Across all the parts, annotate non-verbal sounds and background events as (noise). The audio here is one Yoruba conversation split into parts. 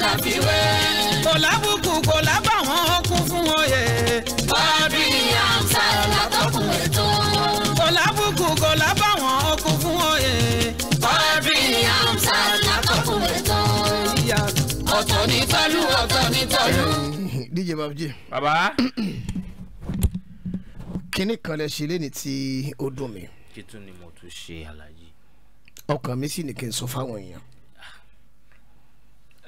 la fi wé. kò lábùkù kò lábàwọ́n ó kún fún oyè. bọ́ọ̀dì àǹtà látọkùn ètò. kò kò lábàwọ́n ó kún fún oyè. bọ́ọ̀dì àǹtà látọkùn ètò. ọ̀tọ̀ ní tọ́lú ọ̀tọ̀ ní tọ́lú. díje babuji. bàbá. (clears throat) kínní kan lè ṣe lẹ́ni tí ó dùn mí. kí tún ni mo tún ṣe àlàyé. ọkàn mi sì ní kí n sọ fáwọn èèyàn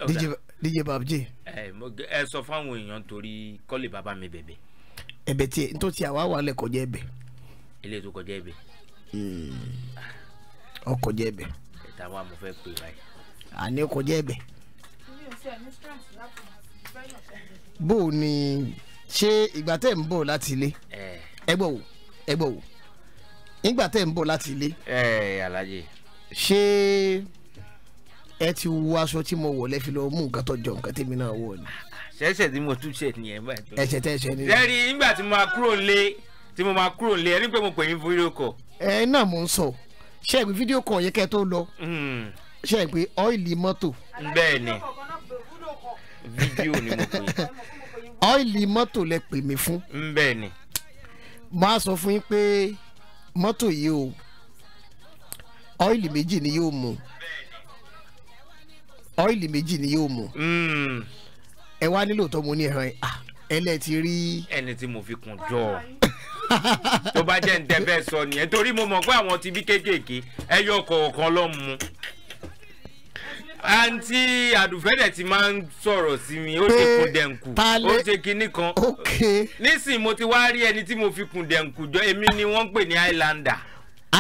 DJ DJ Babji. ẹ ẹ sọ fáwọn èèyàn torí kọ́lé bàbá mi bẹ̀bẹ̀. ẹ̀bẹ̀ tí tó ti àwa wà lẹ kọjá ẹ̀bẹ̀. ilé tó kọjá ẹ̀bẹ̀. ọ hmm. kọjá ẹ̀bẹ̀. ẹ̀ta wa mo fẹ́ pè báyìí. àní kọjá ẹ̀bẹ̀. bó o ní ṣé ìgbà tẹ̀ ń bọ̀ láti ilé. ẹ gbọ́ wò ẹ gbọ́ wò ìgbà tẹ̀ ń bọ̀ láti ilé. ẹ alájẹ. ṣé. She ẹ ti wo aṣọ tí mo wọ̀ lẹ́fi lọ mú nǹkan tó jọ nǹkan tèmi náà wọ̀ ni. ṣẹ̀ṣẹ̀ tí mo tún ṣe nìyẹn báyìí. ẹ̀ṣẹ̀ tẹ́ ni. lẹ́rí nígbà tí mo máa kúrò lé tí mo máa kúrò lé ẹni pé mo pè yín fídíò kọ. ẹ náà mò ń sọ ṣe é pé fídíò kọ yẹ kẹ́ tó lọ hmm. ṣe é pé ọ́ìlì mọ́tò. bẹ́ẹ̀ ni fídíò ni mo pè é. ọ́ìlì mọ́tò lẹ pè mí fún. bẹ́ẹ̀ ni. máa sọ fún yín pé mọ́tò yìí o ọ́ìlì méjì ni yóò mú. bẹ́ẹ̀ ọ́ìlì méjì ni yóò mú hmm. ẹ wá nílò tó mo ní ẹran ẹ ah, ẹlẹ ti rí. ẹni tí mo fi kùn jọ tó bá jẹ́ ǹdẹ́ bẹ́ẹ̀ sọ nìyẹn torí mo mọ̀ pé àwọn ti bí kéékèèké ẹ yọ kọ̀ọ̀kan lọ́ mu àǹtí àdùfẹ́dẹ̀ ti máa ń sọ̀rọ̀ sí mi ó ṣe kun dẹ̀nkù ó ṣe kinní kan nísìn mo ti wá rí ẹni tí mo fi kun dẹ̀nkù jọ èmi ni wọ́n ń pè ní islander.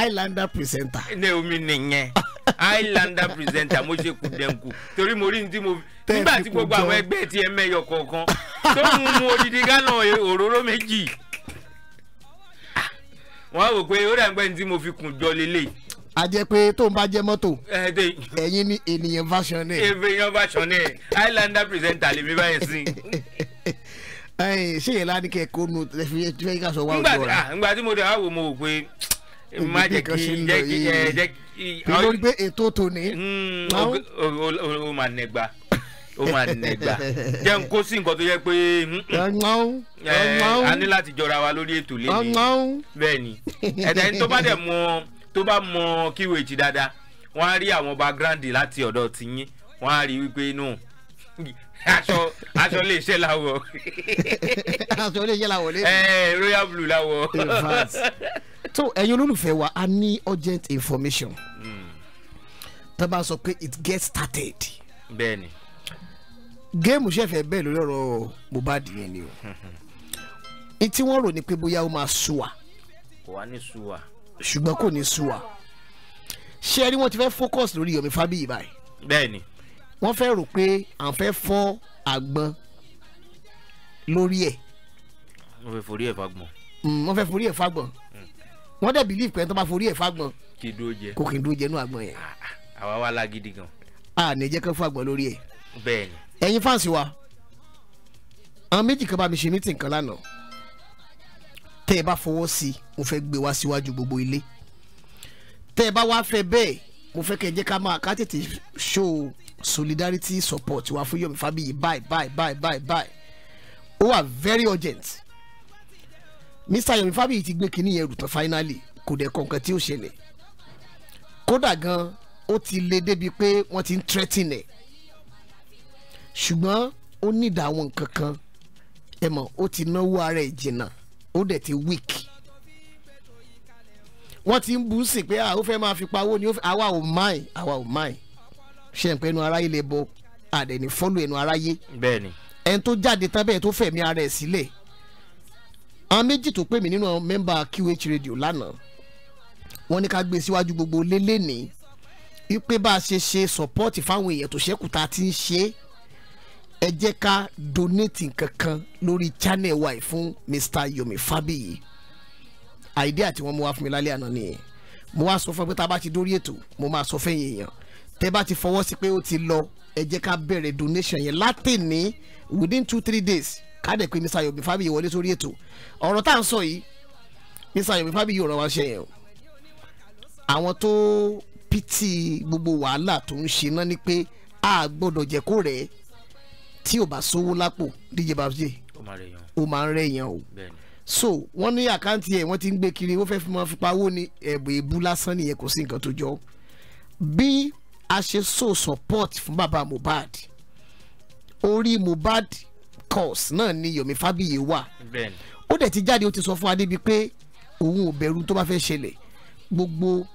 islander presenter. ní omi nìyẹn. (laughs) highlander presenter mo ṣe kùdẹ̀ǹkù torí mo rí ní tí mo nígbà tí gbogbo àwọn ẹgbẹ́ ti ẹ mẹ́yọ kọ̀ọ̀kan tó ń mu odidi gánà òróró méjì wọ́n rò pé ó dàgbẹ́ ní tí mo fi kùn ah, jọ lélẹ̀. a jẹ pé tó ń bá jẹ mọ́tò eh, ẹ̀yin ni ènìyàn version náà. ènìyàn version náà highlander presenter lèmi báyìí sí ṣé yẹn ládìkẹ́ kó nu ẹ fi ká sọ wá òjò rà. Ah, ngbà tí mo dẹ̀ wá wò mo wò pé má jẹ́ kí jẹ́ kí jẹ́ kí. torí pé ètò tòní. Hmm, o máa nẹgba o máa nẹgba jẹ́ n kó sí nǹkan tó yẹ pé. Hmm, hmm. Eh, a ní láti jọra wa lórí ètò lẹ́yìn bẹ́ẹ̀ ni ẹ̀dá ẹni tó bá dẹ̀ mọ tó bá mọ kíwèé ti dáadáa wọ́n á rí àwọn background láti ọ̀dọ̀ tiyín wọ́n á rí wípé nù. No aṣọ aṣọ lè ṣe làwọ. (laughs) aṣọ lè ṣe làwọ lè. Eh, royal blue làwọ so ẹ̀yin olólùfẹ́ wa a ní urgent information tó bá sọ pé it gets started. bẹ́ẹ̀ni. géèmù ṣẹ̀fẹ̀ bẹ́ẹ̀ lórí ọ̀rọ̀ Mohbad yẹn ni o (laughs) tí wọ́n rò ní pé bóyá ó máa ṣùwà. kò wá ní ṣùwà. ṣùgbọ́n kò ní ṣùwà ṣé ẹni wọ́n ti fẹ́ focus lórí Yomi Fabiyi báyìí. bẹ́ẹ̀ni. wọ́n fẹ́ rò pé à ń fẹ́ fọ́ àgbọn lórí ẹ̀. wọ́n fẹ́ forí ẹ̀ fagbọn. Hmm, wọ́n fẹ́ forí ẹ̀ fagbọn wọ́n dẹ̀ believe pé tó bá forí ẹ̀ fagbọn kò kì í dúró jẹ inú agbọn yẹn. Ah, ah, àwa wà lágídí gan. a ní jẹ́ kán fagbọn lórí ẹ̀. bẹ́ẹ̀ni. ẹ̀yin fáǹsì wa àwọn méjì kan bá mi ṣe mítìn kan lánàá tẹ́ ẹ bá fọwọ́ sí i mo fẹ́ gbé wá síwájú gbogbo ilé tẹ́ ẹ bá wá fẹ́ bẹ́ẹ̀ mo fẹ́ kẹ́ ẹ jẹ́ ká máa ká tètè show solidarity support wa fún Yomi Fabiyi bye bye bye bye bye ó wà very urgent Mr. Yomi Fabiyi ti gbé kinní yẹn rù tán finally kò dẹ̀ kọ̀ọ̀kan tí ó ṣẹlẹ̀ kódà gan ó ti le débi pé wọ́n ti ń threaten ẹ̀ ṣùgbọ́n ó nídàá àwọn nǹkan ẹ mọ̀ ó ti náwó ara ẹ̀ jìnnà ó dẹ̀ ti weak wọ́n ti ń bú sí pé àwọn fẹ́ máa fi pawó ni àwa ò máì àwa ò máì ṣe ń pẹ́ ẹnu aráyé lè bọ àdẹ̀ni fọ́lù ẹnu aráyé ẹni tó jáde tán bẹ́ẹ̀ tó fẹ̀mí ara ẹ̀ sílẹ̀ àwọn méjì tó pè mí nínú àwọn mẹ́mbà QH radio lánàá wọ́n ní ká gbé síwájú gbogbo lélẹ́ni ipe bá a ṣe ṣe sọ́pọ́ọ̀tì fáwọn èèyàn tó ṣẹ́kù tá a ti ń ṣe ẹ jẹ́ ká donate kankan lórí channel wa yìí fún Mr Yomi Fabiyi idea tí wọ́n mú wá fún mi lálẹ́ àná nìyẹn mo wá sọ fún pé tá a bá ti dórí ètò mo máa sọ fẹ́yìn èèyàn tẹ́ bá ti fọwọ́ sí pé ó ti lọ ẹ jẹ́ ká bẹ̀rẹ̀ donation yẹn látẹ̀ní within two three days kádẹ̀ pé Mr. Yomi Fabiyi wọlé sórí ètò ọ̀rọ̀ tá à ń sọ yìí Mr. Yomi Fabiyi ọ̀rọ̀ wa ṣe yẹn o àwọn tó pìtì gbogbo wàhálà tó ń ṣe náà ni pé a gbọ́dọ̀ jẹ́ kó rẹ̀ tí ò bá sówó lápò díje babjé ó máa ń rẹ̀yàn o so wọ́n ní àkáǹtì ẹ̀ wọ́n ti ń gbé kiri wọ́n fẹ́ẹ́ fi máa fi pawó ni ẹ̀bùn èébú lásán nìyẹn kò sí nǹkan tó jọ bí a ṣe so support fún bàbá Mohbad orí Mohbad course náà ni Yomi Fabiyi wà ó dẹ̀ ti jáde ó ti sọ fún adébí pé òun ò bẹ̀rù tó bá fẹ́ ṣẹlẹ̀ gbogbo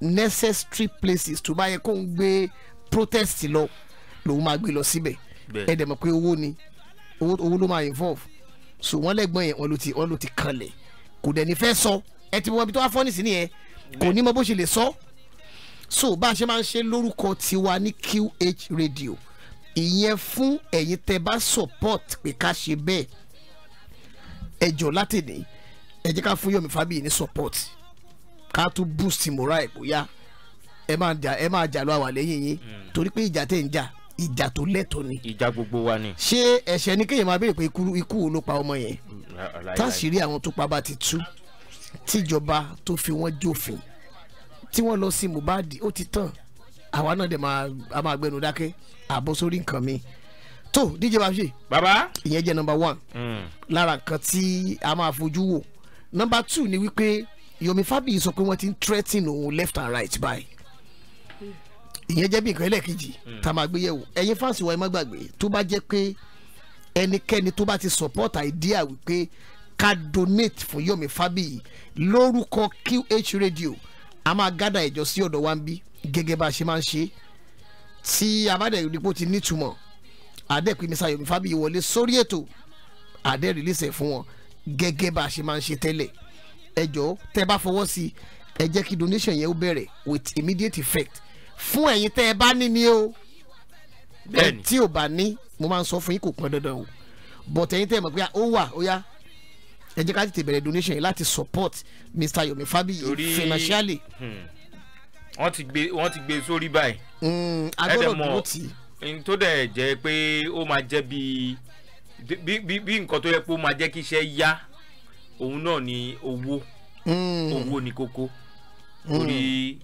necessary places tó bá yẹ kó ń gbé protest lọ lòun máa gbé lọ síbẹ̀ ẹ dẹ̀ mọ̀ pé owó ni owó ló máa involve so wọ́n lẹ́gbọ́n yẹn wọ́n ló ti wọ́n ló ti kanlẹ̀ kò dẹ̀ ní fẹ́ sọ ẹ ti mọ ibi tó wá fọ́nì sí nìyẹn kò ní mọ bó ṣe lè sọ so bá a ṣe máa ń ṣe lórúkọ tiwa ní QH radio ìyẹn fún ẹ̀yin tẹ́ bá support pé ká ṣe bẹ́ẹ̀ ẹ láti ní ẹ ká fún Yomi Fabiyi ní support ká tún boost morale kó yá ẹ máa jà ẹ máa jà lọ àwà lẹ́yìn yín hmm. torí pé ìjà tẹ̀ ń jà ìjà tó lẹ́tọ̀ ni. ìjà gbogbo wa ni. ṣé ẹ̀ṣẹ̀ ni kéèyàn máa béèrè pé ikú wo ló pa ọmọ yẹn hmm, táṣìírí àwọn tó pa bá ti tú tíjọba tó fi wọ́n jófin tí wọ́n lọ sí Mohbad ó ti tàn àwa náà dẹ̀ máa a máa gbẹnu dákẹ́ àbọ̀ sórí nǹkan mi tó díje bá ṣe. ìyẹn jẹ́ nọ́mbà one hmm. lára nǹkan tí a máa fojú wò nọ́mbà two ni wípé Yomi Fabi sọ pé wọ́n ti ń threatening òun left and right báyìí ìyẹn jẹ́ bí nǹkan ẹlẹ́ẹ̀kejì hmm. tá a máa gbé yẹ̀wò ẹ̀yin fáǹsì wa ẹ má gbàgbé tó bá jẹ́ pé ẹnikẹ́ni tó bá ti support idea wípé ká donate fún Yomi Fabiyi lórúkọ QH radio a máa gádà ìjọ sí ọ̀dọ̀ wa ń bí gẹ́gẹ́ bá a ṣe máa ń ṣe tí a bá dẹ̀ rípo ti nítumọ̀ àdẹ́pin ní Sayọ̀mí Fábíyì wọlé sórí ètò àdẹ́ rìlísẹ̀ fún wọn gẹ́gẹ́ bá a ṣe máa ń ṣe tẹ́lẹ̀ ẹ jọ̀ọ́ tẹ́ bá fọwọ́ sí ẹ jẹ́ kí donation yẹn ó bẹ̀rẹ̀ with immediate effect fún ẹ̀yin tẹ́ ẹ bá ní ni o bẹ́ẹ̀ tí ò bá ní mo máa ń sọ fún yín kò pọn dandan o bọ̀tẹ̀yìn tẹ́ ẹ mọ̀ pé ó wà ó yá ẹ jẹ́ ká tètè bẹ̀rẹ̀ donation yìí láti support Mr Yomi Fabiyi financially. Hmm, wọ́n ti gbé wọ́n ti gbé sórí báyìí. Hmm, agbọ́dọ̀ dúró tì í. tó dẹ̀ jẹ́ pé ó máa jẹ́ bí bí nǹkan tó yẹ pé ó máa jẹ́ kí iṣẹ́ yá òun náà ni owó hmm. owó ni kókó torí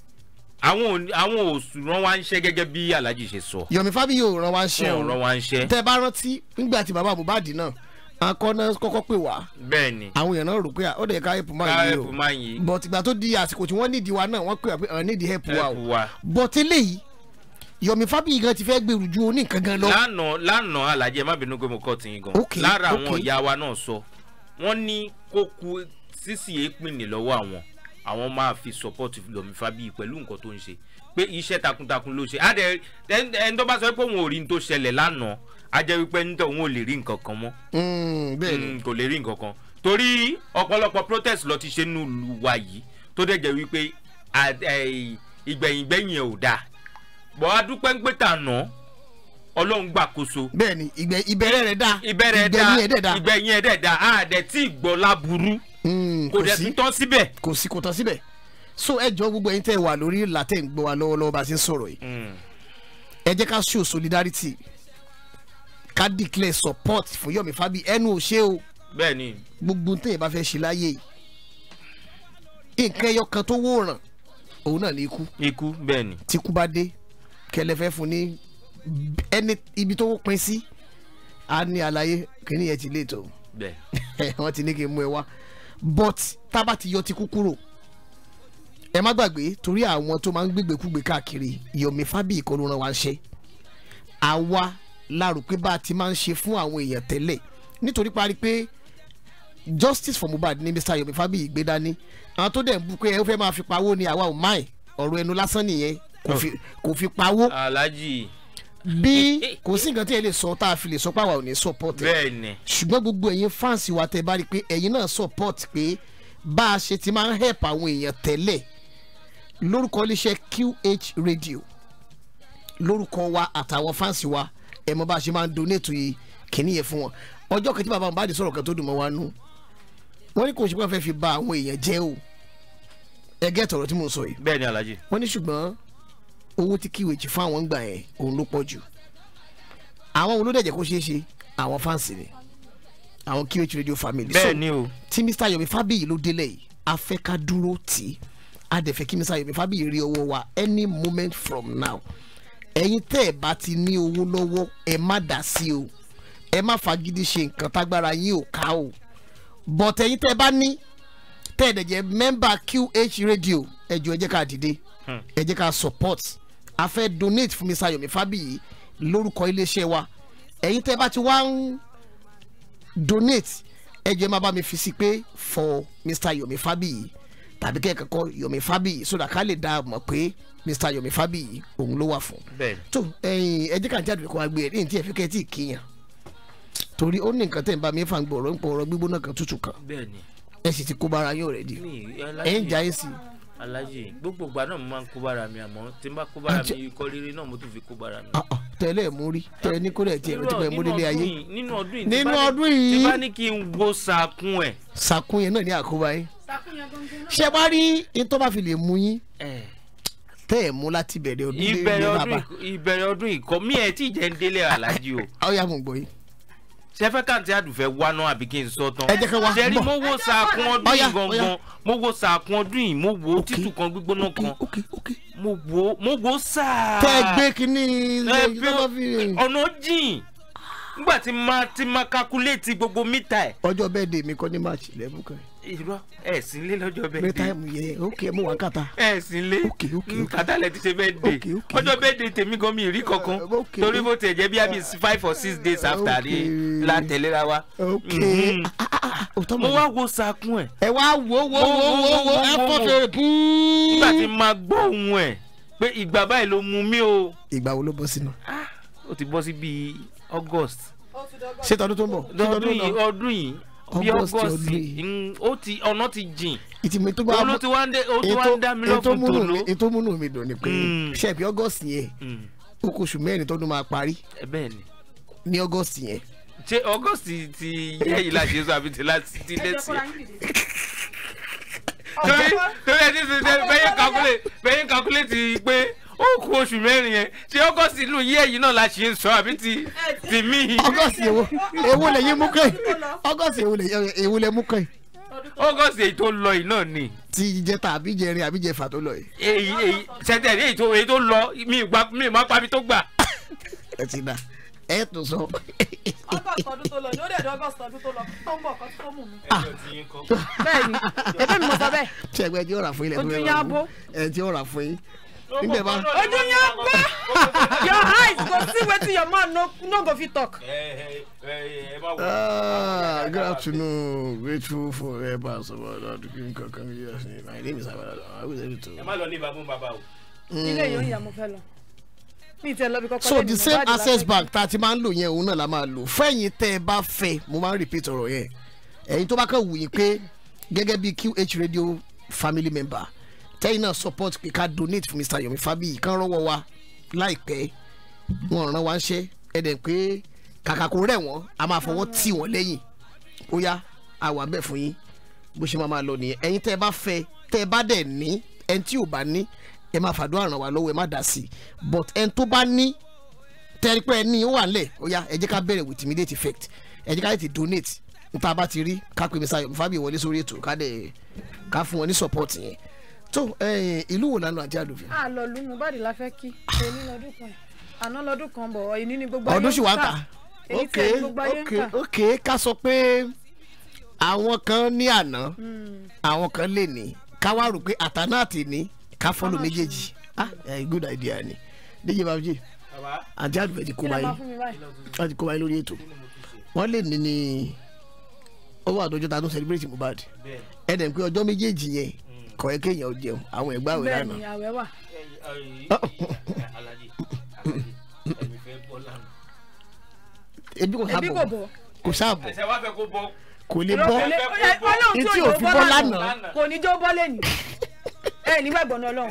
àwọn àwọn òṣùwọ̀n wa ń ṣe gẹ́gẹ́ bí Alhaji ṣe sọ. Yomi Fabi, ò rán wa ń ṣe o tẹ bá rántí nígbà tí bàbá Mohbad náà akọ́nà kọ́kọ́ pè wá. bẹ́ẹ̀ni. àwọn èèyàn náà rò pé ó dẹ̀ ká help máa yìí o ká help máa yìí. but ìgbà tó di àsìkò tí wọ́n nídìí wa náà wọ́n pè wá pé àwọn nídìí help wa o. but eléyìí Yomi Fabiyi gan ti fẹ́ gbèrú ju oníkan gan lọ. lánàá lánàá alajẹ má bínú pé mo kọ́ tiyín gan. ok ok lára àwọn ìyá wa náà sọ wọ́n ní kó ku sísì èépin ní lọ́wọ́ àwọn àwọn máa fi support Yomi Fabiyi pẹ̀lú nǹkan tó ń ṣe pé iṣẹ́ takuntakun ló ṣe. á dẹ̀ ẹni tó bá sọ pé òun ò rí ní tó ṣẹlẹ̀ lánàá A jẹ́ wípé nítorí òun ò lè rí nǹkan kan mọ́ hmm, hmm, kò lè rí nǹkan kan torí ọ̀pọ̀lọpọ̀ protest lọ ti ṣe nínú ìlú wa yìí tó dẹ̀ jẹ́ wípé ìgbẹ̀yìngbẹ̀yìn ẹ̀ ò dáa bọ́ a dúpẹ́ ń gbé tà nà ọlọ́run gbàkóso. bẹ́ẹ̀ni ìbẹ̀rẹ̀ rẹ̀ dáa ìbẹ̀rẹ̀ dáa ìgbẹ̀yìn ẹ̀ dẹ̀ dáa a dẹ̀ tí gbọ́ láburú hmm, kò dẹ̀ tún tán síbẹ̀. kò sí kò tán síbẹ̀ so ẹ gbogbo ẹ̀yin tẹ́ wà lórí ìlà ń gbọ́ wa lọ́wọ́lọ́wọ́ bá a ṣe ń sọ̀rọ̀ yìí ẹ jẹ́ ká show solidarity ká declare support fún Yomi Fabi ẹnu ò o bẹ́ẹ̀ni gbogbo tẹyẹ bá fẹ́ ṣe láyé nǹkan ẹyọ kan tó wòràn òun náà ní ikú ikú bẹ́ẹ̀ni tí ikú bá dé kẹlẹ fẹ́ fún ní ẹni ibi tó pin sí a ní àlàyé kíní yẹn ti lè tó (laughs) wọ́n ti ní kí n mú ẹ wá but tá a bá ti yọ ti kú kúrò ẹ má gbàgbé torí àwọn tó máa ń gbégbékúgbé káàkiri Yomi Fabi ìkọlù ràn wá ń ṣe àwa láàrú pé bá a ti máa ń ṣe fún àwọn èèyàn tẹ́lẹ̀ nítorí parí pé justice for Mohbad ni Mr. Yomi fabi gbé dání àwọn tó dẹ̀ ń bú pé ẹ fẹ́ máa fi pawó ni àwa ò máì ọ̀rọ̀ ẹnu lásán nìyẹn kò fi pawó bí kò sí nǹkan tí ẹ lè sọ tá a fi lè sọ pé ò ní support ẹ ṣùgbọ́n gbogbo ẹ̀yin fans wa tẹ́ bá rí pé ẹ̀yin náà support pé bá a ṣe ti máa ń help àwọn èèyàn tẹ́lẹ̀ lórúkọ iléeṣẹ́ QH radio lórúkọ wa àtàwọn fans wa ẹ mọ bá a ṣe máa ń donate yìí kìíní yẹn fún wọn ọjọ́ kẹtí bàbá mohbad sọ̀rọ̀ kan dùn mọ́ wa nú wọ́n ní kò ṣe pé wọ́n fẹ́ fi ba àwọn èèyàn jẹ́ o ẹ gẹ́ tọ̀rọ̀ tí mo sọ yìí. bẹ́ẹ̀ ni alhaji. ní ṣùgbọ́n owó tí kí wèjì fún àwọn ń gbà yẹn òun ló pọ̀ jù àwọn olódẹ̀jẹ̀ kó ṣeé ṣe àwọn fáǹsì ni àwọn QH radio family. bẹ́ẹ̀ o. tí Mr. Yomi Fabiyi ló délẹ̀ yìí a fẹ́ ká dúró tì í a dẹ̀ fẹ́ kí Mr. Yomi Fabiyi rí ọwọ́ wa any moment from now ẹ̀yin tẹ́ ẹ̀ bá ti ní owó lọ́wọ́ ẹ má dá sí o ẹ má fagídí ṣe nǹkan tágbára yín ò ká o but ẹ̀yin tẹ́ ẹ bá ní tẹ́ ẹ̀ dẹ̀jẹ̀ mẹ́mbà QH radio ẹ jọ̀ọ́ ẹ jẹ́ ká dìde hmm. ẹ jẹ́ ká support a fẹ́ donate fún Mr. Yomi Fabiyi lórúkọ iléeṣẹ́ wa ẹ̀yin tẹ́ ẹ bá ti wá ń donate ẹ jọ̀ọ́ ẹ má bá mi fi sí pé for Mr. Yomi Fabiyi tàbí kẹ́ kọ́kọ́ Yomi Fabi sódà ká lè dá mọ̀ pé Mr Yomi Fabi òun ló wà fún. tó ẹ jẹ́ ká n jáde kó wa gbé e ní ti ẹ̀ fi kẹ́ ẹ tí ì kíyàn torí ó ní nǹkan tẹ̀ ń bá mi fà ń gbọ̀rọ̀ ń pọ̀rọ̀ gbígbóná kan tútù kan ẹ sì ti kó bára yín already ẹ ń jà ẹ sí i alájì gbogbo ìgbà náà mo máa ń kó bára mi àmọ́ tí n bá kó bára mi ikọ́ rírì náà mo tún fi kó bára mi. Ah, ah, tẹ́lẹ̀ mú rí tẹ́lẹ̀ ní kó rẹ̀ tiẹ̀ ti bẹ̀ mú nílé ayé. nínú ọdún yìí nínú ọdún yìí tí bá ní kí n wo sàkún ẹ̀. sàkún yẹn náà ní àkóbá yẹn ṣe wá rí ní tó bá fi lè mú yín tẹ́ ẹ̀ mú láti bẹ̀rẹ̀ ọdún dé ilé bàbá. ìbẹ̀rẹ̀ ọdún ìkọ́ mi ẹ̀ tí jẹ́ ń délé aláàjì o. ọ̀ya mo gbọ́ yìí. sẹ́fẹ́ kàǹtì àdùfẹ́ wa náà àbí kí n sọ tán. ẹ jẹ́ ká wá bọ̀ sẹ́rí mo wo sàkún ọdún yìí gangan mo wo sàkún ọdún yìí mo wo títù kan gbígbóná kan mo wo mo wo sáà. tẹ́ ẹ gbé kínní ọ̀nà jìn nígbà tí ma ti ma kakuléètì gbogbo mítà ẹ̀. ọjọ́ bẹ́ẹ̀ dè mí kọ́ ní máàcì lẹ́bùkàn irọ́ ẹ sì ń lé lọ́jọ́ bẹ́ẹ̀ dé mẹ́ta yẹ ok mo wà kàtà ẹ sì ń lé ok ok kàtà lẹ ti ṣe bẹ́ẹ̀ dé ọjọ́ bẹ́ẹ̀ dé tèmi gan mi rí kankan torí mo tẹ̀ jẹ́ bí abi five or six days after rí la tẹ̀léra wa. Mhm. Ah, ah, ah, mo wá wo sakun ẹ. ẹ wá wo wo wo wo wo ẹ fọ́fẹ́ bú. nígbà tí mo gbọ́ ohun ẹ̀ pé ìgbà báyìí ló mú mi o. ìgbà wo ló bọ́ sínú. ó ti bọ́ sí bíi August. ṣé tọdún tó ń bọ̀. ọdún yìí ọdún yìí bí August ó ti ọ̀nà ti jìn ìtìmí tó bá olú ti wá ń dé olú wá ń dá mi lọ́kùn tó lò. ètò múnú mi dùn ni pé mm. ṣebí August yẹn mm. ó kó oṣù mẹ́rin tọdún máa parí ní August yẹn. ṣé August ti yẹ ìlàjì Jésù àbí ti láti ti lẹ́sìn torí torí ẹni sèse bẹ́yìn kakule bẹ́yìn kakule ti pé ó kù oṣù mẹ́rin yẹn ṣé ọgọ́sì ìlú yí ẹ̀yìn náà la ṣe ń sọ àbí ti ti mí. ọgọ́sì èwo èwo lè yín mú kẹ́ ọgọ́sì èwo lè mú kẹ́ ọgọ́sì èyí tó lọ yìí náà ni. ti ìjẹta àbí jẹrin àbí jẹfà tó lọ yìí. èyí èyí sẹtẹ èyí tó èyí tó lọ mi ìgbà mi ìmọ̀ pa mi tó gbà. ẹ ti dà ẹ tún sọ. ọgọ́sì ọdún tó lọ ni ó dẹ̀ dé ọdún tó lọ tó ń bọ̀ kọ́ tó mú mi. Ah. bẹ́ẹ̀ni ẹgbẹ́ mi mo sọ bẹ́ẹ̀. ṣẹgbẹ́ tí ó rà fún ilẹ̀ nígbà bá. ojú yẹn pẹ́ your eyes go see wetin your man no, no go fit talk. Eh, eh, eh, ah, good afternoon grateful for helping sabada dukin kankan yes my name is sabada i was able to. ẹ má lọ ní ìbámu bàbá o. Hmm. ilé yóò yà mo fẹ́ lọ so the same access bank tá a ti máa ń lò yẹn òun náà la máa lò fẹ́yìn tẹ́ ẹ bá fẹ́ mo máa ń repeat ọ̀rọ̀ yẹn ẹ̀yin tó bá kàn wù yín pé gẹ́gẹ́ bí QH radio family member tẹ́yìn náà support pé ká donate fún Mr. Yomi Fabi. kán rọ́wọ́ wa láìpẹ́ wọn ràn wá ń ṣe ẹ̀dẹ̀ pé kàkà kò rẹ̀ wọ́n a máa fọwọ́ tì wọ́n lẹ́yìn ó yá a wà bẹ́ẹ̀ fún yín bó ṣe máa lọ nìyẹn ẹ̀yin tẹ́ ẹ bá fẹ́ tẹ́ ẹ bá dẹ̀ ní ẹni tí ò bá ní ẹ máa fàdúrà ràn wá lọ́wọ́ ẹ má dà sí but ẹni tó bá ní tẹ́rí pé ẹni ó wà nílẹ̀ ó yá ẹ jẹ́ ká bẹ̀rẹ̀ with immediate effect ẹ jẹ́ ká tètè donate níta bá ti rí ká pè Mr. Yomi Fabiyi wọlé sórí ètò ká dẹ̀ ká fún wọn ní support yẹn tó eh, ìlú wo la lọ àti àlùfẹ́. a lọ lu Mohbad la fẹ́ kí èyí lọ́dún kan àná lọ́dún kan bọ̀ èyí ní gbogbo ayé ń ta ọdún sì wá ta ok ok ok ká sọ pé àwọn kan ní àná hmm. àwọn kan lè ní ká wá rò pé àtàná àti ní ká fọ́lù méjèèjì ah eh, good idea ni díje babuji àti àlùfẹ́ ti kó báyìí wọ́n ti kó báyìí lórí ètò wọ́n lè ní ní ọwọ́ a tó celebrate Mohbad ẹ̀ dẹ̀ pé ọjọ́ méjèèjì yẹn kọ ẹ kéèyàn ó jẹun àwọn ẹgbẹ́ àwẹ̀ lánàá. bẹ́ẹ̀ni àwẹ̀ wà. ebi kò sábọ kò sábọ kò lè bọ etí ò fi bọ lánàá. kò ní jó bọ́ lẹ́nu ẹ nígbàgbọ́ náà lọ́hùn.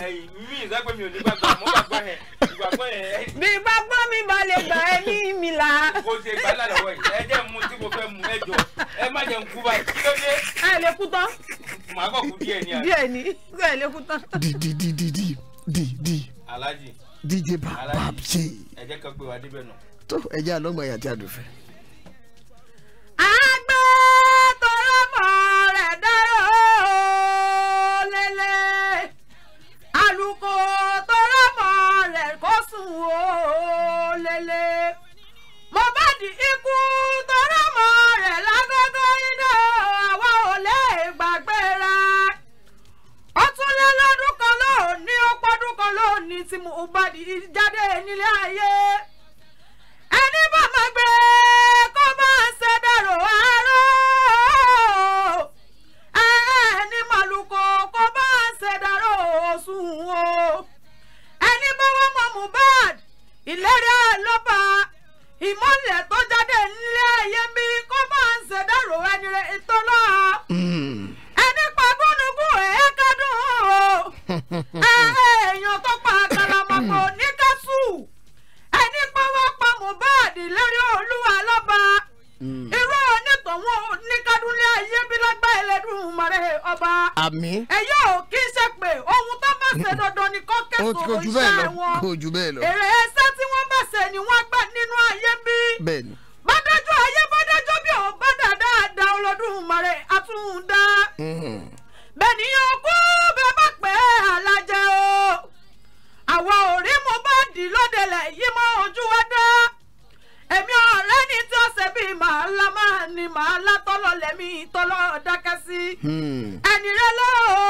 mi ìgbàgbọ́ mi ò ní gbàgbọ́ mo gbàgbọ́ ẹ ìgbàgbọ́ ẹ. bí gbàgbọ́ mi bá lè gbà ẹ ní mi là. kò ṣe gbàdá lọ́wọ́ yìí ẹ jẹ́ mu tí mo fẹ́ mu ẹ jọ ẹ má jẹ́ nkú báyìí kí ló dé. ẹ lè kú tán màá kọ̀ kú díẹ̀ ní àná. díẹ̀ ní kó ẹ̀ lékún tán. di di di di di di di. Alhaji DJ Babji. ẹ kan pé wàá débẹ̀ nù. tó ẹ jẹ́ yàtí àdùfẹ́. àgbẹ̀ rẹ̀ dárò lélẹ̀ àlùkò tọrọ rẹ̀ kó sùn o. mo bá di jáde nílé ayé ẹni bá máa gbé kó máa ṣe bẹ̀rù aró ẹni màlúkọ kó máa ṣe dàrú òsùn o ẹni bá wọ́n mọ̀ Mohbad ìlérí àlọ́ba ìmọ̀lẹ̀ tó jáde nílé ayé mi kó máa ṣe dàrú ẹni rẹ̀ ìtọ́lá hmm. ẹni pa gbónúgbò ẹ̀ẹ́kẹ́dùn o èèyàn tó pa k ìgbàdì lórí olúwa lọ́ba hmm. irú onítọ̀hún oníkadúlé ayé bí lágbá ẹlẹ́dùn mọ̀rẹ́ ọba. àmì. ẹ̀yẹ́ ò kí ṣe pé ohun tó bá ṣe dandan ni kò kẹ́kọ̀ọ́ iṣẹ́ wọn. kò jù bẹ́ẹ̀ lọ. èrè ẹsẹ́ tí wọ́n bá ṣe ni wọ́n gbà nínú ayé bí. bẹ́ẹ̀ni. bádájọ́ ayé bádájọ́ bí òun bá dáadáa da ọlọ́dún mọ̀rẹ́ àtúndá. bẹ́ẹ̀ yóò kú bẹ́ẹ̀ bá pẹ́ alájẹ o. àwa ò mo bá dì lọ́dẹ̀lẹ̀ yìí mọ́ ojú wa dá èmi ọ̀rẹ́ ni tí ó ṣe bí màá lá máa ní màá lá tọ́lọ̀ lẹ́mí tọ́lọ̀ dákẹ́ sí. Hmm. ẹni rẹ lọ o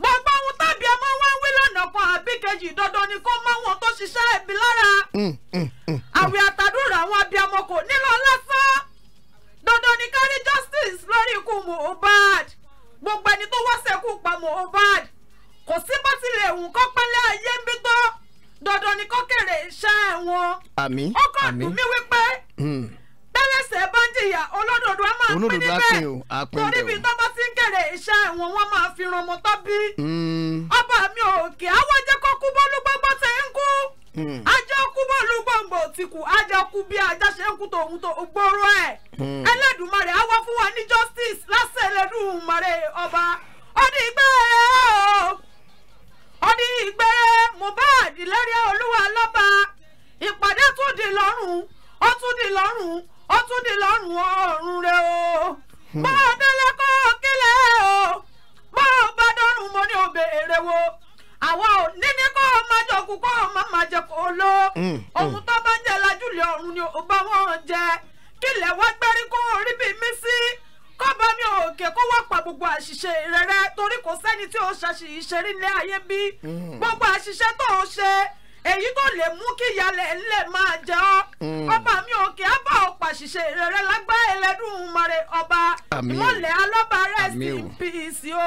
gbogbo ohun tàbí ọmọ wọn wí lọ́nà kan àbí kejì dandan ni kó mọ wọn tó ṣiṣẹ́ ẹ̀bí lára. Hmm, hmm, àwẹ̀ àtàdúrà àwọn abiyamọ kò nílò lásán dandan ni kárí justice lórí ikú Mohbad gbogbo ẹni tó wá ṣekú pa Mohbad kò sí bó tilẹ̀ wù kọ́pẹ́lẹ́ ayé ń bí tó. dandan ni kókèrè iṣẹ́ ẹ̀wọ̀n. àmì àmì ó kọ́ dùn mí wípé hmm. bẹ́lẹ̀sẹ̀ bá ń jìyà olódodo a máa pín níbẹ̀ torí ibi tó bá ti ń kèrè iṣẹ́ ẹ̀wọ̀n wọn máa fi ràn mọ́ tọ́bí. Hmm. ọba mi ò kí àwọn jẹ́ kó kú bọ́lú gbọ́ngbọ́n ti ń kú. Hmm. ajá kú bọ́lú gbọ̀ngbọ̀n ti kú ajá kú bí ajá ṣe ń kú tòun tó gbóró ẹ̀. ẹlẹ́dùnmarè á fún wa ní justice lásìlẹ́dùnmarè ọba ó dìgbà ẹ̀ ọ́ ó ní ìgbé Mohbad lérí olúwa lọ́ba ìpàdé tún di lọ́rùn ó tún di lọ́rùn ó tún di lọ́rùn ọ̀run rẹ o hmm. bó o délé kó o kílẹ̀ o bó o bá dọ́rùn mo ní o béèrè wo àwa ò ní ní kó o má jòkó kó o má jẹ kó o lọ hmm, hmm. ohun tó bá ń jẹ lajúlẹ̀ ọ̀run ni o bá wọn jẹ kílẹ̀ wá gbẹ́rí kó o rí bí mí sí kọ́ba mi ò kẹ́ kó wá pa gbogbo àṣìṣe rere torí kò sẹ́ni tí ó ṣàṣìṣe rí ilé ayé bí mm. gbogbo àṣìṣe tó o ṣe èyí tó lè mú kí ìyàlẹ̀ ńlẹ̀ máa jẹ ọ́ ọba mm. mi ò kí á bá ọ pàṣìṣe rere lágbá ẹlẹ́dùn mọ̀rẹ́ ọba ìmọ̀lẹ̀ alábàárẹ̀ sí pc o.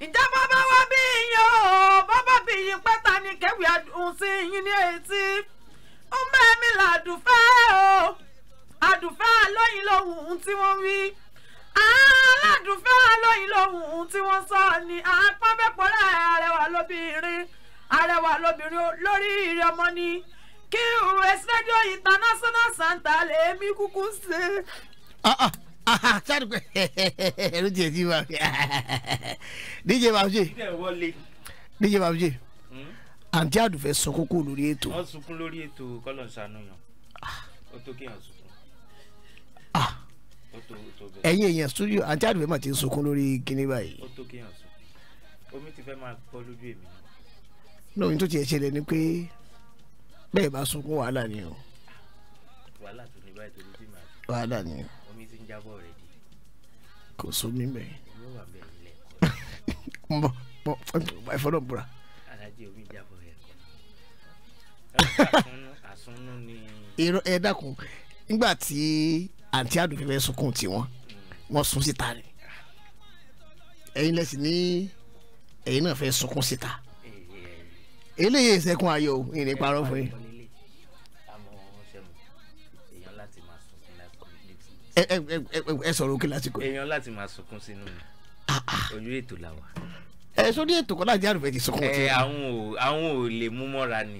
ǹjẹ́ bàbá wa bí yín o bàbá bí yín pẹ́ta ni kẹ́wì ọdún sí yín ní etí ń mẹ́mí làdùfẹ́ o àdùfẹ́ lóyìn lòun tí wọ́n wí aládùúfẹ́ lóyìn lòun tí wọ́n sọ ni àpọ́nbẹ́pọ́lá arẹwà lóbìnrin arẹwà lóbìnrin lórí ìrẹ́ ọmọ ni kí us international santa lèmi kúkú ṣe. Ah, ah. (laughs) sáré pé ẹ̀rọ (laughs) tiẹ̀ ti wà fẹ́ díje bàbújẹ́ díje bàbújẹ́ àǹtí àdùfẹ́ sọ kókó lórí ètò. wọ́n sunkún lórí ètò kọ́lọ̀ ṣàánúyàn ah. ó tó kéèyàn sunkún. Ah. ẹ̀yin èèyàn studio àǹtí àdùfẹ́ mà ti ń sunkún lórí kinní báyìí. ó tó kéèyàn sunkún omi ti fẹ́ máa gbọ́ lójú èmi. náà ohun tó tiẹ̀ ṣẹlẹ̀ ni pé bẹ́ẹ̀ bá sunkún wàhálà ni o. wàhálà tó ní báyìí torí tí màá. wàhálà ni o jábọ̀ rẹ̀ di. kò sómi bẹ́ẹ̀. èmi wà bẹ́ẹ̀ nílẹ̀. (laughs) mbọ mbọ ìfọdọ̀ bùra. alájẹ omi jábọ̀ rẹ̀ kọ́. (laughs) àsúnú ni. èrò ẹ dákun nígbà tí àǹtí àdùnfẹ́ fẹ́ sunkún tiwọn hmm. wọ́n sun síta ni ẹ̀yin lẹ́sìn ní ẹ̀yin náà fẹ́ sunkún síta eh, eh, eh. eléyìí ìṣẹ́kùn ayọ̀ ìrìn parọ́ fún yín. ẹ ẹ ẹ sọ̀rọ̀ òkè lásìkò. èèyàn láti máa sunkún sínú ah, ah. ojú ètò làwà. ẹ sórí ètò kọ́lá jẹ́ àrùbẹ̀ ti sunkún ti. ẹ àwọn ò àwọn ò lè mú mọ́ra ni.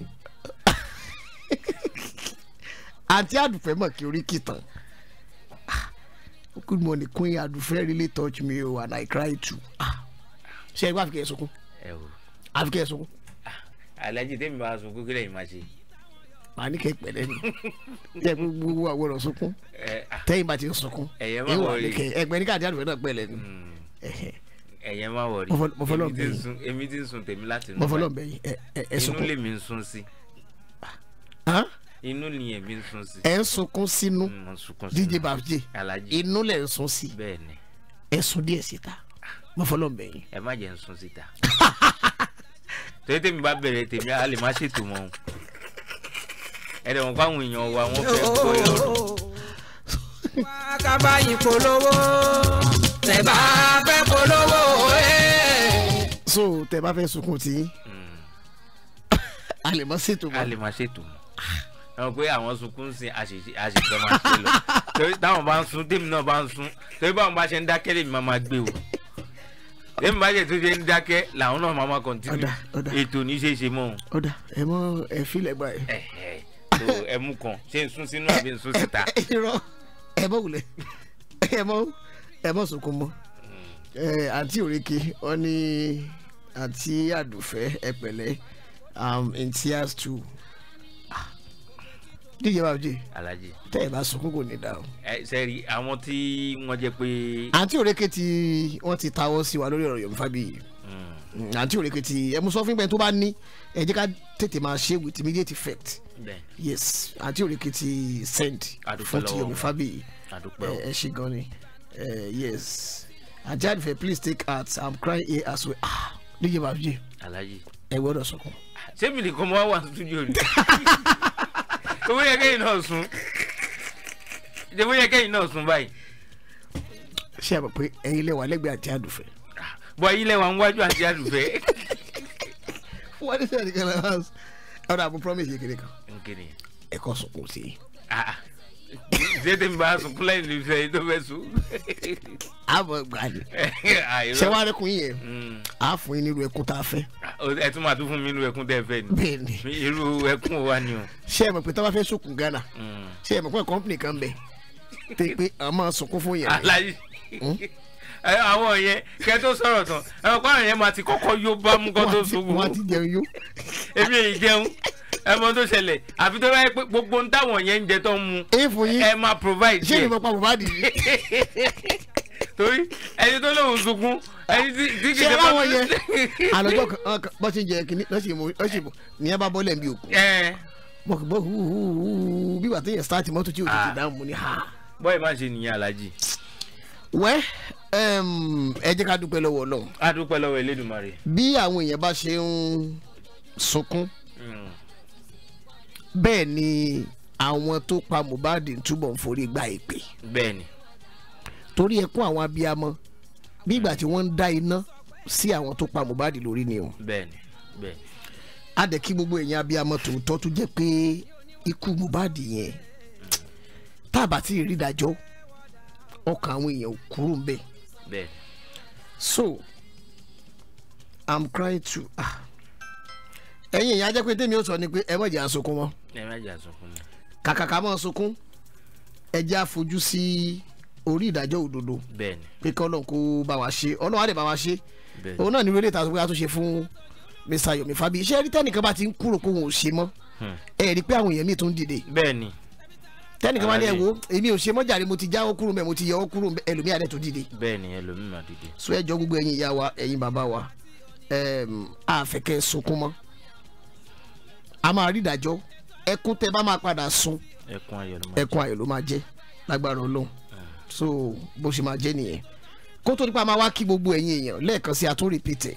àti (laughs) àdùfẹ́ mọ̀ kí orí kì tán good ah, morning queen àdùfẹ́ really touch me o and I cry too ṣe é wá àfikẹ́ sunkún àfikẹ́ sunkún. alájí tẹ́mi bá sunkún kílẹ̀ yìí máa ṣe yìí màá ní kẹ́ pẹ̀lẹ́ ni jẹ́ pé gbogbo àwòrán sunkún tẹ́yìn bá ti ń sunkún ẹgbẹ́ ní káàdì àdúgbò náà pẹ̀lẹ́ ni. Hmm. ẹ̀yẹ má wọrí èmi ti ń sun tèmi láti nù báyìí inú lèmi ń sun sí inú ni èmi ń sun sí. ẹ ń sunkún sínú hmm, díje bàbájé inú lẹ̀ ń sun sí ẹ sun díẹ̀ síta mo fọlọ́ bẹ̀yìn. ẹ má jẹ́ ń sun síta (laughs) torí tèmi bá bẹ̀rẹ̀ tèmi a má ṣètò mọ́ ẹ̀rẹ̀ wọn kó àwọn èèyàn wa wọn fẹ́ gbọ́ ìrọ̀rùn. wá kábàáyí polówó tẹ bá fẹ́ polówó ẹ̀. Eh. so tẹ bá fẹ́ sunkún tí hmm. a lè má ṣètò mọ́. a lè má ṣètò mọ́ ẹ pé àwọn sunkún sí àṣìṣe máa ṣe lọ torí táwọn bá ń sun tèmi náà bá ń sun torí báwọn bá ṣe ń dákẹ́ lèmi máa máa gbé o èmi bá ṣe tó ṣe ń dákẹ́ làwọn náà máa máa kọ̀ntínú ètò ní ṣe é ṣe mọ́ o. ọ̀dà ẹ mọ ẹ fílẹ̀ gbà ẹ so ẹmu kan ṣé n sún sínú àbí n sún síta. (laughs) irọ́ ẹ mọ̀ wulẹ̀ ẹ mọ̀ ẹ mọ̀ sunkún mọ́ hmm. eh, àǹtí òrèké wọ́n ní àǹtí àdùfẹ́ ẹ pẹ̀lẹ́ in tears too díje bàbá jẹ alaji tẹ ẹ bá sunkún kò ní dá o. Eh, ẹ sẹ́rí àwọn tí wọ́n jẹ́ pé. àǹtí òrèké tí wọ́n ti tawọ́ sí wa lórí ọ̀rọ̀ yorùbá bíi hmm. àǹtí òrèké tí ẹ mú sọ fún pé tó bá ní ẹ jẹ́ ká tètè máa ṣe with immediate effect yes àti òrèké ti send forty ti yomi fabi ẹ ṣe gan ni yes àti àdìfẹ please take out. i'm crying here as well ah díje bàbí ẹ gbọ́dọ̀ sọkún. ṣé mi nìkan máa wà ní studio ni (laughs) owó yẹ kẹ́yìn náà sùn owó yẹ kẹ́yìn náà sùn báyìí. ṣé àbọ̀ pé ẹ̀yin lẹ́wà lẹ́gbẹ̀ẹ́ àti àdùfẹ́. Ah, bọ̀ ẹ̀yin lẹ́wà ń wájú àti àdùfẹ́. (laughs) wọ́n ní sẹ́yìn kan náà ọ̀dà mo promise yìí kiri kan ẹ̀kọ́ sunkún sí i. zete mi b'a sunkún lẹ́yìn ní fẹ́ tó fẹ́ sun. a bọ̀ gbà ní. sẹ́wárẹ́ kun yẹn hmm. a fún yín nínú ẹkún tá a fẹ́. Ah, ẹ tún máa tún fún mi nínú ẹkún tẹ́ ẹ fẹ́ ni. bẹ́ẹ̀ni irú ẹkún wa ni o. ṣé ẹ mọ̀ pé tọ́ba fẹ́ sunkún Ghana hmm. ṣé ẹ mọ̀ pé kọ́ńpìnì kan bẹ̀ tẹ́ pé a máa sunkún fún yẹn. alayi. Hmm? ẹ àwọn yẹn kẹ tó sọ̀rọ̀ tán ẹ kó àwọn yẹn máa ti kọ́kọ́ yó bá mú kó tó ṣubú. wọ́n ti jẹun yó. èmi èyí jẹun ẹ mọ tó ṣẹlẹ̀ àfi tó báyìí pé gbogbo ń táwọn yẹn ń jẹ tó ń mu ẹ máa provide. ṣé ìbọn pa bàbá nìyí. (laughs) torí ẹni tó lóun sunkún ẹni tí kì í ṣe báwọn yẹn. (laughs) àlọ́jọ́ kan bọ́ sí jẹ kínní lọ́sìmọ̀ nìyẹn bá bọ́lẹ̀ bí òkú. bọ́kùbọ́ hùhùhù bí wàá tó yẹ sáà tí mọ́tò tí òtútù ah. dáhùn mu ni ha. bọ́ọ̀ ì má ṣe nìyẹn alájì. wẹ́ẹ́ ẹ jẹ́ ká dúpẹ́ lọ́wọ́ Ọlọ́run. a dúpẹ́ lọ́wọ́ Elédùmarè. bí àwọn èèyàn bá ṣe ń sunkún hmm. bẹ́ẹ̀ ni àwọn tó pa Mohbad túbọ̀ ń forí gba ìpè. bẹ́ẹ̀ ni. torí ẹkún àwọn abiyamọ bí ìgbà tí wọ́n ń dá iná sí àwọn tó pa Mohbad lórí ni o. bẹ́ẹ̀ ni bẹ́ẹ̀ ni. a dẹ̀ kí gbogbo èèyàn abiyamọ tòótọ́ tó jẹ́ pé ikú Mohbad yẹn tá a bá ti rí ìdájọ́ ọkàn àwọn èèyàn kúrò ń bẹ́ẹ̀ bẹ́ẹ̀ so i'm crying too ah ẹ̀yin ìyá jẹ́ pé tèmi ò sọ ni pé ẹ má jẹ́ àsunkún mọ́ ẹ má jẹ́ àsunkún mọ́ kàkàkà mọ́ sunkún ẹ jẹ́ àfojú sí orí ìdájọ́ òdodo bẹ́ẹ̀ ni pé kí ọlọ́run kó bá wa ṣe ọlọ́run á lè bá wa ṣe òun náà ni wíwélé ìtàsọ́ pé a fún Mr. Yomi Fabi iṣẹ́ rí tẹ́nìkan bá ti ń kúrò kó wọn ò ṣe mọ́ hmm. ẹ rí pé àwọn èèyàn míì tún dìde bẹ́ẹ̀ tẹnikan wá ní ẹ wo èmi ò ṣe mọ́jàre mo ti jáwọ́ kúrò mẹ́ mo ti yọwọ́ kúrò mẹ́ ẹlòmíà dẹ̀ tó dìde. bẹ́ẹ̀ni ẹlòmíà máa dìde. so ẹjọ gbogbo ẹ̀yin ìyá wa ẹ̀yin bàbá wa àfẹkẹ sunkún mọ́ a máa rí ìdájọ́ ẹkún tẹ bá máa padà sun ẹkún ayọ̀ ló máa jẹ́ lágbára Ọlọ́run so bó ṣe máa jẹ́ nìyẹn kó tó nípa máa wá kí gbogbo ẹ̀yin èèyàn lẹ́ẹ̀kan sí atún rìpìtì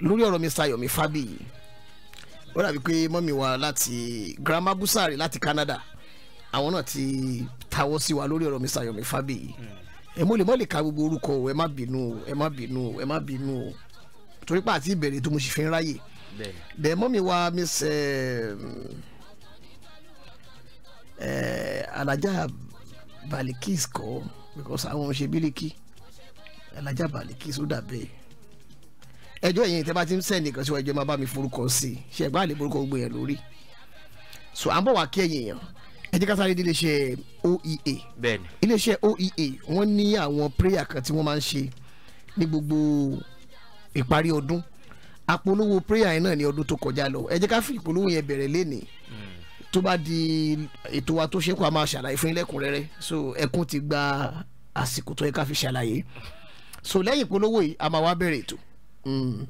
lórí ọ̀rọ̀ Mr. Yomi Fabiyi ó dàbí pé mọ́mí wa láti grandma busari láti Canada àwọn náà ti tawọ́ sí wa lórí ọ̀rọ̀ Mr. Yomi Fabi, ẹ mo lè mọ́ lè ka gbogbo orúkọ o ẹ má bínú o ẹ má bínú o ẹ má bínú torí pé àti ìbẹ̀rẹ̀ tó mo sì fi ń ráyè bẹ́ẹ̀ mọ́ mi wá Miss eh, eh, alájà Balikis kọ́ because àwọn ṣe bíríkì alájà Balikis ó dà bẹ́ẹ̀ ẹjọ́ ẹ̀yìn tẹ́ bá ti ń sẹ́ni kan síwájú ẹ máa bá mi forúkọ sí i ṣẹ̀gbọ́n àlè forúkọ gbogbo yẹn lórí so à ń bọ̀ wá kí ẹ̀yìn yẹn ẹ jẹ́ ká sáré nílé iṣẹ́ oea bẹ́ẹ̀ni ilé iṣẹ́ oea wọ́n ní àwọn prayer kan tí wọ́n máa ń ṣe ní gbogbo ìparí ọdún àpolówó prayer yẹn náà ní ọdún tó kọjá lọ ẹ ká fi ìpolówó yẹn bẹ̀rẹ̀ lénìí hmm. tó bá di ètò wa tó ṣẹ́kù a máa ṣàlàyé fún ilẹ̀kùnrẹ́rẹ́ so ẹkún ti gba àsìkò tó yẹ ká fi ṣàlàyé so lẹ́yìn ìpolówó yìí a máa wá bẹ̀rẹ̀ ètò. Mm.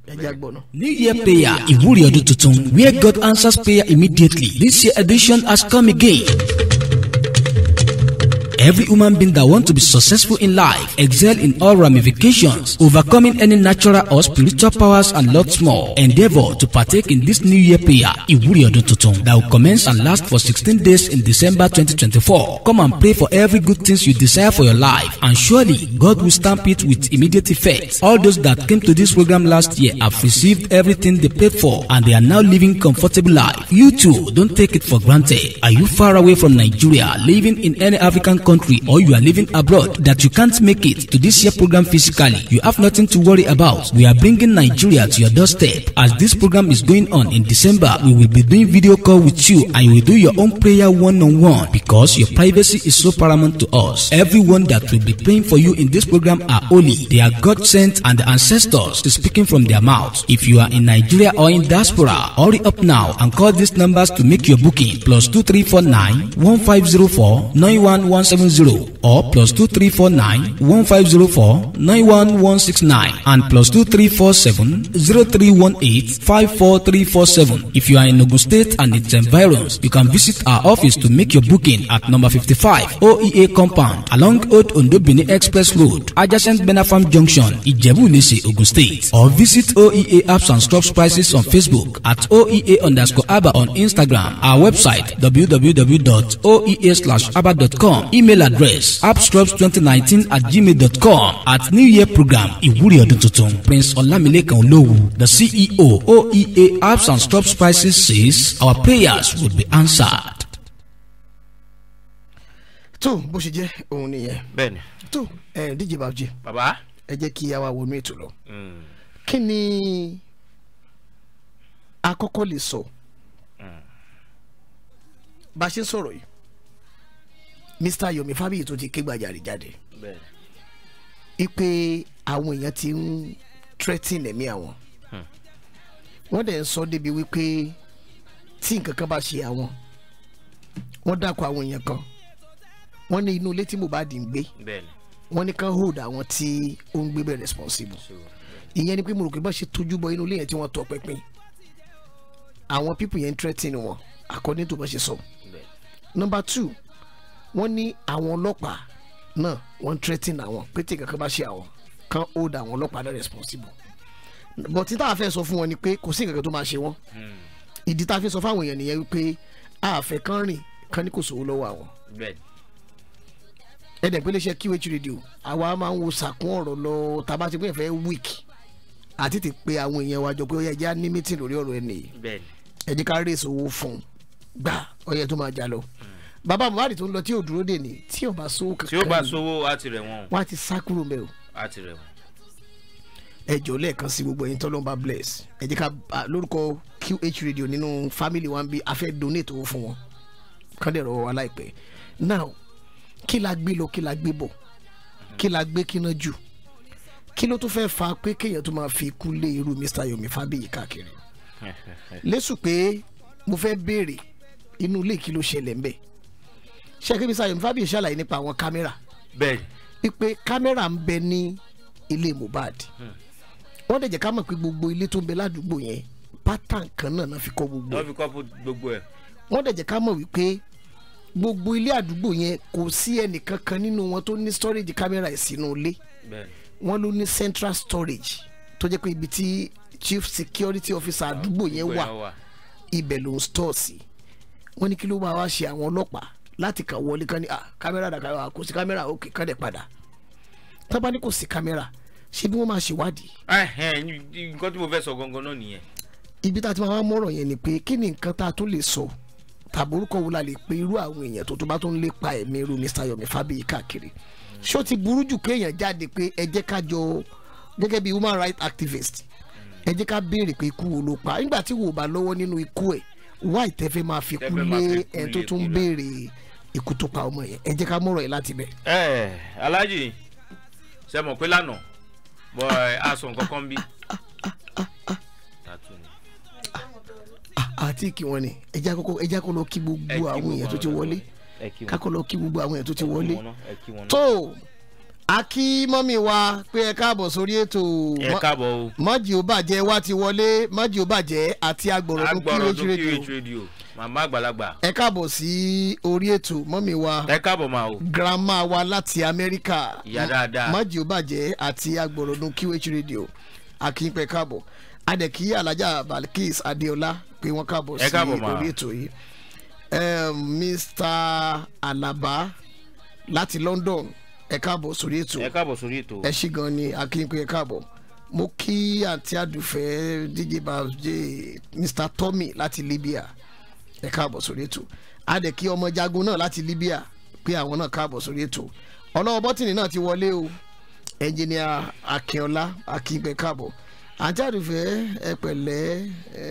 New Year Prayer Ìwúrí ọdún tuntun where God answers prayer immediately. This year edition has come again every human being that wants to be successful in life, excel in all ramifications, overcoming any natural or spiritual powers and lots more. Endeavor to partake in this new year prayer, Ìwúrí ọdún that will commence and last for 16 days in December 2024. Come and pray for every good things you desire for your life, and surely God will stamp it with immediate effect. All those that came to this program last year have received everything they paid for, and they are now living comfortable life. You too, don't take it for granted. Are you far away from Nigeria, living in any African country? country or you are living abroad that you can't make it to this year program physically, you have nothing to worry about. We are bringing Nigeria to your doorstep. As this program is going on in December, we will be doing video call with you and you will do your own prayer one on one because your privacy is so paramount to us. Everyone that will be praying for you in this program are holy. They are God sent and the ancestors speaking from their mouths. If you are in Nigeria or in diaspora, hurry up now and call these numbers to make your booking plus 2349 1504 9117 seven zero or plus two three four nine one five zero four nine one one six nine and plus two three four seven zero three one eight five four three four seven. If you are in Ogun State and its environs, you can visit our office to make your booking at number fifty-five OEA compound along Old Ondobini Express Road, adjacent Benafam Junction, Ijebu-Ilese, Ogun State, or visit OEA apps and stocks prices on Facebook at OEA underscore ABBA on Instagram. Our website www.oea slash ABBA.com. Email email address abstrop2019 at gmail.com at new year program ìwúrí ọdún tuntun prince olamilekan olowu the ceo oea apps and strop spices says our prayers will be answered. tó bó ṣe jẹ́ òun nìyẹn. bẹ́ẹ̀ni. tó ẹ díje bàbá. bàbá. ẹ jẹ́ kí a wá wọnú ètò lọ. Hmm. kí ni a lè sọ hmm. bá a ṣe ń sọ̀rọ̀ yìí Mr. Yomi Fabiyi tó ti ké gbàjarì jáde ipe àwọn èèyàn ti ń threaten ẹ̀mí àwọn hmm. wọ́n dẹ̀ ń sọ débi wípé tí nǹkan kan bá ṣe àwọn wọ́n dákọ̀ àwọn èèyàn kan wọ́n ní inú ilé tí Mohbad ń gbé wọ́n ní kán hold àwọn tí ó ń gbé bẹ́ẹ̀ responsible ìyẹn ni pé mo rò pé bá ṣe tójú bọ inú ilé yẹn tí wọ́n tọ pínpín àwọn people yẹn ń threaten wọn according to bá ṣe sọ. number two wọ́n ní àwọn ọlọ́pàá náà wọ́n threaten àwọn pé tí kankan bá ṣe àwọn kan hold àwọn ọlọ́pàá náà responsible but tí tá a fẹ́ sọ fún wọn ni pé kò sí nǹkan tó máa ṣe wọ́n hmm. ìdí tá a fẹ́ sọ fún àwọn èèyàn nìyẹn pé a fẹ́ kán rìn kán ní kò sówó lọ́wọ́ àwọn ẹ̀dẹ̀ pé léṣe QH radio àwa máa ń wo sàkún ọ̀rọ̀ lọ tá a bá ti pé ẹ̀fẹ̀ week àti ti pe àwọn èèyàn wa pé ó yẹ ní meeting lórí ọ̀rọ̀ ẹ̀ nìyí ẹ jẹ́ ká rèé sọ owó fún un gbà ó tó máa jà lọ. Mm bàbá Buhari tó ń lọ tí ò dúró dè ní tí ò bá sówó kankan tí ò bá sówó á ti rẹ̀ wọ́n. wọ́n á ti sá kúrò mẹ́ o. á ti rẹ̀ wọ́n. ẹ jọ̀ọ́ lẹ́ẹ̀kan sí gbogbo ẹ̀yin tọ́lọ́mba bless ẹ jẹ́ ká lórúkọ QH radio nínú family wa bí a fẹ́ donate owó fún wọn kán dẹ̀ wa láìpẹ́ now kí la gbé lọ kí la gbé bọ̀ kí la gbé kí náà jù kí ló tún fẹ́ fa pé kéèyàn tó máa fi ikú lé irú Mr Yomi Fabiyi káàkiri lẹ́sùn (laughs) pé mo fẹ́ béèrè inú ilé kí ló ṣẹlẹ̀ ń bẹ́ẹ̀ ṣẹ́kí bísí ayọ̀mí fábíyì ṣàlàyé nípa àwọn kámẹ́rà. bẹ́ẹ̀. wípé kámẹ́rà ń bẹ ní ilé Mohbad. Hmm. wọ́n dẹ̀ jẹ́ ká mọ̀ pé gbogbo ilé tó ń bẹ ládùúgbò yẹn pátá nǹkan náà náà fi kọ́ gbogbo ẹ̀. wọ́n fi kọ́ gbogbo ẹ̀. wọ́n dẹ̀ jẹ́ ká mọ̀ wípé gbogbo ilé àdúgbò yẹn kò sí ẹnìkan kan nínú wọn tó ní storage kámẹ́rà ìsínú ilé. wọ́n ló ní central storage tó jẹ́ pé ibi tí chief security officer àdúgbò yẹn wà ibẹ̀ ló ń store sí. wọ́n ní kí ló máa wá ṣe àwọn ọlọ́pàá láti kàn wọlé kan ní ah, kámẹ́rà dà kámẹ́rà kò sí kámẹ́rà òkè kan dẹ̀ padà tábà ní kò sí kámẹ́rà ṣé bí wọ́n máa ṣèwádìí. nǹkan tí mo fẹ́ sọ gangan náà nìyẹn. ibi tá a ti máa mọ̀rọ̀ yẹn ni pé kí ni nǹkan tá a tún lè sọ tàbí orúkọ wo la lè pe irú àwọn èèyàn tó tó bá tó ń lépa ẹ̀mí irú Mr. Yomi Fabiyi káàkiri ṣé ó ti burú jù kéèyàn jáde pé ẹ jẹ́ ká jọ gẹ́gẹ́ bí human rights activist ẹ jẹ́ ká béèrè pé ikú wo ló pa nígbà tí wò bá lọ́wọ́ nínú ikú ẹ̀ wá ìtẹ́fẹ́ máa fi kú lé ẹ̀ tó tún béèrè ikú tó pa ọmọ yẹn ẹ jẹ́ ká mọ̀rọ̀ yìí láti bẹ̀. ẹ ẹ aláàjì ṣe mọ̀ pé lánàá bọ ẹ aṣọ nǹkan kan bí. àti kí wọn ni ẹjẹ àkọ́kọ́ ẹjẹ àkọ́kọ́ lọ kí gbogbo àwọn èèyàn tó ti wọlé kákọ́ lọ kí gbogbo àwọn èèyàn tó ti wọlé tó a kí mọ́mí wa pé ẹ káàbọ̀ sórí ètò mọ́jì ó bàjẹ́ wá ti wọlé mọ́jì ó bàjẹ́ àti agbọ̀rọ̀ tó kí rédíò màmá àgbàlagbà. ẹ káàbọ̀ sí orí ètò mọ́mí wa. ẹ káàbọ̀ máa o. grandma wa láti amẹ́ríkà. ìyá dáadáa. májì ó bàjẹ́ àti agbọ̀rọ̀dún QH radio akínpẹ̀ káàbọ̀ adẹ̀kí alájà Balkis Adéọlá pé wọ́n káàbọ̀ sí orí ètò yìí. Mr Alaba láti London ẹ káàbọ̀ sórí ètò ẹ káàbọ̀ sórí ètò ẹ ṣí gan ni akínpé ẹ káàbọ̀ mo kí àǹtí àdùfẹ́ díje bàjẹ́ Mr Tommy láti Libya ẹ káàbọ̀ sórí ètò adẹ̀ kí ọmọ jagun náà láti Libya pé àwọn náà káàbọ̀ sórí ètò ọlọ́wọ́ bọ́tìnì náà ti wọlé o ẹnjìnìà Akínọlá Akínpẹ̀ káàbọ̀ àǹtí àdùfẹ́ ẹ pẹ̀lẹ́ ẹ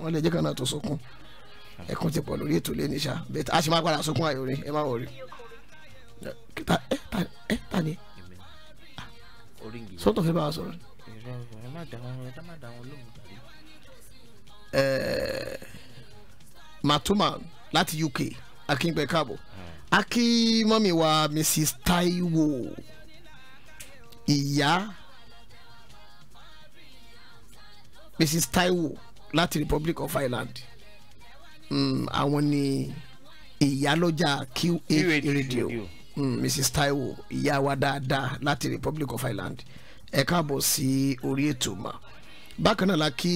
wọn lè jẹ́ kan náà tó sọkún ẹkún ti pọ̀ lórí ètò lẹ́ni ṣá bẹ́ẹ̀ a sì máa padà sọkún ayò rin ẹ má wọrí ẹ ta ni sọ́tọ̀ fẹ́ bá wa sọ̀rọ̀ matuman láti UK akínpẹ káàbọ̀ akínmọ́mi wa Mrs Taiwo ìyá Mrs Taiwo láti Republic of Ireland hmm, àwọn mm, ni ìyálọ́jà QA radio Mrs hmm, Taiwo ìyá wa dáadáa láti Republic of Ireland ẹ káàbọ̀ sí orí ètò mà bákan náà la kí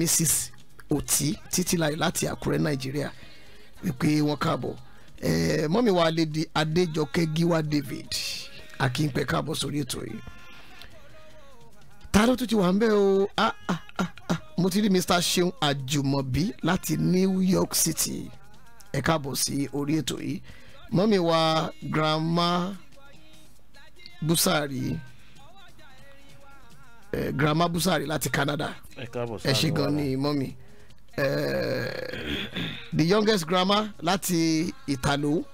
Mrs òtí títí láì láti àkúrẹ́ nàìjíríà wípé wọ́n káàbọ̀ ẹ̀ẹ́ mọ́mí wa lédi adéjọkẹ́ gíwá david akínpẹ̀ káàbọ̀ sórí ètò yìí ta ló tún ti wà ń bẹ̀ o ah ah ah ah mo ti rí mr seun àjùmọ̀bí láti new york city ẹ káàbọ̀ sí orí ètò yìí mọ́mí wa grandma busari eh, grandma busari láti canada ẹ ṣe gan ni mọ́mí. Eh, the youngest grandma láti Italo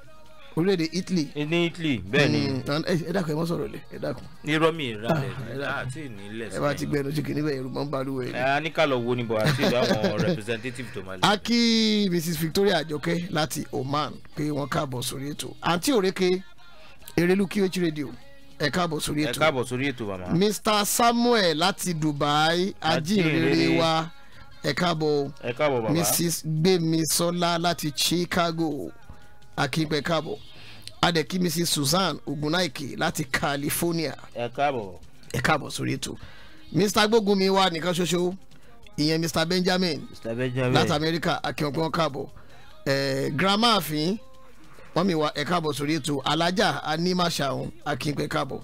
orílẹ̀-èdè Italy. ní Italy bẹ́ẹ̀ ni. Mm, eh, ẹ dákun ẹ mọ sọ̀rọ̀ lẹ ẹ dákun. irọ́ mi ìra rẹ̀ àti ìnílẹ̀ sẹ́yìn. ẹ bá ti gbẹnu chicken níbẹ̀ irun máa ń bá lúwẹ̀. Ah, a wo ni bọ̀ àti àwọn (laughs) representative tó máa lè. a kí Mrs Victoria Àjọkẹ́ láti Oman pé wọ́n káàbọ̀ sórí ètò àǹtí òrèké erelu QH radio ẹ káàbọ̀ sórí ètò. ẹ káàbọ̀ sórí ètò bàmá. Mr Samuel láti Dubai ajínrere wa. Ajínrere ẹ káàbọ̀ ẹ káàbọ̀ bàbá mrs gbémisọ́lá láti chicago akínpẹ̀ káàbọ̀ adẹ̀kí mrs susan ogunaike láti california ẹ káàbọ̀ ẹ káàbọ̀ sórí ètò mr gbógunmi wa nìkan ṣoṣo ìyẹn mr benjamin mr benjamin láti america akínpẹ̀ káàbọ̀ ẹ grandma àfin wọ́n mi wa ẹ káàbọ̀ sórí ètò alájà animashaun akínpẹ̀ káàbọ̀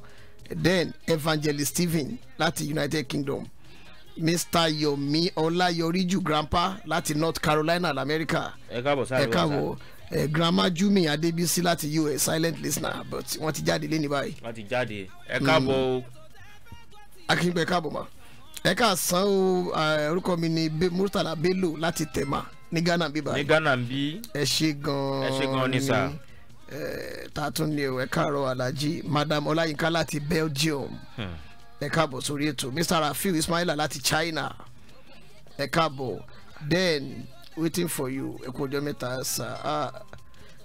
then evangelist stephen láti united kingdom mr yomi ọláyọríjù grandpa láti north carolina lamẹ́ríkà ẹ káàbọ̀ sáré ẹ káàbọ̀ ẹ grandma jumi adébísí láti us silent listener but wọ́n ti jáde lẹ́ni báyìí. wọ́n ti jáde ẹ hmm. káàbọ̀ o. akínpẹ̀ káàbọ̀ ma ẹ ká san o orúkọ mi ni murtala bello láti tẹ̀mà ní ghana bí báyìí. ní ghana bí. ẹ ṣe gan-an ẹ ṣe gan-an ní sá. ẹ tààtún ni ẹ káàárọ̀ alájí madam ọláyínká láti belgium. Hmm ẹ káàbọ̀ sórí ètò Mr. Rafiu Ismaila láti China ẹ káàbọ̀ then waiting for you ẹ kú ọjọ́ mẹ́ta ṣá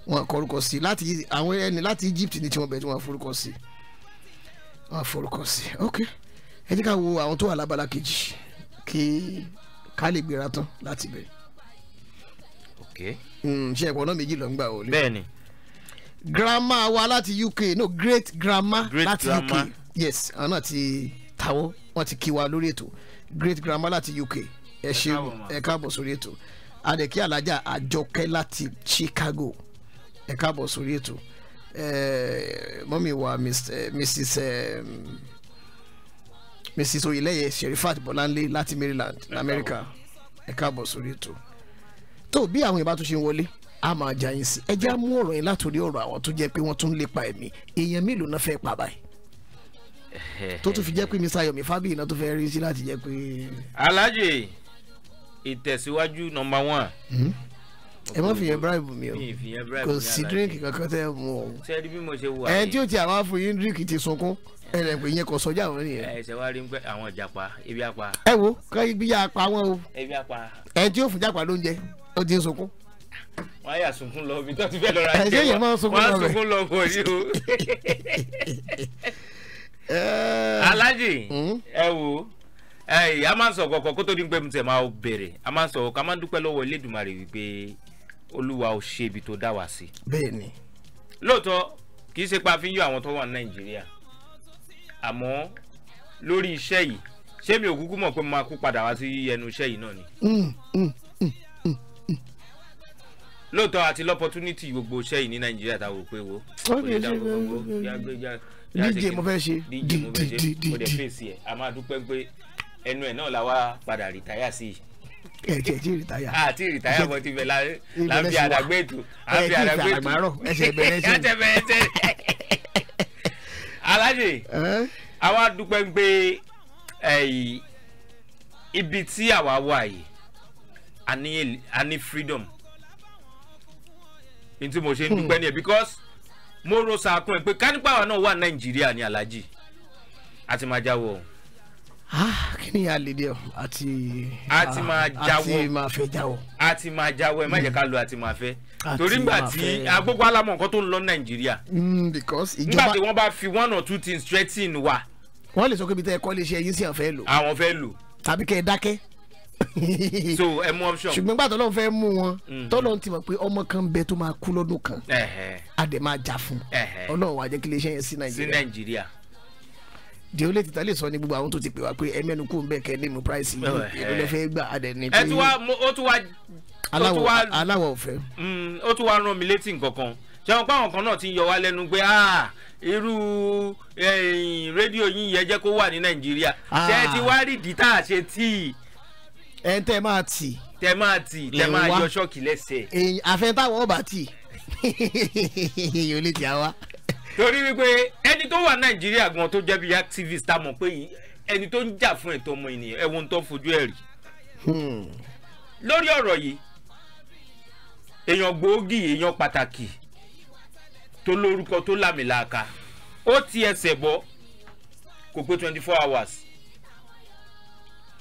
wọn kọrúkọ sí láti àwọn ẹni láti Egypt ní tí wọ́n bẹ̀ tí wọ́n forúkọ sí wọ́n forúkọ sí ok ẹ jẹ́ ká wo àwọn tó wà lábala kejì kí ká lè gbéra tán láti bẹ̀. ok. Hmm, ṣe ẹ̀pọ̀ náà méjì lọ ń gbà wọlé. bẹ́ẹ̀ni. grandma wa láti UK no great grandma láti UK. Great grandma yes àwọn náà ti tawọ́ wọ́n ti kí wa lórí ètò great grandma láti UK ẹ ṣeun ẹ káàbọ̀ sórí ètò adẹ̀kí alájà àjọkẹ́ láti Chicago ẹ káàbọ̀ sórí ètò mọ́mí wa Mrs. Mrs. oyeleye Sherifat Bọ́láńlé láti Maryland America ẹ káàbọ̀ sórí ètò tó bí àwọn ìbá tó ṣe ń wọlé a máa jà yín sí ẹ já mú ọ̀rọ̀ yín látòrí ọ̀rọ̀ àwọn tó jẹ́ pé wọ́n tún lépa ẹ̀mí èèyàn mélòó náà fẹ́ pa báyìí Eh. tó tún fi jẹ́ pé mr yomi fábíyì náà tó fẹ́ rí sí láti jẹ́ pé. alhaji ìtẹ̀síwájú nọmba one. Hmm? ẹ má fìyẹn bribe mi o kò sí drink kankan tẹ mú o ẹ tí o ti àwọn afọyín drink ti sunkún ẹ lẹ pé ìyẹn kò sọjà wọn nìyẹn. ẹ ṣe wá rí pé àwọn ìjà pa ebi apa. ẹ wo ká ibi yà pa wọn o. ebi apa. ẹ tí o fún jàpá lóúnjẹ ó ti ń sunkún wọn á yà sunkún lọ bí tó ti fẹ́ lọ ra jẹ wọn sunkún lọ bọ̀ yìí o. (laughs) Eh. Alaji, hmm? ẹ wo ẹyì a máa ń sọ kọkọ kó tó di pé mo tẹ̀ máa bèrè a máa ń sọ ká máa ń dúpẹ́ lọ́wọ́ elédùnmarè wípé olúwa ò ṣe ibi tó dá wa sí. bẹ́ẹ̀ni. lóòótọ́ kì í ṣe pa fi ń yọ àwọn tó wà ní nàìjíríà àmọ́ lórí iṣẹ́ yìí ṣé mi ò kúkú mọ̀ pé mo máa kú padà wá sí ẹnu iṣẹ́ yìí náà ni. Hmm, hmm, lóòótọ́ àti lọ́pọ̀túnítì gbogbo iṣẹ́ yìí ní nàìjíríà táwọn ò pé wo. ó lè dá gbogbo yàgbé dj mo fẹ́ ṣe dj a máa dúpẹ́ pé ẹnu ẹ̀ náà la wá padà rìtáyà sí ẹ jẹ ti rìtáyà. a ti rìtáyà bọ ti bẹ la la fi àdàgbé ètò fi àdàgbé ètò ẹsẹ bẹ̀rẹ̀ ẹsẹ. (laughs) ẹsẹ bẹ̀rẹ̀ ẹsẹ. alájẹ àwa dúpẹ́ pé ibi tí àwa wà yìí a ní freedom ní mo ṣe ń dúpẹ́ nìyẹn because mo ro sàkún ẹ pé kánípàwọ̀ náà wà nàìjíríà ní alájì àti máa jáwọ́ o. Ah, kí ni a lè dé o àti àti máa jáwọ́ àti máa fẹ́ jáwọ́. àti máa jáwọ́ ẹ má jẹ́ ká lo àti máa fẹ́ torí ngbà tí agbógbó alámọ̀ nǹkan tó ń lọ nàìjíríà. Mm, because ìjọba ngbà tí wọ́n bá fi one or two things threatening wa. wọ́n lè sọ pé ibi tẹ́ ẹ kọ́ lè ṣe ẹyin sí àwọn fẹ́ lò. àwọn fẹ́ lò. tàbí kẹ́ ẹ dákẹ́ so ẹ mú option. ṣùgbọ́n gbàtọ́ lọ́n fẹ́ mú wọn mhm. tọ́lọ́ ti mọ̀ pé ọmọ kan bẹ tó máa kú lọ́dún kan a dẹ̀ máa jà fún ọlọ́run wàá jẹ́ kí iléeṣẹ́ yẹn sí nàìjíríà. sí nàìjíríà. diẹ olè títà lè sọ ní gbogbo àwọn tó ti pè wá pé ẹ mẹ́nu kó ń bẹ̀ kẹ́ ní mu price yìí èlò lè fẹ́ gbà a dẹ̀ ní. ẹ tí wàá ó tí wàá. aláwọ̀ aláwọ̀ ọ̀fẹ́. Mm, ó tún wàá rán mi létí nǹkan kan ṣẹ́wọ́n páwọn kan náà ti yọ wá lẹ́nu pé ah, irú eh, rédíò yín yẹ jẹ́ kó wà ní nàìjíríà ah. ṣé ti wá rí dìtà ṣe tíì ẹ tẹ máa tì. tẹ máa tì tẹ máa yọ ṣọ́ọ̀kì lẹ́sẹ̀. èyí àfẹ́ntàwọ̀ ọba tì èyí ò lè jà wá. torí wípé ẹni tó wà nàìjíríà gan tó jẹ́ bíi activist tá a mọ̀ pé ẹni tó ń jà fún ẹ̀tọ́ ọmọ ènìyàn ẹ̀wọ̀n tó ń fojú ẹ̀ rí. Hmm. lórí ọ̀rọ̀ yìí èèyàn gbòógì èèyàn pàtàkì tó lórúkọ tó lámìlàaka ó ti ẹsẹ̀ bọ́ kò pé twenty four hours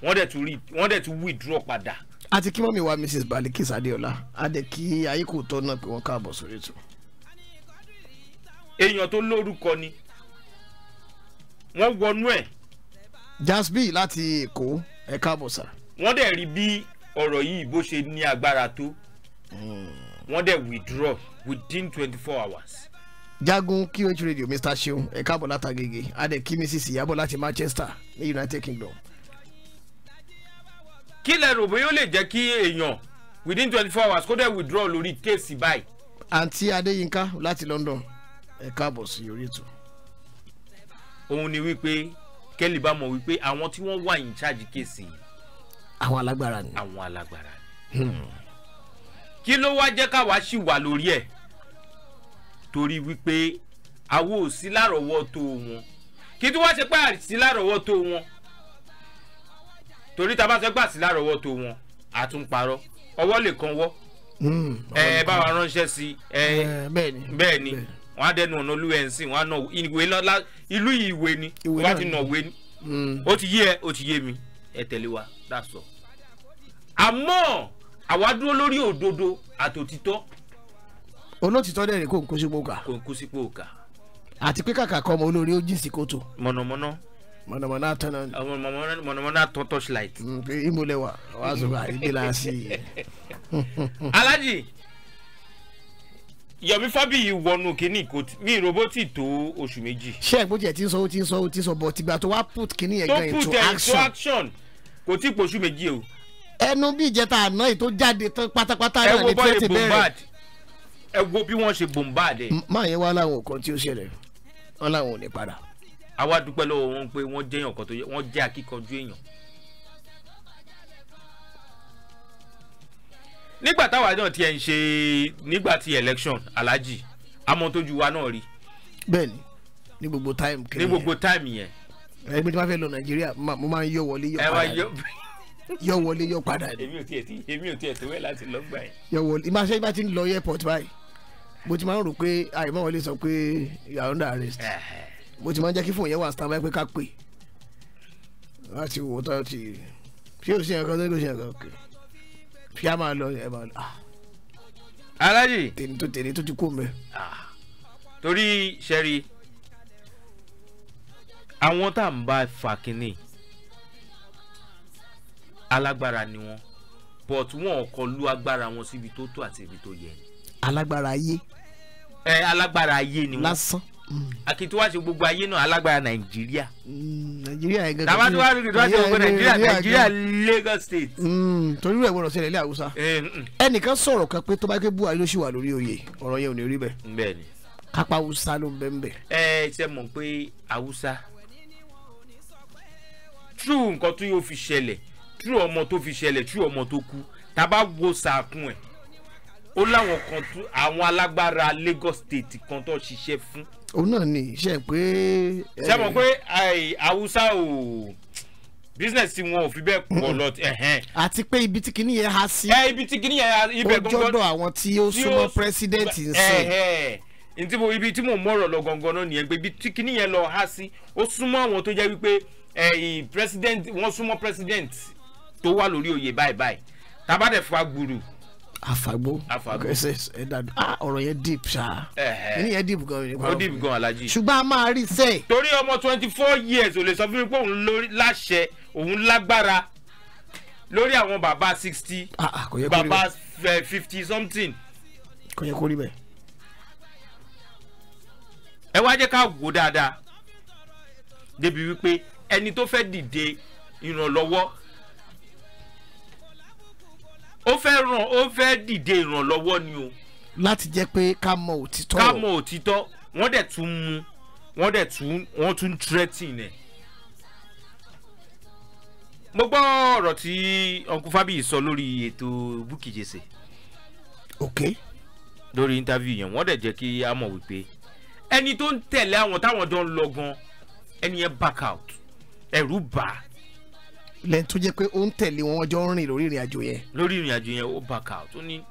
wọ́n dẹ̀ tún wọ́n dẹ̀ tún withdraw padà. a ti kí mọ́mí wa mrs balikis adeola a dẹ̀ kí ayíkò tọ́ náà pé wọ́n káàbọ̀ sórí ètò. èèyàn tó lórúkọ ni wọ́n wọnú ẹ̀. jasbi láti èkó ẹ káàbọ̀ sà. wọ́n dẹ̀ rí bí ọ̀rọ̀ yìí bó ṣe ní agbára tó hmm. wọ́n dẹ̀ withdraw within twenty four hours. jagun qh radio mr seun ẹ káàbọ̀ látàgègè a dẹ̀ kí mrs ìyábọ̀ láti manchester ní united kingdom kí lẹ rò bóyá ó lè jẹ́ kí èèyàn within twenty four hours kó dẹ̀ withdraw lórí kéèsì báyìí. àǹtí adéyínká láti london ẹ káàbọ̀ sí orí ètò. òun ni wípé kẹ́lí bá mọ̀ wípé àwọn tí wọ́n wà in charge kéèsì yìí. àwọn alágbára ni. àwọn alágbára ni. Hmm. kí ló wá jẹ́ káwa ṣì wà lórí ẹ̀ torí wípé àwo ò sí lárọ̀ọ́wọ́tó wọn kí tí wọ́n ṣe pé àìsí lárọ̀ọ́wọ́tó wọn torí tá a bá fẹ́ gbà sí lárọ̀ọ́wọ́tó wọn àtúnparọ́ ọwọ́ lè kan wọ́ hmm, ẹ bá wa ránṣẹ́ sí ẹ bẹ́ẹ̀ ni wọ́n á dẹnu ọ̀nà olúwẹ̀ ń sìn wọ́n á nà ìwé lọ́la ìlú ìwé ni wọ́n á ti nà òwe ni hmm. ó ti yé ẹ ó ti yé mi ẹ tẹ̀lé wa dáṣọ. àmọ́ àwa dúró lórí òdodo àtòtítọ́. olótìtọ́ dẹ̀ ni kò ń kó sípò kà. kò ń kó sípò kà. àti pé kàkà kọ́ ọmọ olórí ó jìn sí kòtò. mọ̀nàmọ́ná mọ̀nàmọ́ná tọ́nà. mọ̀nàmọ́ná tọ́ torchlight. ìmùlẹ̀ wa wàá sọ̀rọ̀ àdídé la sí i. alájì yọ̀mí fábíyì wọnú kínní kò mí roboti tó oṣù méjì. ṣé ẹ̀gbọ́n jẹ́ ti ń sọ ó ti ń sọ ó ti ń sọ bọ̀ tìgbà tó put kini yẹn gan into action. tó put action kò tí ì pòṣù méjì o. ẹnu bí ìjẹta àná yìí tó jáde tán pátápátá náà ni tí ó ti bẹ̀rẹ̀. ẹ wo bí wọ́n ṣe bombard ẹ. máa yẹ wá láwọn nǹkan tí ó ṣẹlẹ̀ wọ́n láwọn ò ní Awa dúpẹ́ lọ́wọ́ wọn pé wọ́n jẹ́ èèyàn kan tó yẹ wọ́n jẹ́ akíkanjú èèyàn. nígbà táwa náà tiẹ̀ ń ṣe nígbà ti election alhaji amọ̀tójú wa náà rí. bẹ́ẹ̀ni ní gbogbo táìmù kẹrin ní gbogbo táìmù yẹn. ẹgbẹ́ tí wọ́n fẹ́ lọ nàìjíríà mo máa ń yọ wọlé yọ padà yọ wọlé yọ padà ni. èmi ò tiẹ̀ tí èmi ò tiẹ̀ tí wẹ́ láti lọ gbà yẹn. yọ wọlé ìmáṣẹ́ bá ti ń lọ airport báyìí mo ti máa ń rò pé àìmọ́ sọ pé you are under arrest mo ti máa ń jẹ́ kí fóun yẹn wà stand by pé ká pè láti wò tó ti ṣé o ṣe nǹkan tó ṣe nǹkan kì fi á máa lọ ẹ máa lọ. Ah. alájì tèmi tó tèmi tó ti kú mi. Ah. torí sẹ́rí àwọn tá à ń bá fa kínní alágbára ni wọn but wọn kò lu agbára wọn síbi tó tó àti ibi tó yẹ. alágbára ayé ẹ alágbára ayé ni wọn lásán akitiwa ṣe gbogbo ayé náà alágbára nàìjíríà mm, nàìjíríà gẹ́gẹ́ tàbátúwá rí kìtìwá ṣe nàìjíríà nàìjíríà Lagos state. Mm, torí rẹ̀ gbọ́dọ̀ ṣẹlẹ̀ ilé haúsá eh, ẹnìkan sọ̀rọ̀ kan pé tó bá ké buhari ló ṣì wà lórí oyè ọ̀rọ̀ yẹn ò ní rí bẹ́ẹ̀. bẹ́ẹ̀ni. kápá haúsá ló ń bẹ ń bẹ. ẹ ṣe mọ̀ pé haúsá true nǹkan tó yóò fi ṣẹlẹ̀ true ọmọ tó fi ṣẹlẹ̀ true ọmọ tó kú tàbá wo sàkún ẹ̀ ó láwọn kan tún àwọn alágbára Lagos state kan tó ṣiṣẹ́ fún. òun náà ni iṣẹ́ pé. ṣé mo pé haúsá o business tí wọn ò fi bẹ́ẹ̀ pọ̀ lọ. (laughs) àti pé ibi tí kìíní yẹn há sí. ibi tí kìíní yẹn há sí. ó jọ́dọ̀ àwọn tí ó súnmọ́ president ń sìn ntí mo ibi tí mo mọ̀rọ̀ lọ gangan náà nìyẹn pé ibi tí kinní yẹn lọ há sí ó súnmọ́ àwọn tó jẹ́ wípé president wọ́n súnmọ́ president tó wà lórí oyè báyìí báyìí tábàdẹ̀ fa gbùrù afagbo kẹsẹ ẹ dàdú ọ̀rọ̀ yẹn deep ṣá ẹni yẹn deep gan ni. ó deep gan alaji. ṣùgbọ́n a máa rí sẹ́. torí ọmọ twenty four years O lè sọ fún mi pé òun lórí láṣẹ òun lágbára lórí àwọn bàbá sixty ah, ah, bàbá eh, fifty something. kò yẹ kó rí bẹ́ẹ̀. ẹ wá jẹ́ ká wò dáadáa débi wípé ẹni tó fẹ́ dìde ìrànlọ́wọ́ ó fẹ́ ràn ó fẹ́ dìde ìrànlọ́wọ́ ni o. láti jẹ́ pé ká mọ òtítọ́. ká mọ òtítọ́ wọ́n dẹ̀ tún mú wọ́n dẹ̀ tún wọ́n tún threatening ẹ̀. mo gbọ́ ọ̀rọ̀ tí uncle Fabiyi sọ lórí ètò Bukky ok. lórí interview yẹn wọ́n dẹ̀ jẹ́ kí a mọ̀ wípé ẹni tó ń tẹ̀lé àwọn táwọn jọ ń lọ gan ẹni yẹn back out ẹ̀rù bà lẹ́yìn tó jẹ́ pé ó ń tẹ̀lé wọn ọjọ́ rìn lórí ìrìn àjò yẹn. lórí ìrìn àjò yẹn ó back out ó ní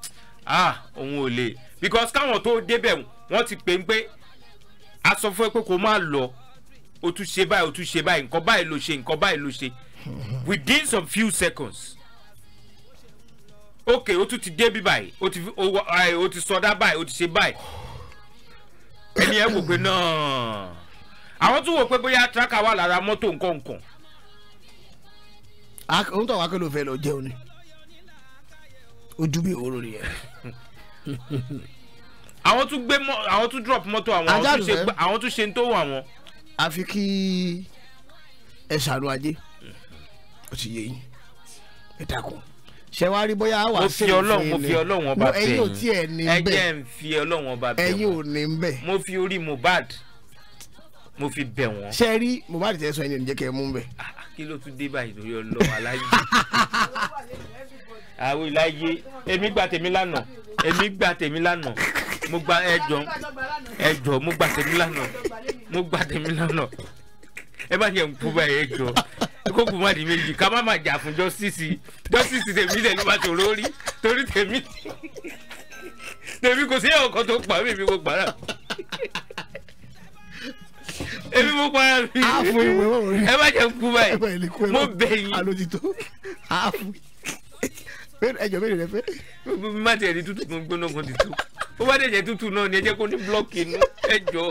ah òun ò lè because káwọn tó débẹ̀ wọ́n ti pè ń pé a sọ fún ẹ pé kó má lọ o tún ṣe báyìí o tún ṣe báyìí nǹkan báyìí ló ṣe nǹkan báyìí ló ṣe (laughs) within some few seconds ok o tún ti dé bí báyìí o ti o ti sọdá báyìí o ti ṣe báyìí ẹni ẹ wò pé náà àwọn tún wò pé bóyá tracker wà lára mọ́tò nǹkan nǹkan òun tó wá kó ló fẹ́ lọ jẹun ni ojú bí òwúrò rẹ̀. àwọn tún gbé mọ àwọn tún drop mọ́tò àwọn àwọn tún ṣe ń tó wà wọn. àfi kí ẹ ṣàánú ajé ó ti yé yín ẹ dákun ṣe wá rí bóyá wà á sí ni mo fi ọlọ́run ọba bẹ́ẹ̀ ẹ̀yin ò tiẹ̀ ní bẹ́ẹ̀ ẹ̀yin ò ní bẹ́ẹ̀ mo fi orí Mohbad mo fi bẹ̀ wọ́n. ṣe rí Mohbad tẹ sọ ẹni òní jẹ́ kẹ́ ẹ mú bẹ̀. Ah, ah, kí ló tún dé báyìí lórí ọlọ́wọ́ aláyé. àwọn ìláyé èmi gba tèmi lánàá èmi gba tèmi lánàá mo gba ẹjọ ẹjọ mo gba tèmi lánàá mo gba tèmi lánàá ẹ bá jẹ nkú báyìí ẹjọ kó kù má di méjì ká má má jà fún justice justice tèmi tẹ̀lé wá tòró rí torí tèmi tèmi kò sí ẹ̀kọ́ tó pa mí mi kò gbàrà èmi mo para mi. àfọ ìwé wọ̀rọ̀ rẹ. ẹ má jẹ kú báyìí mo bẹ̀ yín. alójútó àfọ ẹjọ mi rẹ fẹ. má tiẹ̀ di tútù mo gbóná kan ti tó ó bá dẹ̀ jẹ́ tútù náà ni ẹ jẹ́ kó ní blọ́ọ̀kì inú ẹjọ.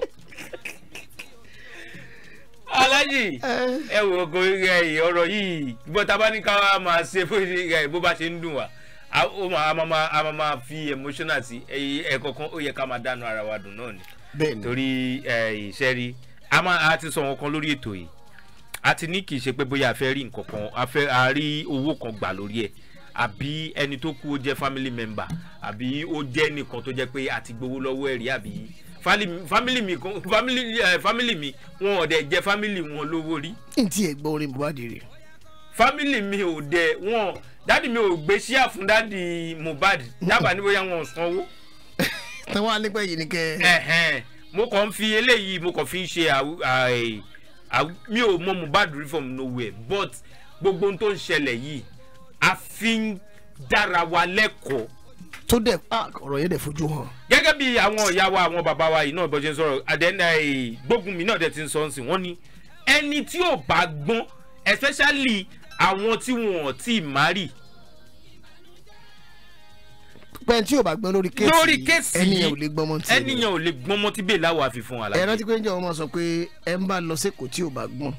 alájì ẹ eh. wò ó ọ̀rọ̀ yìí bọ́tà bá ní ká máa ṣe fún ìdíje bó bá ṣe ń dùn wá a máa a máa fi emotional sí ẹ̀kọ̀ọ̀kan ó yẹ ká máa dánu ara wa dùn náà ni torí eh, ìṣẹ́rí. Eh, a máa a ti sọ wọn kan lórí ètò yìí a ti ní kì í ṣe pé bóyá a fẹ́ rí nǹkan kan a fẹ́ a rí owó kan gbà lórí ẹ̀ àbí ẹni tó kú ó jẹ́ family member àbí ó jẹ́ nìkan tó jẹ́ pé a ti gbowó lọ́wọ́ ẹ̀rí àbí family mi family ẹ family mi wọn ò dẹ̀ jẹ́ family wọn lówó rí. n ti ẹ̀ gbọ́ orin Mohbad rè. family mi ò dẹ̀ wọn dáàdi mi ò gbé síà fún dáàdi Mohbad dábàá ní bóyá wọn ò sanwó. tí wọ́n á nípa èyí mo kàn fi eléyìí mo kàn fi ṣe mi ò mọ mo bad reform nowhere but gbogbo ohun tó ń ṣẹlẹ̀ yìí a fi ń dára wa lẹ́kọ̀ọ́. tó dẹ̀ ọ̀rọ̀ yẹn dẹ̀ fojú hàn. gẹ́gẹ́ bí àwọn ìyá wa àwọn bàbá wa yìí náà bọ́jú ń sọ̀rọ̀ àdéhùn gbógun mi náà dẹ̀ ti ń sọ sí wọ́n ní ẹni tí ò bá gbọ́n especially àwọn tí wọn ò tí ì má rì pẹ́ tí yóò bá gbọ́n lórí kéèsì lórí kéèsì ẹnìyàn ò lè gbọ́n mọ́ tí ẹnìyàn ò lè gbọ́n mọ́ tí bẹ́ẹ̀ láwọ̀ àfi fún wa. ẹ rántí pé ń jẹ́ ọmọ sọ pé ẹ ń bá lọ sẹ́kọ̀ọ́ tí yóò bá gbọ́n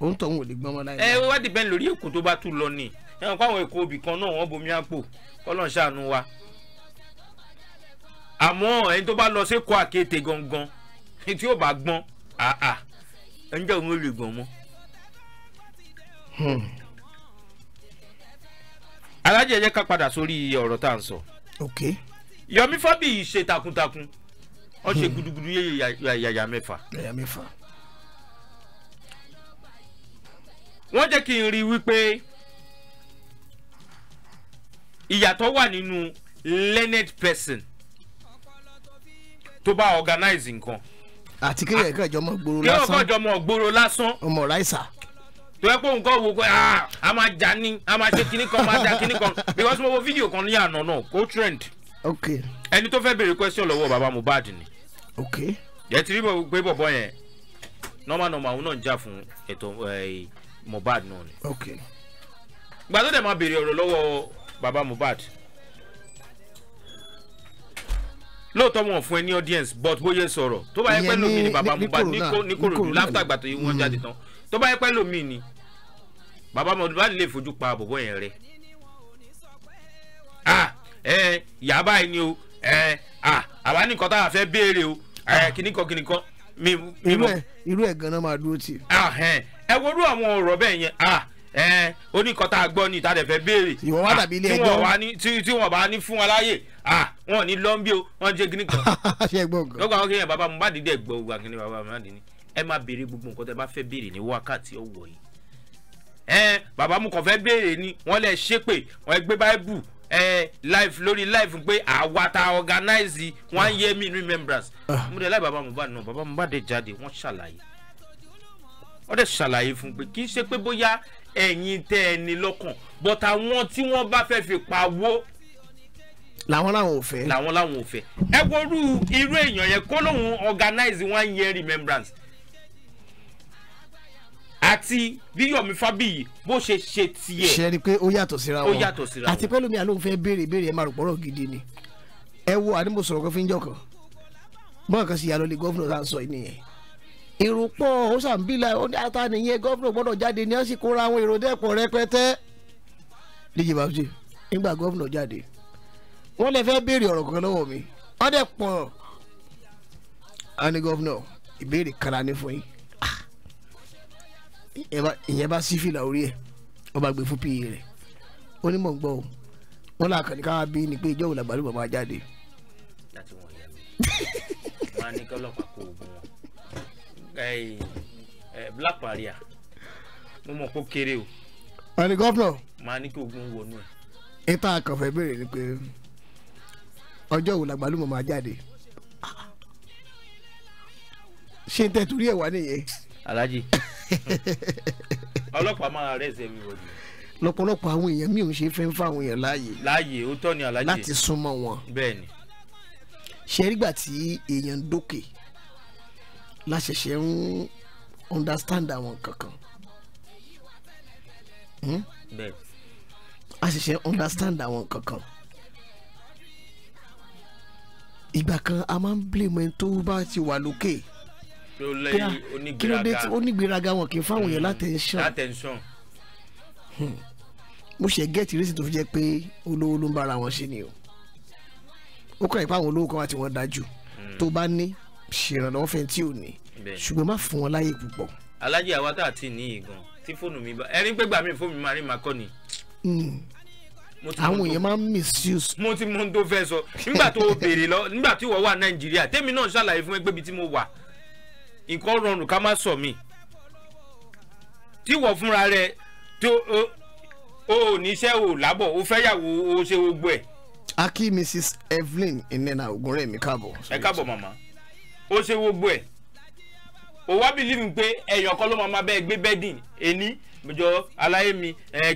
òun tọ̀hún ò lè gbọ́n mọ́ láyé. ẹ wá dìbẹ́ lórí èkó tó bá tún lọ ni ẹ̀wọ̀n pàwọn èkó òbí kan náà wọ́n bomi àpò kọ́lọ́n ṣàánú wa. àmọ́ ẹni tó bá lọ sẹ́kọ̀ọ́ àkété gangan tí yóò bá gbọ́n àà ẹ̀ ń òun ò lè gbọ́n mọ́. Hmm alájẹ yẹ ká padà sórí ọ̀rọ̀ tá à ń sọ. ok. yomi fabi ṣe takuntakun ó ṣe hmm. gudugudu yé yàyà mẹ́fà. yàyà mẹ́fà. wọ́n jẹ́ kí n rí wípé ìyàtọ̀ wà nínú learned person tó bá organize nǹkan. àti kí ah. ẹ̀ka ìjọmọ̀ gbòòrò lásán kí ọkọ̀ ìjọmọ̀ gbòòrò lásán. ọmọ ráìsà tó yẹ pé òun kọ́ wo pé ah, a máa jà ní a máa ṣe kinní kan máa jà kinní kan because mo wo fídíò kan ní àná náà kó trend. ok ẹni tó fẹ́ béèrè question lọ́wọ́ bàbá Mohbad ni. ok ẹ ti rí bọ̀ pé bọ̀bọ̀ yẹn normal normal òun náà ń jà fún ètò eh, Mohbad náà ni. ok gbàdó dẹ̀ máa béèrè ọ̀rọ̀ lọ́wọ́ bàbá Mohbad lóòótọ́ wọn fún ẹ ní audience but bóyá sọ̀rọ̀ tó bá yẹ pẹ́ lómi ni bàbá Mohbad ní Kòròdú láfítàgbà tó yẹ wọ́n jáde hmm. tán tó bá yẹ pẹ́ lómi ni bàbá Mohbad lè fojú pa bọ̀bọ̀ yẹn rẹ ẹ yà báyìí ni o ẹ àbá nìkan tá a fẹ́ béèrè o ẹ kìnnìkan kìnnìkan mi mọ. irú ẹ̀ gan-an máa dúró tì. ẹ worú àwọn ọ̀rọ̀ bẹ́ẹ̀ yẹn ẹ oníkan tá a gbọ́ ni ìtàdẹ̀ fẹ́ béèrè. ìwọ wá dàbí ilé ẹjọ́ tí wọ́n bá ní fún wa láàyè wọn ní lọ́ńbí o wọ́n jẹ́ kìnnìkan. (laughs) ṣé ẹ gbọ́ gan. lọ́gbà wọn kì í yẹn bàbá Mohbad dẹ̀ gbọ́ ògbà kìnnìkan bàbá Mohbad ní ẹ má béèrè gbogbo nǹkan tẹ bá fẹ́ béèrè ní wákàtí ọ̀wọ̀ yìí ẹn bàbá mu kàn fẹ́ béèrè ni wọ́n lè ṣépè wọ́n gbé báíbù ẹ live lórí live pé àwa ta organize one year meal remembrance ah. mo dẹ̀ láì bàbá Mohbad náà bàbá Mohbad dẹ̀ jáde wọ́n ṣàlàyé wọ́n dẹ̀ ṣàlàyé fún pé kì í ṣe pé bóyá ẹ̀yin tẹ́ ẹ ní lọ́kàn but àwọn tí wọ́n bá fẹ́ fi pawó. làwọn làwọn ò fẹ́. làwọn làwọn ò fẹ́ ẹ worú irú èèyàn yẹn kó lóun organize one year remembrance àti bí Yomi fabi bó ṣe ṣe tiẹ̀. ṣe ni pé ó yàtọ̀ síra wọn ó yàtọ̀ síra wọn àti pẹ́lú mi àlóhùn fẹ́ béèrè béèrè ẹ̀ máa rò pọ̀rọ̀ gidi ni ẹ wo àdìmọ̀ sọ̀rọ̀ kan fi ń jọkàn bọ́ọ̀ kan sì yà lọ́lẹ̀ gọ́fúnà tá à ń sọ nìyẹn èrò pọ̀ ó sàǹbìlà ó ní ata nìyẹn gọ́fúnà gbọ́dọ̀ jáde ní ọ̀sìn kóra àwọn èrò dẹ́pọ̀ rẹpẹtẹ DJ Babji nígbà gọ́fúnà jáde wọ́n lè fẹ́ ìyẹn bá sí fìlà orí ẹ̀ wọ́n bá gbé fún pa rẹ̀ ó ní mọ̀ ń gbọ́ o wọ́n là kàn ní káwá bí ni pé ìjọ́ òun làgbàlú bàbá jáde. láti wọ̀n yá mi wọ́n ní kí ọlọ́pàá kó oògùn wọn black maria mo mọ̀ kó kéré o. wọ́n ní gọ́fúnà. máa ní kí oògùn wọnú ẹ̀. ìta àkànfẹ́ béèrè ni pé ọjọ́ òun làgbàlú bàbá jáde ṣé n tẹ́ torí ẹ̀ wá nìyẹn. Alaji. (laughs) ọlọ́pàá máa rẹ̀ mi everybody. lọ́pọ̀lọpọ̀ àwọn èèyàn mi ò ń ṣe fẹ́ ń fa àwọn èèyàn láàyè. láàyè ó tọ́ ni alhaji. láti súnmọ́ wọn. bẹ́ẹ̀ni. ṣe rí gbà tí èèyàn ń dókè láṣẹ̀ṣẹ̀ ń understand àwọn kankan. Hmm? bẹ́ẹ̀. àṣẹ̀ṣẹ̀ understand àwọn kankan. ìgbà kan a máa ń blame ẹni tó bá ti wà lókè. Okay kí ló dé tí onígbéraga wọn kì í fáwọn èèyàn látẹ̀ńsán hmm. mo ṣe gẹ́ẹ̀tì rísì tó fi jẹ́ pé olówó ló ń bára wọn ṣe ni o ó kọ́ ìpá àwọn olówó kan wá tí wọ́n dájú hmm. tó bá ní ṣèrànlọ́wọ́ fẹ́ tí ò ní ṣùgbọ́n má fún wọn láyè púpọ̀. alájẹ àwa tá a ti ní ìgàn tí fóònù mi bá ẹni pé gbà mí fóònù mi máa rí màá kọ́ ni hmm. àwọn èèyàn máa ń misuse. mo ti mọ ohun tó fẹ́ sọ nígbà tó o (laughs) béèrè lọ nígbà tí ìwọ wà nàìjíríà tèmi náà ṣàlàyé fún ẹgbẹ́ bíi tí mo wà nǹkan rọrùn ká má sọ mí tí wọ́n fúnra rẹ̀ tó o ò níṣẹ́ o lábọ̀ o fẹ́yàwó o ṣe gbogbo ẹ̀. a mrs evelyn ìnena ògúnrẹ́mi káàbọ̀. ẹ káàbọ̀ màmá o ṣe gbogbo ẹ̀ o wá bìlíìfù pé ẹ̀yàn kan ló máa máa bẹ́ẹ̀ gbé bẹ́ẹ̀dìn ẹni jọ aláyé mi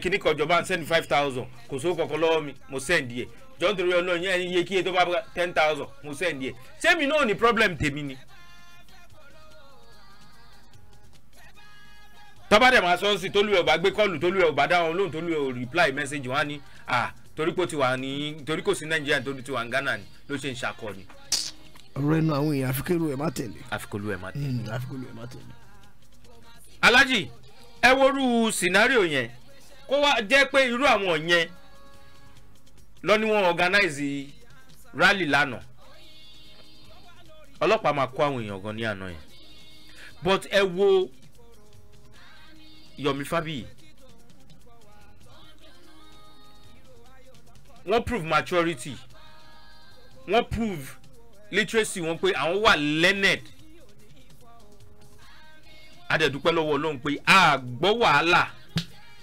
kíní kan jọba send five thousand kò sówó kankan lọ́wọ́ mi mo send yẹ jọ́ntorí ọlọ́run yẹn iye kíye tó bá ten thousand mo send yẹ sẹ́mi náà ní problem tèmi ni. tọ́bàdẹ̀ máa sọ sí tólúwẹ̀ ọ̀gbà gbé kọ́ọ̀lù tólúwẹ̀ ọ̀gbà dáhùn lóhùn tólúwẹ̀ ò reply message wá ní à torí kò ti wà ní torí kò sí nàìjíríà torí ti wà ní ghana ni ló ṣe ń ṣakọ ni. ọ̀rọ̀ ẹnu àwọn èèyàn àfikẹ́lù ẹ̀ má tẹ̀lé. àfikẹ́lù ẹ̀ má tẹ̀lé. Hmm, àfikẹ́lù ẹ̀ má tẹ̀lé. alájì ẹ worú scenario yẹn kó wá jẹ́ pé irú àwọn yẹn lọ ni wọ́n organize rally lánàá ọlọ́pàá máa kó àwọn èèyàn gan ní àná yẹn but ẹ wo Yomi Fabi. wọ́n prove maturity wọ́n prove literacy wọn pé àwọn wà learned adẹ̀dúpẹ́ lọ́wọ́ ọlọ́run pé a gbọ́ wàhálà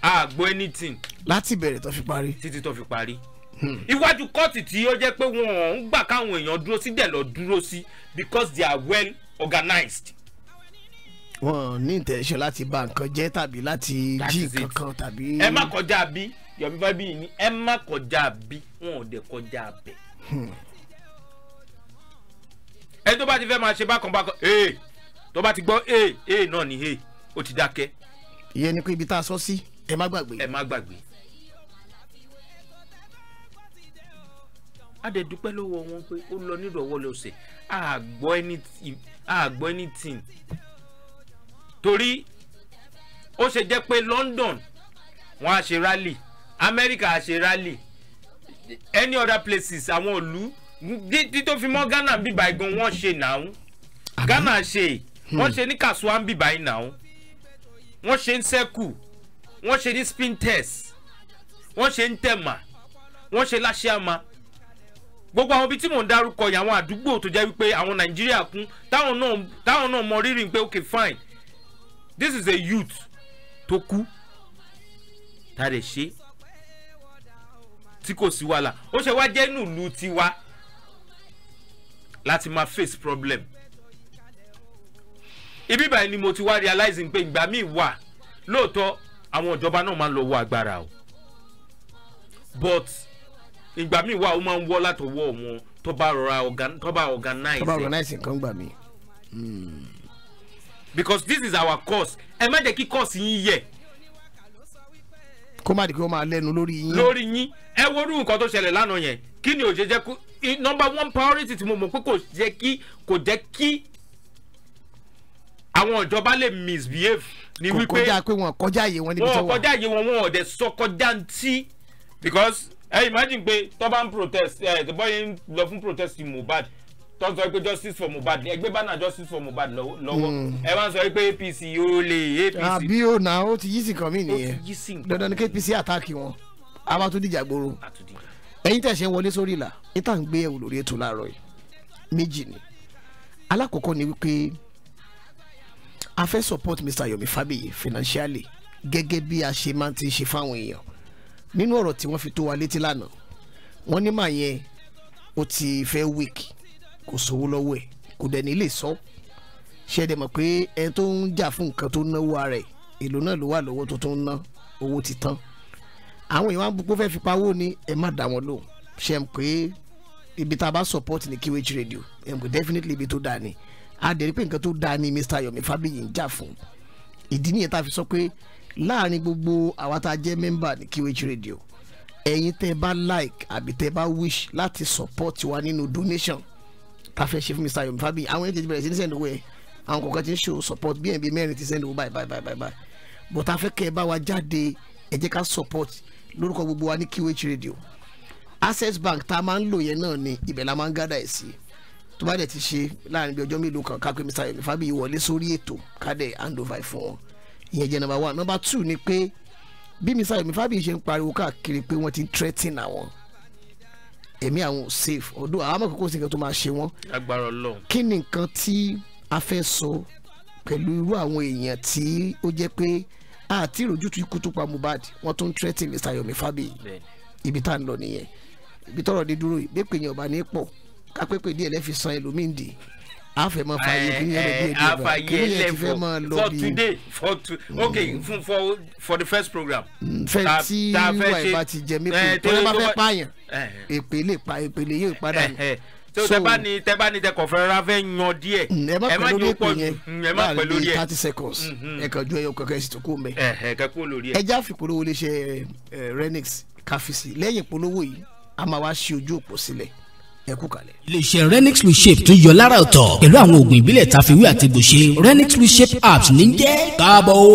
a gbọ́ anything. láti bẹ̀rẹ̀ tó fi parí. títí tó fi parí. Hmm. iwájú kóòtù tí ó jẹ́ pé wọ́n ń gbà káwọn èèyàn dúró sí dẹ̀ lọ dúró sí because they are well organized wọn ní intention láti bà nǹkan jẹ́ tàbí láti jí kankan tàbí. ẹ má kọjá bí yọ̀bí fábíyì ni ẹ má kọjá bí wọn ò dé kọjá bẹ̀. Hmm. ẹni tó bá ti fẹ́ máa ṣe bákan bákan ee tó bá ti gbọ́ ee ee náà ni ee ó ti dákẹ́. ìyẹn ni pé ibi tá a sọ sí ẹ má gbàgbé. ẹ má gbàgbé. a dẹ̀ dúpẹ́ wọn pé ó lọ nílùú ọwọ́ lọ́sẹ̀ àgbọ́ anything. torí ó ṣe jẹ́ pé London wọ́n á ṣe rally America á ṣe rally any other places àwọn ìlú tító fi mọ́ Ghana bí báyìí wọ́n ṣe Ghana ṣe hmm. wọ́n ṣe ní Kasuwa bí báyìí won wọ́n ṣe ń sẹ́kù wọ́n ṣe ní spin wọ́n ṣe ń tẹ̀mà wọ́n ṣe láṣẹ́àmà gbogbo àwọn ibi tí mò ń adugbo yìí àwọn àdúgbò tó jẹ́ wípé àwọn Nàìjíríà kún táwọn náà mọ fine this is a youth tó kú tá a lè ṣe tí kò sí wàhálà ó ṣe wá jẹ́ nùlù tiwa láti máa face problem ibi báyìí ni mo ti wá realizing pé ìgbà míì wà lóòótọ́ àwọn ìjọba náà máa ń lọ wọ agbára o but ìgbà míì wà ó máa ń wọ́ látọwọ́ wọn tó bá rọra organize tó bá organize nǹkan gbà mí. Hmm because this is our course ẹ má jẹ́ kí course yín yẹ̀. kó má di kí wọ́n máa lẹ́nu lórí yín. lórí yín ẹ worú nǹkan tó ṣẹlẹ̀ lánàá yẹn kí ni òṣèjẹ́ kú number one priority tí mo mọ̀ pé kò jẹ́ kí kò jẹ́ kí àwọn ìjọba lè misbehave ni wípé kò kọjá pé wọn kọjá àyè wọn níbi tó wà wọn kọjá àyè wọn wọn ọ̀dẹ̀ sọ kọjá ntí because ẹ imagine pé tó bá ń protest ẹ tó bá yẹn lọ fún protest Mohbad tó ń sọ pé justice for Mohbad ẹgbẹ́ bánà justice for Mohbad lọ́wọ́ hmm. ẹ máa ń sọ pé APC yóò lè APC. àbí ò náà ó ti yí sí nǹkan mi nìyẹn dandan ni KPC àtàkì wọn a máa tún dìjà gbòòrò ẹ̀yin tẹ̀ ṣe ń wọlé sórí ìlà níta ń gbé ẹ̀wò ètò láàárọ̀ méjì ni alákọ̀ọ́kọ́ ni wípé a fẹ́ support Mr. Yomi Fabiyi financially gẹ́gẹ́ bí a ṣe máa ti ṣe fáwọn èèyàn nínú ọ̀rọ̀ tí wọ́n fi tó wa létí lánàá wọ́n ní màá yẹn ó ti fẹ́ weak kò sówó lọ́wọ́ ẹ̀ kò dẹ̀ ní lè sọ ṣẹ́dẹ̀ mọ̀ pé ẹni tó ń jà fún nǹkan tó náwó ara ẹ̀ èlò náà ló wà lọ́wọ́ tó tún ná owó ti tán àwọn èèyàn àbúkú fẹ́ fi pawó ni ẹ má dá wọn lóhùn ṣe ń pé ibi tá a bá support ní QH radio ẹ ń pè definitely ibi tó dáa ni a dẹ̀ rí pé nǹkan tó dáa ni Mr. Yomi Fabiyi ń jà fún ìdí nìyẹn tá a fi sọ pé láàrin gbogbo àwa tá a jẹ́ mẹ́mbà ní QH radio ẹ̀yin tẹ́ bá like àbí tẹ́ bá wish láti support wa nínú donation tá a fẹ́ Mr. Yomi Fabiyi àwọn ètò ìbẹ̀rẹ̀ sí ní sẹ́ndowó ẹ̀ àwọn kọ̀ọ̀kan ti ń show support bnb mẹ́rin ti sẹ́ndowó báyìí báyìí báyìí báyìí but a fẹ́ kẹ́ ẹ bá wa jáde ẹ jẹ́ ká support lórúkọ gbogbo wa ní QH radio access bank tá a máa ń lò yẹn náà ni ibẹ̀ la máa ń gádà ẹ̀ sí tó bá dẹ̀ ti ṣe láàrin bí ọjọ́ mélòó kan kápẹ́ Mr. Yomi Fabiyi wọlé sórí ètò kádẹ̀ handover fún wọn ìyẹn jẹ́ number one number two ni pé bí Mr. Yomi Fabiyi ṣe ń pariwo káàkiri pé wọ́n ti ń threatening àwọn ẹ̀mí àwọn safe ọdún àwọn àkókò sí nǹkan tó máa ṣe wọ́n. agbára Ọlọ́run. kí ni nǹkan tí a fẹ́ sọ pẹ̀lú irú àwọn èèyàn tí ó jẹ́ pé àti ìròjútu ikú tó pa Mohbad wọ́n tún tírẹ́tì Mr. Yomi Fabi, ibi tá à ń lọ nìyẹn ibi tọ́rọ̀ dé dúró yìí bẹ́ẹ̀ pé ọba ní pọ̀ kápẹ́pẹ́ díẹ̀ lẹ́fi san ẹlòmíì dì í àfẹmọ eh, fàyè eh, bí yẹn lè bí yẹn ti fẹ máa lọ bí. for today for to okay hmm. fun for for the first program. Hmm, fẹ tí wà ìbá ti jẹ mí kú eh, tọ́lá bá fẹ́ pààyàn èpè lè pa èpè lè yé ìpadà nù so tẹ bá ní tẹ bá ní tẹ kọfẹ ra fẹ yan díẹ̀ hmm, ẹ má pẹ lórí ẹpè yẹn ẹ má pẹ lórí ẹ thirty seconds ẹ kàn ju ẹyọ kankan sì tó kó mẹ ẹ kẹ kó lórí ẹ. ẹja fìpolówó lè ṣe renix káfíìsì lẹ́yìn ìpolówó yìí a máa wá ṣe ojú òpó sílẹ̀ ẹ kú kalẹ̀. iléeṣẹ́ renix reshape tún yọ lára ọ̀tọ̀ pẹ̀lú àwọn oògùn ìbílẹ̀ tàfiwé àti gbòṣe renix reshape apps ní jẹ́ káàbọ̀ o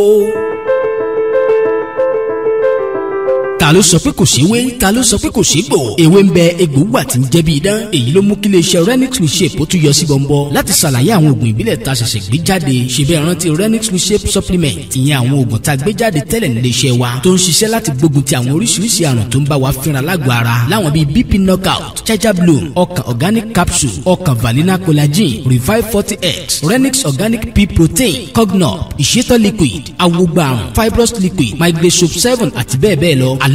ta ló sọ pé kò sí wé ta ló sọ pé kò sí gbò èwe ń bẹ egbò wà tí ń jẹ́ bí idán èyí ló mú kí iléeṣẹ́ renix reshape ó tún yọ sí bọ́ńbọ́ láti ṣàlàyé àwọn oògùn ìbílẹ̀ ta ṣẹ̀ṣẹ̀ gbé jáde ṣe bẹ́ẹ̀ rántí renix reshape supplement ìyẹn àwọn oògùn ta gbé jáde tẹ́lẹ̀ níléeṣẹ́ wa tó ń ṣiṣẹ́ láti gbógun ti àwọn oríṣiríṣi àrùn tó ń bá wa fínra lágọ̀ọ́ ara láwọn bíi bp knockout chaja bloom ọkàn organic capsule ọkàn valina collagen revive forty x renix organic pea protein cognop ìṣètò liquid awogba àrùn fibrous liquid migration seven àti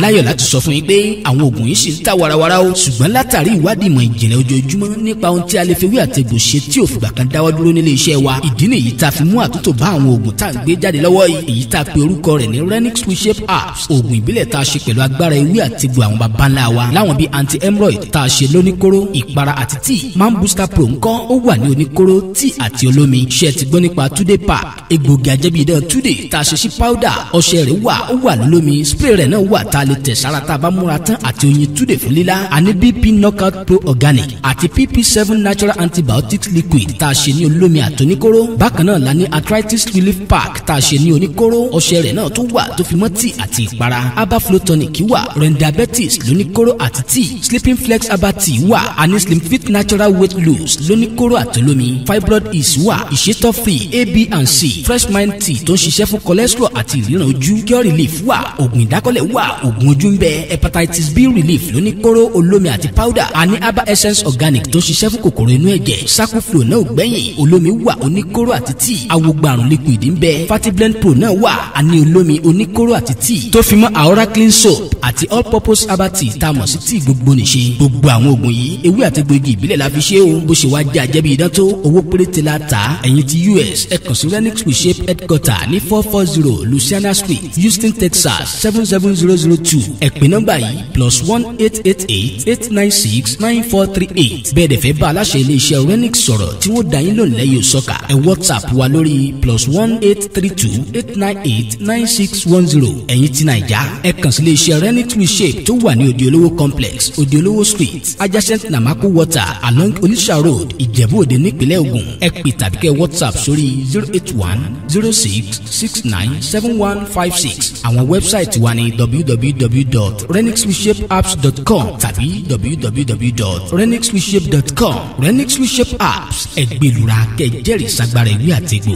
láyọ̀ láti sọ fún yín pé àwọn oògùn yìí ṣì ń ta warawara o ṣùgbọ́n látàrí ìwádìí ìmọ̀ ìjìnlẹ̀ ojoojúmọ́ nípa ohun tí a lè fi wí àtẹ̀gùn ṣe tí ò fìgbà kan dáwọ́ dúró nílé iṣẹ́ wa ìdí nìyí tá a fi mú àtúntò bá àwọn oògùn tá à ń gbé jáde lọ́wọ́ yìí èyí tá a pe orúkọ rẹ̀ ní renix reshape apps oògùn ìbílẹ̀ tá a ṣe pẹ̀lú agbára ewé àtẹ̀gùn àwọn baba ńlá wa láwọn bíi anti hemorrhoid tá a ṣe lóníkóró ìpara àti tíì man booster pro ńkọ́ ó wà ní oníkóró tíì àti olómi ṣe ti gbọ́ nípa today pack egbògi ajẹ́bíidán today tá a ṣe sí powder ọṣẹ rẹ̀ wà ó wà lólómi spray rẹ̀ náà wà tá a lè lè tẹ̀sára tá a bá múra tán àti oyin túdè fún lílá bp knockout pro organic àti pp seven natural antibiotics liquid tá a ṣe ní olómi àtòníkóró bákan náà la ní arthritis relief pack tá a ṣe ní oníkóró ọṣẹ rẹ̀ náà tún wà tó fi mọ́ tíì àti ìpara herbal flow tonic wà rendiabetes lóníkóró àti tíì sleeping flex herbal tea wà àní slim fit natural weight loss lóníkóró àtòlómi fibroid is wà ìṣètò free ab and c fresh mind tea tó ń ṣiṣẹ́ fún cholesterol àti ìríran ojú cure relief wà oògùn ìdákọ́lẹ̀ wà oògùn oògùn ń bẹ hepatitis b relief lóní kóró olómi àti powder àní herbal essence organic tó ṣiṣẹ́ fún kòkòrò inú ẹ̀jẹ̀ saku flo náà ò gbẹ̀yìn olómi wà oníkóró àti tíì awogbarun liquid ń bẹ fatiblen pro náà wà àní olómi oníkóró àti tíì tó fi mọ́ aora clean soap àti all purpose herbal tea tá a mọ̀ sí tíì gbogbo nìṣe gbogbo àwọn oògùn yìí ewé àti egbògi ìbílẹ̀ la fi ṣe o bó ṣe wá jẹ́ àjẹbí idán tó owó péréte la ta ẹ̀yin ti us ẹ sí renix reshape headquarter ní four four zero Louisiana street houston texas seven seven zero zero two ẹ nọ́mbà yìí plus one eight eight eight eight nine six nine four three eight bẹ́ẹ̀ dẹ̀ fẹ́ bá aláṣẹ iléeṣẹ́ renix sọ̀rọ̀ tí wọ́n dá yín lónìí lẹ́yìn òsọ́kà ẹ whatsapp wa lórí plus one eight three two eight nine eight nine six one zero ẹ̀yin ti nàìjà ẹ kàn sí iléeṣẹ́ renix reshape tó wà ní òdi olówó complex òdi olówó street adjacent namaku water along onisha road ìjẹ̀bú òde nípínlẹ̀ ògùn ẹ pè tàbí kẹ́ whatsapp sórí zero eight one zero six six nine seven one five six àwọn wẹ́bsáìtì wa ni www www.renixwishapeapps.com tàbí www.renixwishape.com renixwishape apps ẹgbẹ́lura kẹjẹ́rìí sagbára ìwé àtẹ̀gbò.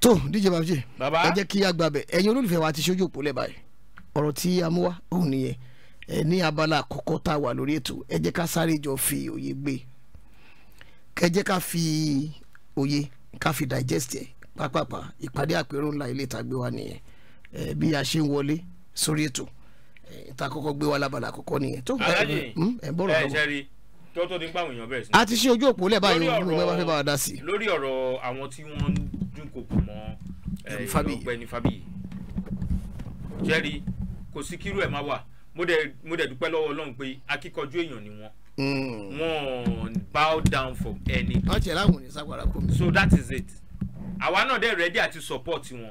tó díje babaji ẹ jẹ́ kí a gba bẹ̀ ẹ̀yin olólùfẹ́ wa ti ṣojú òpó lẹ́ba yìí ọ̀rọ̀ tí a mú wá òun nìyẹn ẹ ní abala àkọ́kọ́ tá a wà lórí ètò ẹ jẹ́ ká sáré jọ fi òye gbé kẹ jẹ́ ká fi òye ká fi digest ẹ̀ pápápá ìpàdé àpérò ńlá ilé ìtagbé wa nìyẹn Eh, bí a ṣe ń wọlé sórí ètò eh, ta kọ́kọ́ gbé wa lábala àkọ́kọ́ nìyẹn tó ẹ bọrọ lọ́wọ́. ẹ tó tó ní gbàwọn èèyàn bẹ̀rẹ̀ sí. a ti ṣe ojú òpó lẹ́ẹ̀ báyìí òun ló lórí ọ̀rọ̀ àwọn tí wọ́n ń dúnkokò mọ́ eh, ọ̀gbẹ́ni Fábíyì jẹ́rí kò sí kírú ẹ̀ má wà mo dẹ̀ dúpẹ́ lọ́wọ́ Ọlọ́run pé akíkanjú èèyàn ni wọ́n hmm. wọ́n bow down from any. wọ́n ti ẹ̀ láwọn ò ní sápàdà so that is it àwa náà dẹ̀ rẹ́dí àti support wọn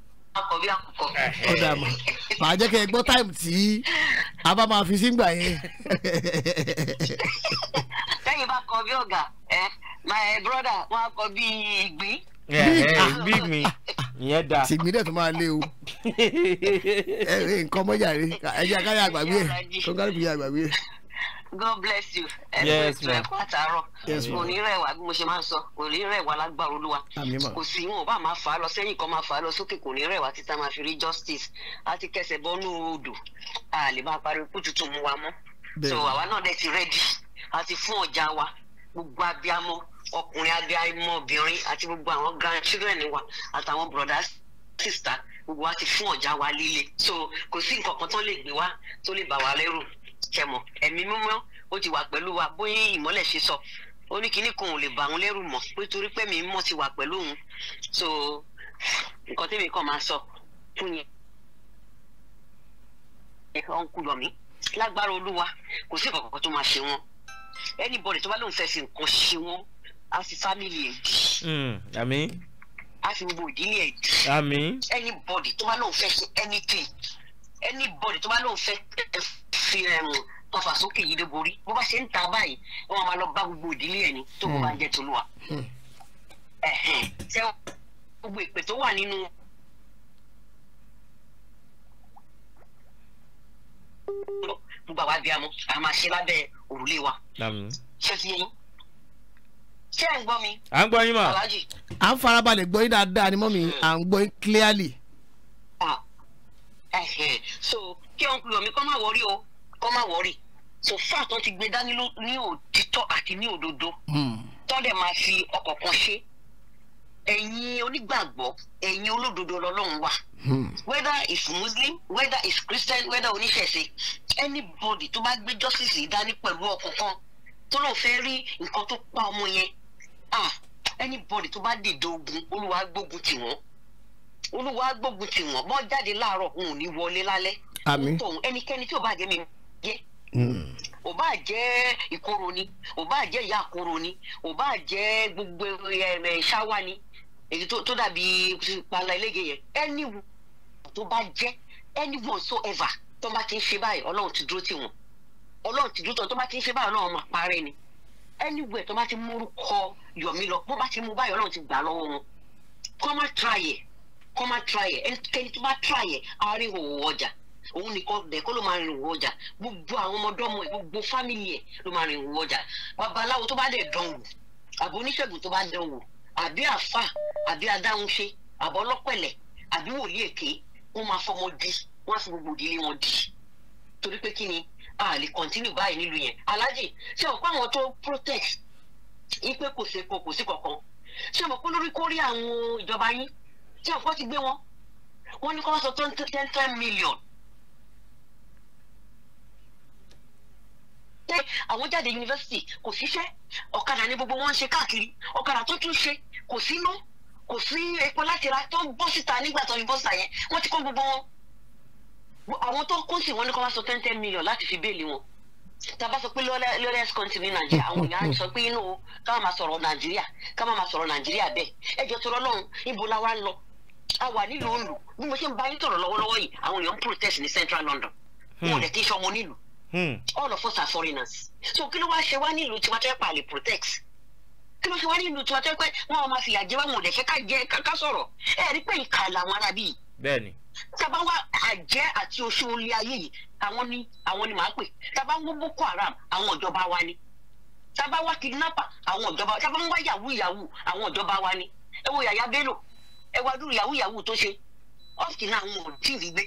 akọ bí akọ. ó dà mọ màá jẹ́ kí ẹ gbọ́ táìmù tí a bá máa fi sígbà yẹn. lẹ́yìn bá kọ bí ọ̀gá my brother wọn á kọ bí ìgbín. ìgbín ìgbín ìyẹn da. tìgbín dẹ̀ tó máa lé o (laughs) ẹ nǹkan mọ́jà rẹ ẹ jẹ́ káyà àgbàgbé ẹ̀ kó kárí fi yà àgbàgbé ẹ̀. God bless you. Yes, ma. Ẹ kú àtàárọ̀. Yes, ma. Kò ní rẹ̀ wá bí mo ṣe máa ń sọ, kò ní rẹ̀ wá lágbára Olúwa. Kò sí wọn ò bá máa fà á lọ sẹ́yìn kan máa fà á lọ sókè kò ní rẹ̀ wá títa máa fi rí justice. A ti kẹsẹ̀ bọ́nú odò. A lè máa pariwo kú tuntun mu wa mọ́. So àwa náà dẹ̀ ti rẹ́dí. A ti fún ọjà wa. Gbogbo abiyamọ, ọkùnrin abiyamọ obìnrin àti gbogbo àwọn grandchildren wa àtàwọn brothers sister gbogbo wa ti fún ọjà wa líle. So kò sí nǹkan kan tó lè gbé wa tó lè bà wá lẹ́rù ṣẹmọ ẹ̀mí mímọ́ ó ti wà pẹ̀lú wa bóyá ìmọ́lẹ̀ ṣe sọ ó ní kíní kan ò lè bà òun lẹ́rù mọ́ nítorí pé mi mọ́ ti wà pẹ̀lú òun so nǹkan tèmi kàn máa sọ fún yẹn ọ̀nkú lọ mí lágbára olúwa kò sí kankan tó máa ṣe wọn anybody tó bá lóun fẹ́ fi nǹkan ṣe wọn á fi family ẹ̀ dì. Hmm, á fi gbogbo ìdílé ẹ̀ dì. anybody tó bá lóun fẹ́ ṣe anything anybody tó bá lóun fẹ́ fi ọfà sókè yìí débórí bó bá ṣe ń ta báyìí wọn máa lọ bá gbogbo ìdílé ẹ̀ ní tó bá ń hmm. jẹ́ tolúwa hmm. ṣé gbogbo ìpè tó wà nínú. mo bàbá bí amú a máa ṣe lábẹ́ òrùlé wa ṣé ti yẹn ṣé ẹ̀ ń gbọ́ mi. à ń gbọ́ yín mà. à ń farabalẹ̀ gbọ́ yín dáadáa ni mọ́ mi hmm. à ń gbọ́ yín clearly so kí ọ̀nkùnrin omi kọ́ máa wọrí o kọ́ máa wọrí so fáà tó ti gbé dání ní òtítọ́ àti ní òdodo hmm. tọ́lẹ̀ máa fi ọkọ̀ kan ṣe ẹ̀yin onígbàgbọ́ ẹ̀yin olódodo lọ́lọ́run wà hmm. whether it's muslim whether it's christian whether oníṣẹ̀ṣe anybody tó bá gbé justice dání pẹ̀lú ọkàn kan tó lóun fẹ́ rí nǹkan tó pa ọmọ yẹn ah anybody tó bá dìde ogun olúwa gbógun tì wọ́n olúwa gbógun tì wọ́n mọ́ jáde láàárọ̀ òun ò ní wọlé lálẹ́ àmín ẹnikẹ́ni tí ò bá jẹ́ mi jẹ́ hmm. ò bá jẹ́ ìkorò ni ò bá jẹ́ ìyá àkorò ni ò bá jẹ́ gbogbo ṣáwá ni èyí tó dàbí pàlà eléyè yẹn ẹni tó bá jẹ́ ẹni wù so ever tó bá ti ń ṣe báyìí ọlọ́run ti dúró tì wọ́n ọlọ́run ti dúró tì tó bá ti ń ṣe báyìí ọlọ́run máa parẹ́ ni ẹni wù tó bá ti mú orúkọ yọ̀mí lọ bó bá ti mú báyìí ọlọ́run ti gbà lọ́wọ́ wọn kọ́ má tra yẹ̀ kọ́ máa tra yẹ ẹnikẹ́ni tó bá tra yẹ àárín òwò ọjà òun nìkan dẹ̀kọ́ ló máa rin òwò ọjà gbogbo àwọn ọmọdọ́mọ ẹ̀ gbogbo fámìlì ẹ̀ ló máa rin òwò ọjà babaláwo tó bá dẹ̀ dán wò àbí oníṣègùn tó bá dán àbí àfà àbí adáhunṣe àbí ọlọ́pẹ̀lẹ̀ àbí wòlíì èké wọ́n máa fọmọ di wọ́n á fi gbogbo ìdílé wọn di torí pé kí ni a lè kọ́ntínú báyìí nílùú yẹn alájì ṣé ọ̀pọ̀ àwọn tó protest ipe pé kò sí epo kò sí kankan ṣé ọ̀pọ̀ lórí kórí àwọn ìjọba yín tí ọ̀pọ̀ ti gbé wọn wọ́n ní kó wọ́n sọ tó ń ten ten million. pé àwọn jáde yunifásitì kò síṣẹ́ ọ̀kadà ni gbogbo wọn ń ṣe káàkiri ọ̀kadà tó tún ṣe kò sí iná kò sí epo láti ra tó ń bọ́ síta nígbà tó ń bọ́ síta yẹn wọ́n ti kó gbogbo wọn àwọn tó kó sí wọn ní kó wọ́n sọ ten ten million láti fi béèlì wọn tá a bá sọ pé lawrence kọ́ńtì ní nàìjíríà àwọn èèyàn sọ pé inú ká máa sọ̀rọ̀ nàìjíríà ká máa sọ̀rọ̀ nàìjíríà bẹ́ẹ̀ ẹ jọ tó rọ́ lọ́run ibo la wá lọ a wà nílùú òǹdù bí mo ṣe ń bá yín sọ̀rọ̀ lọ́wọ́lọ́wọ́ yìí àwọn èèyàn ń protest ní central london hmm. wọn ò dẹ̀ ti sọmọ nílùú hmm. all of us are foreigners so kí ló wá ṣe wá nílùú tí wọ́n tẹ́ pa lè protect kí ló ṣe wá nílùú tí wọ́n tẹ́ pẹ́ wọn máa fìyà jẹ wọn ò dẹ̀ fẹ́ ká jẹ ká sọ̀rọ̀ ẹ rí pé ìkà làwọn ará bíi tàbá wá àjẹ́ àti oṣù olè ayé yìí àwọn ni àwọn ni màá pè tàbá wọ́n boko haram àwọn ìjọba wa ni tàbá wá kidnapper àwọn ìjọba tàbá wá yahoo yahoo àwọn ìjọba wa ni ẹ wo yàyà bello ẹ dúró yahoo yahoo tó ṣe ọ́fìsì náà wọn ò tí ì rí gbé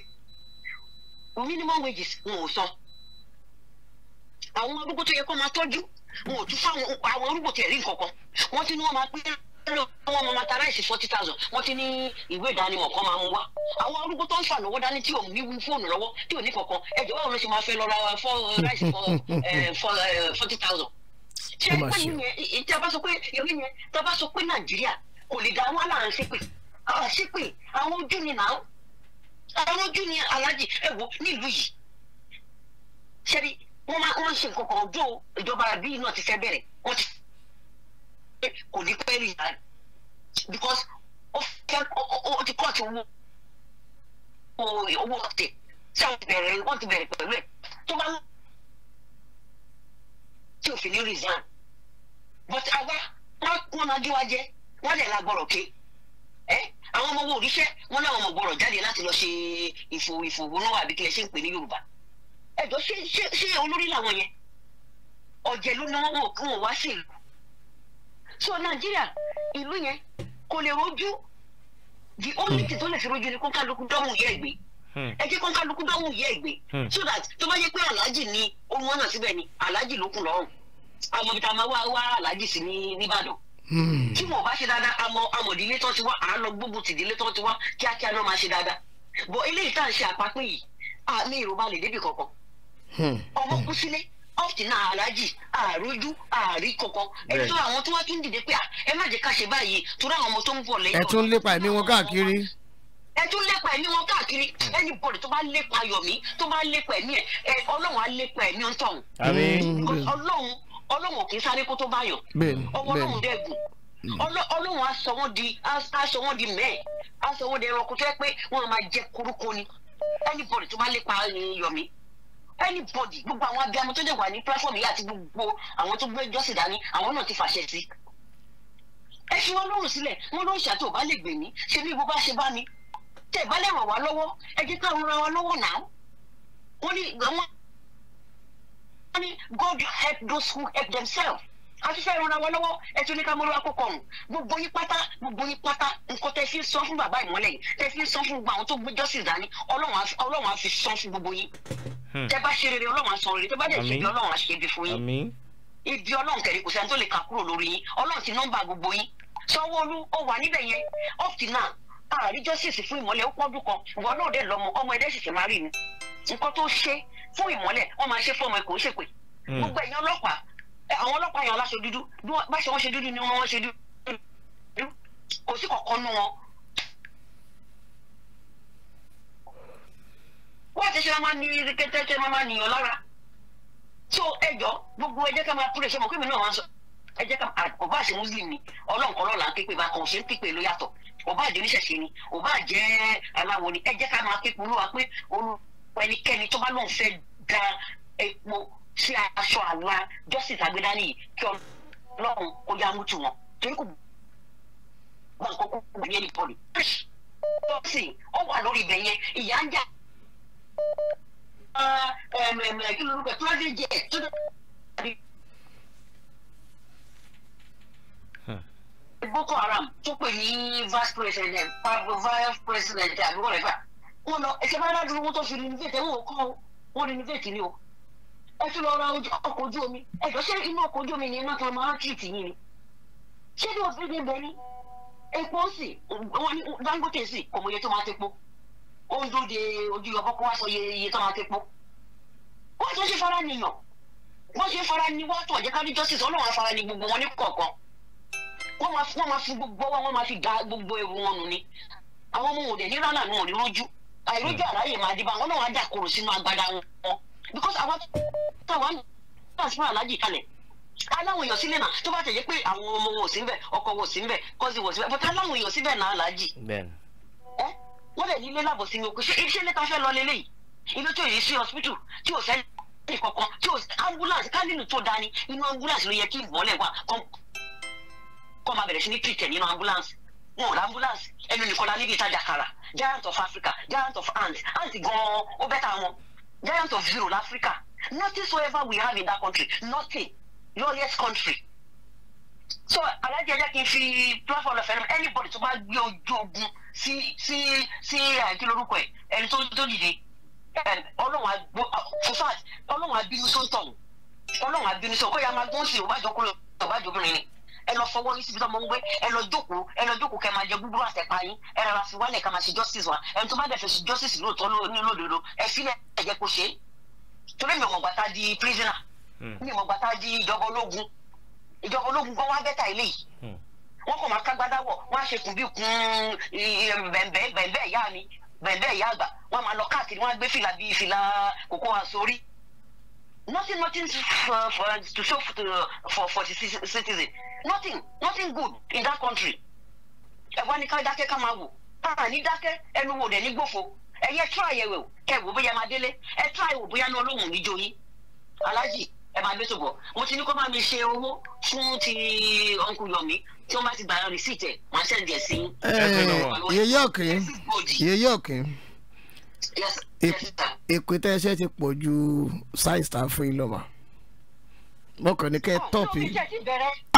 minimum wages wọn ò san àwọn arúgbó tó yẹ kó máa tọ́jú wọn ò tún fáwọn àwọn arúgbó tẹ̀ rí wọ́n ti ní wọ́n máa pín wọn máa forty thousand wọ́n ti ní ìwé ìdánimọ̀ kan máa mú wá àwọn arúgbó tó ń fà lọ́wọ́ dání tí fóònù lọ́wọ́ tí ò ní kankan báwo ló àṣepè ah, àwọn ojú ni náà àwọn ojú ni alájì ẹwọ nílùú yìí ṣebí wọn máa wọn ṣe nǹkan kan ojú ìjọba àbí iná ti fẹ́ bẹ̀rẹ̀ wọn ti fẹ́ kò ní pẹ́ rí ìyá because ó fẹ́ ó ti kọ́ ti wú owó ọ̀tẹ̀ tí àwọn ti bẹ̀rẹ̀ wọ́n ti bẹ̀rẹ̀ pẹ̀lú ẹ̀ tó bá tí òfin ní resign but àwa wọn kún ọmọdé wa jẹ wọn lè la gbọ́rọ̀ Eh? àwọn ọmọ wo oríṣẹ́ wọn na ọmọ gbọ́rọ̀ jáde láti lọ ṣe ìfò ìfòwònú àbí kí ẹ ṣe ń pè ní Yorùbá ẹjọ ṣé ṣé lórí olórí làwọn yẹn ọ̀jẹ̀ ló ní wọn kí wọn wá sí ìlú so Nàìjíríà ìlú yẹn kò lè rojú the only thing tó lè fi rojú ni kó kálukú dánwò yẹ hmm. ẹ kó kálukú tí wọn bá ṣe dáadáa àmọ́ àmọ̀dílé tó ti wá à ń lọ gbógun tìdílé tó ti wá kíákíá náà máa ṣe dáadáa bọ̀ eléyìí tá à ń ṣe àpapín yìí àmì ìrọ̀bà lè débì kankan hmm. ọmọ kú sílé ọ̀fì náà aláàjì àròjú àrí kankan ẹ tó àwọn tó wá tún dìde pé ẹ má jẹ́ ká ṣe báyìí torí àwọn ọmọ tó ń bọ̀ lẹ́yìn. ẹ tún lépa ẹ̀mí wọn káàkiri ẹ tún lépa ẹ̀mí wọn káàkiri ẹni bọ̀dẹ̀ tó bá lépa ayọ̀ tó bá lépa ẹ̀mí ẹ ọlọ́run á lépa ẹ̀mí ọ̀tọ̀hún ọlọ́run kì í sáré kó tó báyọ̀ ọwọ́ ọlọ́run dẹ́gùn hmm. ọlọ́run á sọ wọ́n di á sọ wọ́n di mẹ́ẹ̀ á sọ wọ́n di ẹranko tó yẹ pé wọ́n máa jẹ kúrúkú ni anybody tó bá lépa yọ̀mí anybody gbogbo àwọn abiyamọ tó dẹ̀ wà ní platform yìí àti gbogbo àwọn tó gbé jọ́sìn dání àwọn náà ti fàṣẹ sí ẹ fi wọn lọ́rùn sílẹ̀ wọn ló ń ṣàtò bá lè gbè mí ṣe bí gbogbo àṣẹ bá mi tẹ ìbálẹ̀ ràn wá lọ́wọ́ ẹ jẹ́ ká ràn wá lọ́wọ́ náà wọ́n ní àwọn I mean, God help those who help themselves As you say, lọ́wọ́ ẹ tún ní ká mọ́lúwa kó kọrùn gbogbo yín pátá gbogbo yín pátá nǹkan tẹ fi ń sọ fún bàbá ìmọ́lẹ̀ yìí tẹ fi ń sọ fún gbogbo àwọn tó gbé justice dání ọlọ́run á fi sọ fún gbogbo yín hmm. tẹ bá ṣe rere ọlọ́run á sọ rere tẹ bá dẹ̀ ṣe ibi ọlọ́run á ṣe ibi fún yín ibi ọlọ́run kẹrin kò sẹ́ni tó lè kà kúrò lórí yín ọlọ́run ti nọ́mbà gbogbo yín sanwó-olú ó wà níbẹ̀ yẹn up till now àrí justice fún ìmọ́lẹ̀ ó pọ́dún kan ìwọ náà dẹ̀ lọ́mọ ọmọ ẹ̀dẹ́ sì ti fún ìmọ́lẹ̀ wọ́n máa ṣe fọ́ọ̀mù ẹ̀kọ́ ṣèpè hmm. gbogbo ẹ̀yìn ọlọ́pàá àwọn ọlọ́pàá yẹn aláṣọ dúdú bá ṣe wọ́n ṣe dúdú ni wọ́n ṣe dúdú kò sí kọ̀ọ̀kan nú wọn. wọ́n ti ṣe máa ní kẹ́tẹ́kẹ́ máa ní ọ lára so ẹjọ́ gbogbo ẹjẹ́ ká máa púrẹ̀ sọmọ kíni náà wọ́n sọ ẹjẹ́ ká ọba àṣẹ muslim ni ọlọ́nkọ́lọ́ là ń képe bá kàn ṣe ń képe ló yàtọ̀ ọba àjẹ́ oníṣẹ̀ṣe ni ọba àjẹ́ aláwo ni ẹjẹ́ ká máa képe olúwa pé olúwa ẹnikẹ́ni tó bá lóun fẹ́ da epo sí aṣọ àwa justice agbẹ́dání kí ọlọ́run kó yá mútu wọn torí kò gbọ́n kó kó kó yẹn nìkan rè jọ́sì ó wà lórí ibẹ̀ yẹn ìyá ń jà ah, Boko Haram tó pè ní vice president vice president àbúrò rẹ̀ fà wọn lọ ẹsẹ bá ládùúgbò wọn tó fi renovate wọn ò kọ o wọn renovate ni o ẹ tún lọ ra ọkọ̀ ojú omi ẹ jọ ṣé inú ọkọ̀ ojú omi ni iná kan máa ń tìtì yín ni ṣé bí òfin ní bẹ ní epo sì Dangote sì kò mọ iye tó máa ti po ó ń dóde ojú ọkọ kó wá sọ iye tó máa ti po wọn tó ṣe fara nìyàn wọn ni wọn tó ọjọ́ kárí justice Ọlọ́run afara ni gbogbo wọn ní kọ̀ọ̀kan wọ́n máa fi gbogbo wọn wọ́n máa fi da gbogbo ewu wọn nù ni àwọn ọmọ òde ní rana ni ní lójú àìrójú àráyè máa dìbò àwọn náà wàá dàkóró sínú agbada wọn because àwọn táwọn náà sínú aláàjì kalẹ̀ aláwọn èèyàn sílẹ̀ náà tó bá tẹ̀yẹ pé àwọn ọmọ wọn ò sí níbẹ̀ ọkọ wọn ò sí níbẹ̀ kọ́sì wọn ò sí níbẹ̀ bọ́tà aláwọn èèyàn síbẹ̀ náà aláàjì wọ́n lè nílé láàbọ̀ sínú oko ṣé iṣẹ́ lẹ́ka fẹ́ lọ lélẹ́yìí ilé tí ò yí sí hospital tí ò sẹ́ni ní kankan tí o ambulance kálínù tó dání inú ambulance ló yẹ kí ìmọ́lẹ̀ wà kọ́ máa bẹ̀rẹ̀ sí ní treat ẹ̀ nínú ambulance wọn ò ambulance ẹnu nìkan la níbi ìtajà kàrà giant of Africa giant of ant ant gan-an ó bẹ́ta wọn giant of zero l'Africa nothing so ever we have in that country nothing lawless country so alájẹ jẹ́ kí n fi platform lọ́fẹ̀ẹ́ náà anybody tó bá gbé ojú ogun sí sí sí àìkí lórúkọ ẹ̀ ẹni tó tó dìde ọlọ́run àgbo ọlọ́run àbínú tó ń tọ̀ ọlọ́run àbínú tó kọ́ ya máa gbóhùn sí ìwádìí ọkùnrin ọ̀bájú obìnrin ni ẹ lọ fọwọ́ yín síbi tọ́mọ ń gbé ẹ lọ jókòó ẹ lọ jókòó kẹ máa jẹ gúgúrú àtẹ̀pá yín ẹ rọra fi wálẹ̀ ká máa ṣe justice wa ẹni tó bá dẹ̀ fẹ́ ṣe justice lóòótọ́ ní lódodo ẹ sílẹ̀ ẹ jẹ́ kó ṣe é torí mi ò mọ̀gbà tá a di prisoner hmm. mi ò mọ̀gbà tá a di ìjọba ológun ìjọba ológun gan wá bẹ́tà ilé yìí hmm. wọ́n kàn máa kágbádá wọ̀ wọ́n á ṣe kùn bí kùn bẹ̀ẹ̀bẹ̀ẹ̀ ìyá mi bẹ̀ẹ̀bẹ̀ẹ̀ ìyá àgbà wọ́n máa lọ káàkiri wọ́n á gbé fìlà bíi fìlà kòkó àsorí Nothing, nothing uh, for, uh, to show for, uh, for, for the citizen. Nothing, nothing good in that country. Ẹ̀wá ni ká dákẹ́ ká máa wò. Káà ní dákẹ́ ẹnu wò dẹ̀ ní gbófo. Ẹyẹ try ẹ wò kẹ wò bóyá máa délé. Ẹ try wò bóyá náà lóhùn níjó yín. Aláàjì ẹ máa gbé sòbọ̀. Mo ti ní kó máa mi ṣe owó fún ti Uncle Yomi tí wọ́n bá ti gbà receipt ẹ̀. Màá ṣẹ̀dí ẹ̀ sí. Yeye Okin. Yeye Okin ìpètè ẹsẹ̀ ti pọ̀ ju size tá a fún yín lọ́mọ mo kàn ní kẹ́ tọ́pì.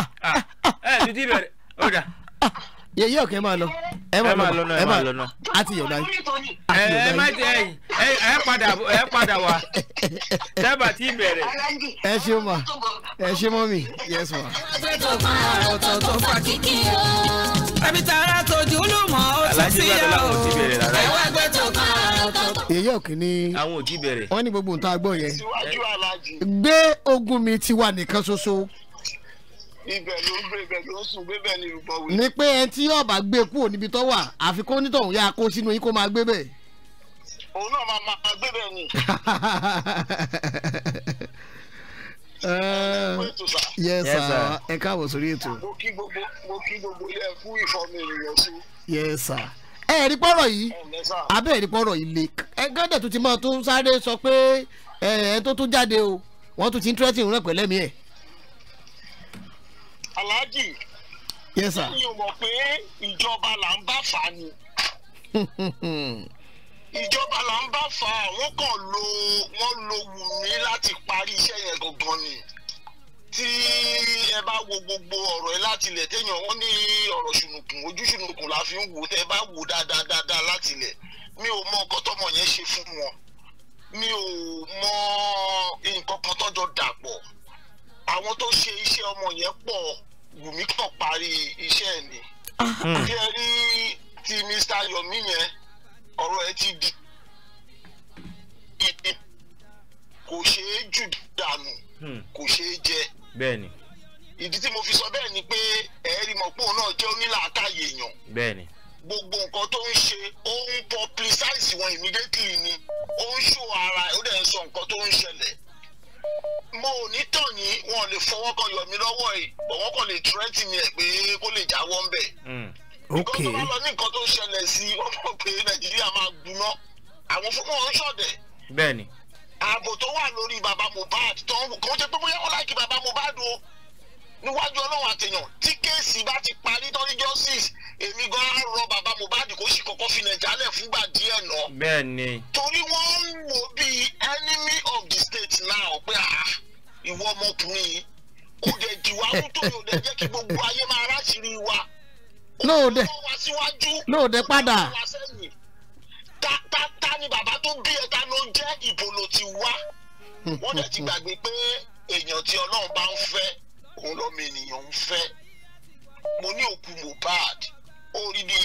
Ah, ah, ah, ẹ ti ti bẹ̀rẹ̀ ó dà. yeye ọkẹ máa lọ ẹ máa lọ ẹ máa lọ náà a ti yọ̀dá yìí. ẹ má jẹ ẹyìn ẹ padà ẹ padà wá dábàá ti bẹ̀rẹ̀. ẹ ṣe mọ ẹ ṣe mọ mi yes ma. ẹgbẹ́ tó bá tó fà kíkì o mọ́ ó ti sí ya o ẹwà ẹgbẹ́ tó bá yèyé òkè ni àwọn ní gbogbo nǹkan agbọ́ yẹn gbé ogun mi ti wà nìkan ṣoṣo. ni pé ẹni tí yóò gbé kúrò níbi tó wà àfi kó nítòhún kó sínú yín kó máa gbé bẹ́ẹ̀. òun náà máa máa gbé bẹ́ẹ̀ ni. (laughs) Eh, yes sir ẹ káàbọ̀ sórí ètò. mo kí gbogbo ilé ẹ fún ènìyàn sí. yes sir ẹ rí pọ́rọ̀ yìí abẹ́ ẹ̀ rí pọ́rọ̀ yìí le ẹ gádẹ̀ tó ti máa tún sáré sọ pé ẹ ẹ tó tún jáde o wọ́n tún ti ń tírẹ́tì rẹ̀ pẹ̀lẹ́ mi ẹ̀. aláàjì yes sir mi ò mọ̀ pé ìjọba là ń bá fà á ni (laughs) ìjọba là ń bá fà á wọ́n kàn lo wọ́n lo wùmí láti parí iṣẹ́ yẹn gangan ni tí ẹ bá wo gbogbo ọ̀rọ̀ ẹ láti ilẹ̀ téèyàn wọ́n ní ọ̀rọ̀ ṣùnùkùn ojú ṣùnùkùn la fi ń wò tẹ́ ẹ bá wò dáadáa dáadáa láti ilẹ̀ mi ò mọ nǹkan tọmọ yẹn ṣe fún wọn mi ò mọ nǹkan kan tọ́jọ́ dàpọ̀ àwọn tó ṣe iṣẹ́ ọmọ yẹn pọ̀ Wùmí kàn parí iṣẹ́ ẹ̀ ni bí ẹ rí ti Mr. Yomi yẹn ọ̀rọ̀ ẹ ti di kò ṣeé jù dànù hmm. kò ṣeé jẹ bẹ́ẹ̀ni. ìdí tí mo fi sọ bẹ́ẹ̀ ni pé ẹ̀ẹ́rì mọ̀pọ̀ náà jẹ́ onílàákàyè èèyàn. bẹ́ẹ̀ni. gbogbo nǹkan tó ń ṣe ó ń publicize wọn immediately ni ó ń ṣó ara ó dẹ̀ ń sọ nǹkan tó ń ṣẹlẹ̀ mo ò ní tàn yín wọn ò lè fọwọ́ kan yọ̀ mí lọ́wọ́ yìí ọ̀wọ́ kan lè tírẹ́tì mi ẹ̀ pé kó lè jáwọ́ ń bẹ̀. ok hmm. nǹkan tó bá lọ ní nǹkan tó ṣẹlẹ̀ sí wọ́n mọ̀ pé nàìjíríà máa gbuná ààbò tó wà lórí baba Mohbad tó ń kò jẹ́ pé bóyá wọn láìkí baba Mohbad o níwájú ọlọ́run àtẹ̀yàn tí kéèsì bá ti parí tọ́lí justice èmi gan-an rọ baba Mohbad kó sì kọ́kọ́ fi nàìjálẹ̀ fúngbà díẹ̀ náà. bẹ́ẹ̀ni. torí wọ́n ń wò bíi enemy of the state now pé ah ìwọ ọmọkùnrin kò dẹ̀ jìwà wútó yóò dẹ̀ jẹ́ kí gbogbo ayé máa ráṣìírí wa. lóòdẹ lóòdẹ padà. ó wá ta ni bàbá tó bí ẹ ló jẹ́ ìbò ló ti wá wọ́n dẹ̀ ti gbàgbé pé èèyàn tí ọlọ́run bá ń fẹ́ òun lọ́mọ ènìyàn ń fẹ́ mo ní òkú Mohbad orí bí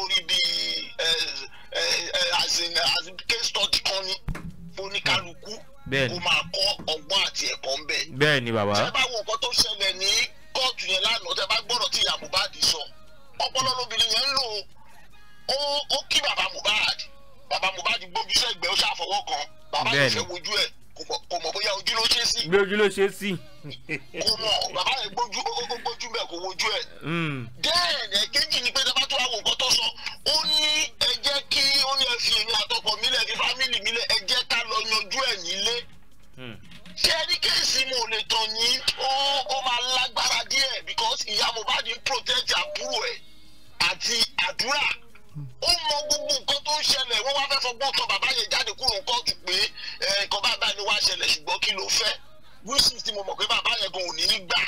orí bí case study kan ní oníkálukú kó máa kọ́ ọgbọ́n àti ẹ̀kọ́ ń bẹ̀. bẹ́ẹ̀ ni bàbá. ṣé bá wo nǹkan tó ṣẹlẹ̀ ní kóòtù yẹn lánàá tẹ́ bá gbọ́dọ̀ tí ìyá Mohbad sọ ọpọlọ lóbìnrin yẹn ń lò ó kí bàbá Mohbad bàbá Mohbad gbójú sẹ́gbẹ̀ẹ́ ó ṣàfọwọ́ kan bàbá yìí fẹ́ wojú ẹ̀ kò mọ̀ bóyá ojú ló ṣe sí. bí ojú ló ṣe sí. kò mọ̀ bàbá yẹn gbójú ó gbójú bẹ́ẹ̀ kò wojú ẹ̀. then hmm. èkejì ni pé tí a bá tó àwọn nǹkan tó sọ ó ní ẹ jẹ́ kí ó ní ẹ fi èmi àtọkọ mi fámìlì mi ẹ jẹ́ ká lọ yanjú ẹ̀ nílé. Hmm. ṣé ẹni kéèsì mo lè tàn yín ó máa lágbára díẹ̀ because ìyá Mohbad ń protect àbúrò ẹ̀ àti àdúrà ó mọ gbogbo nǹkan tó ń ṣẹlẹ̀ wọ́n wá fẹ́ fọgbọ́n tọ bàbá yẹn jáde kúrò kóòtù pé nǹkan bá bá ní wá ṣẹlẹ̀ ṣùgbọ́n kí ló fẹ́ wíṣí tí mo mọ̀ pé bàbá yẹn gan ò ní gbà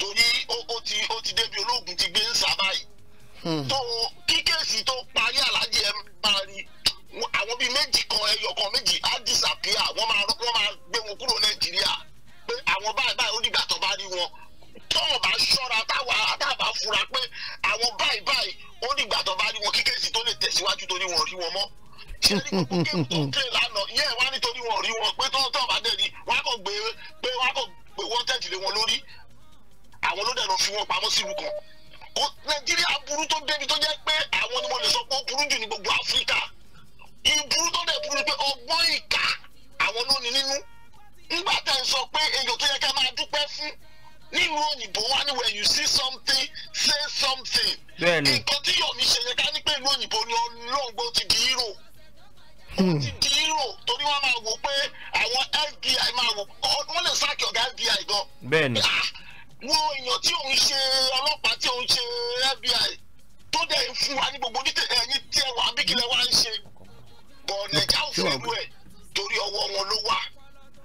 torí ó ti ó ti débi olóògùn ti gbé ń sá báyìí hmm. tó kí kéèsì tó parí aláàjì ẹ àwọn bíi méjì kan ẹyọ kan méjì á disappear wọ́n máa gbé wọn kúrò nàìjíríà pé àwọn báyìí báyìí ó dìgbà tó bá rí wọn tó o bá ṣọ́ra táwa àtàbà fura pé àwọn báyìí báyìí ó nígbà tó bá rí wọn kí kéèsì tó lè tẹ̀síwájú tó ní wọn rí wọn mọ́ ṣé (laughs) ní gbogbo géèmù tó ń pè lánàá yẹ wá nítorí wọn rí wọn pé tó tó bá dẹ̀ ni wọn á kò gbé pé wọn á kò gbé wọn tẹ̀sílé wọn lórí àwọn ló dẹ̀ lọ fi wọn pamọ́ sílùú kan kò nàìjíríà burú tó débi tó jẹ́ pé àwọn ni mo lè sọ pé ó burú jù ní gbogbo áfíríkà ìburú tó dẹ̀ burú pé ọgbọ́n ìkà àwọn ló ní nínú nígbà tẹ̀ ń sọ pé èèyàn tó yẹ ká máa dúpẹ́ fún nílùú òyìnbó wá ní where you see something say something. bẹ́ẹ̀ni nǹkan tí Yomi ṣe yẹ ká ní pé ìlú òyìnbó ni ọlọ́ngbó ti di hero ó hmm. ti di hero torí wọ́n máa wò pé àwọn FBI máa wò wọ́n lè sáàkì ọ̀gá FBI gan. bẹ́ẹ̀ni ah, wo èèyàn tí òun ṣe ọlọ́pàá tí òun ṣe FBI tó dẹ̀ ń fún wa ní gbogbo ní ẹ̀yìn tí ẹ wà bí kílẹ̀ wá ń ṣe bọ̀ nàìjà ò fẹ́ ẹ̀ torí ọwọ́ wọn ló wà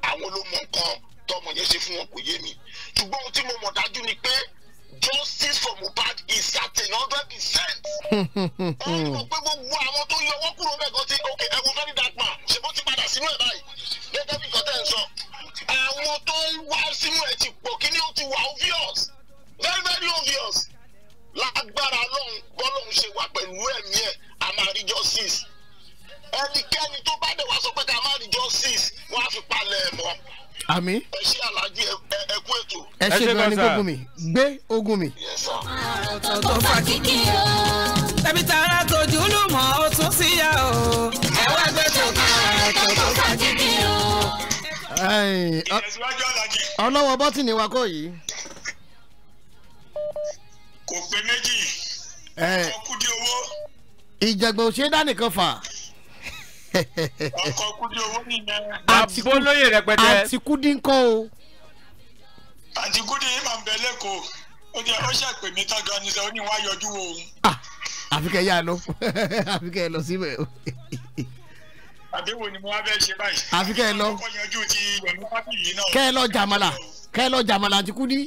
àwọn ló mọ nǹkan tọmọ yẹn ṣe fún wọn kò yé mi ṣùgbọ́n ohun tí mo mọ̀ dájú ni pé justice for Mohbad is certain hundred percent. ọ̀hún (laughs) mo pé gbogbo àwọn tó yọ wọ́n kúrò mẹ́kan tí ok ẹ̀wọ̀n very dark man ṣe bó ti padà sínú ẹ̀ báyìí gẹ́gẹ́ bí ìkọ́tẹ́ ń sọ àwọn tó ń wá sínú ẹ̀ ti pọ̀ kí ni ó ti wà obvious very very obvious lágbára ọlọ́run bọ́lọ́run ṣe wà pẹ̀lú ẹ̀mí ẹ̀ a máa rí justice ẹnikẹ́ni tó bá dẹ̀ wá sọ pé ká má rí justice wọ́n á fi palẹ̀ ẹ̀ mọ́ àmì. ẹ ṣe àlàjì ẹkú ètò. ẹ ṣe gan ni gbógun mi gbé ogun mi. ọ̀tọ̀ tó fa kíkì o tẹ̀bí tara tójú ló mọ̀ ó tún sí ya o ẹ wá gbé tòkà ọ̀tọ̀ tó fa kíkì o. ọlọ́wọ́ bọ́tìnì wa kọ́ yìí. kò pé méjì ọkùnrin owó. ìjàgbọ̀n ò ṣe é dá nìkan fà ọkọ kúdí owó rẹpẹtẹ. àǹtí kúdí o. àǹtí yìí máa ń bẹ lẹ́kọ̀ọ́ ó jẹ́ ó ṣàpè mí tága ni sọ ó ní wá yọjú òun. Ah, àfikẹ́ yá lọ (laughs) àfikẹ́ lọ síbẹ̀ o. ni mo wá bẹ́ẹ̀ ṣe báyìí. àfikẹ́ lọ. kẹ́ ẹ lọ jàmàlà kẹ́ ẹ lọ jàmàlà àǹtí ẹ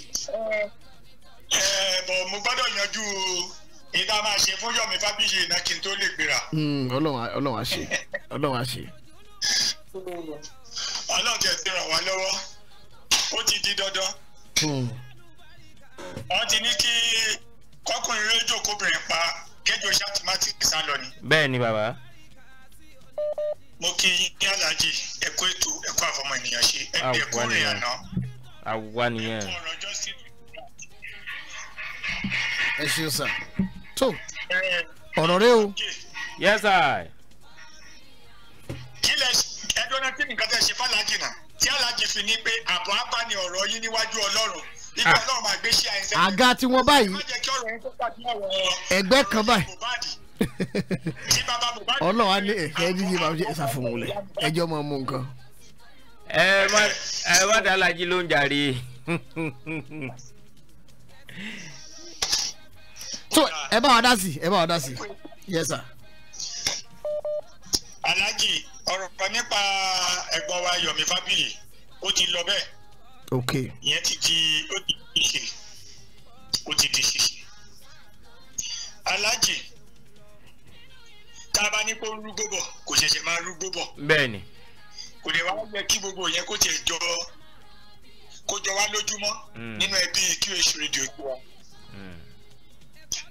ẹ bọ̀ mo gbọ́dọ̀ yanjú o ìdá máa ṣe fún Yọ̀mí Fábíyì iná kí n tó lè gbéra. Hmm, Ọlọ́run á ṣe Ọlọ́run á ṣe. Ọlọ́run tẹ̀ ti ràn wá lọ́wọ́ ó ti di dandan. Hmm. wọ́n ti ní kí kọkùnrin rédíò kóbìnrin pa kẹjọ ṣàtìmátì sá lọ ni. bẹ́ẹ̀ ni bàbá. mo kí yín ní aláàjì ẹ̀kọ́ ètò ẹ̀kọ́ àfọmọ ènìyàn ṣe ẹgbẹ́ ẹ̀kọ́ rẹ̀ àná. àwa nìyẹn. ẹ ṣeun sir tó ọ̀rọ̀ rẹ o. yes i. kílẹ̀ ẹ̀dọ́nà tí nǹkan tẹ̀ ṣe fàlàjì náà tí alájì fi ní pé àbọ̀ ábá ni ọ̀rọ̀ yín níwájú ọlọ́run ibi ah. ọlọ́run máa gbé ṣe àìsàn. àga tí wọ́n báyìí ẹgbẹ́ kan báyìí (laughs) ọlọ́run á ní ẹ̀kẹ́ yíyí máa ṣe ìsàfihàn rẹ̀ ẹjọ́ máa mú nǹkan. ẹ má dá alájí ló ń jàre. (laughs) so ẹ bá wa dá sí ẹ bá wa dá yes sir. alhaji ọ̀rọ̀ nípa ẹ̀gbọ́n wa yomi fábíyì ó ti lọ bẹ́ẹ̀. ok ìyẹn ti di ó ti di ṣe ó ti di ṣe alhaji tá a bá ní kó rúgbó bọ̀ kò ṣẹ̀ṣẹ̀ máa rúgbó bọ̀. bẹ́ẹ̀ni. kò lè wá yẹ kí gbogbo yẹn kó tiẹ̀ jọ kó jọ wá lójúmọ́ hmm. nínú ẹbí QH radio tiwa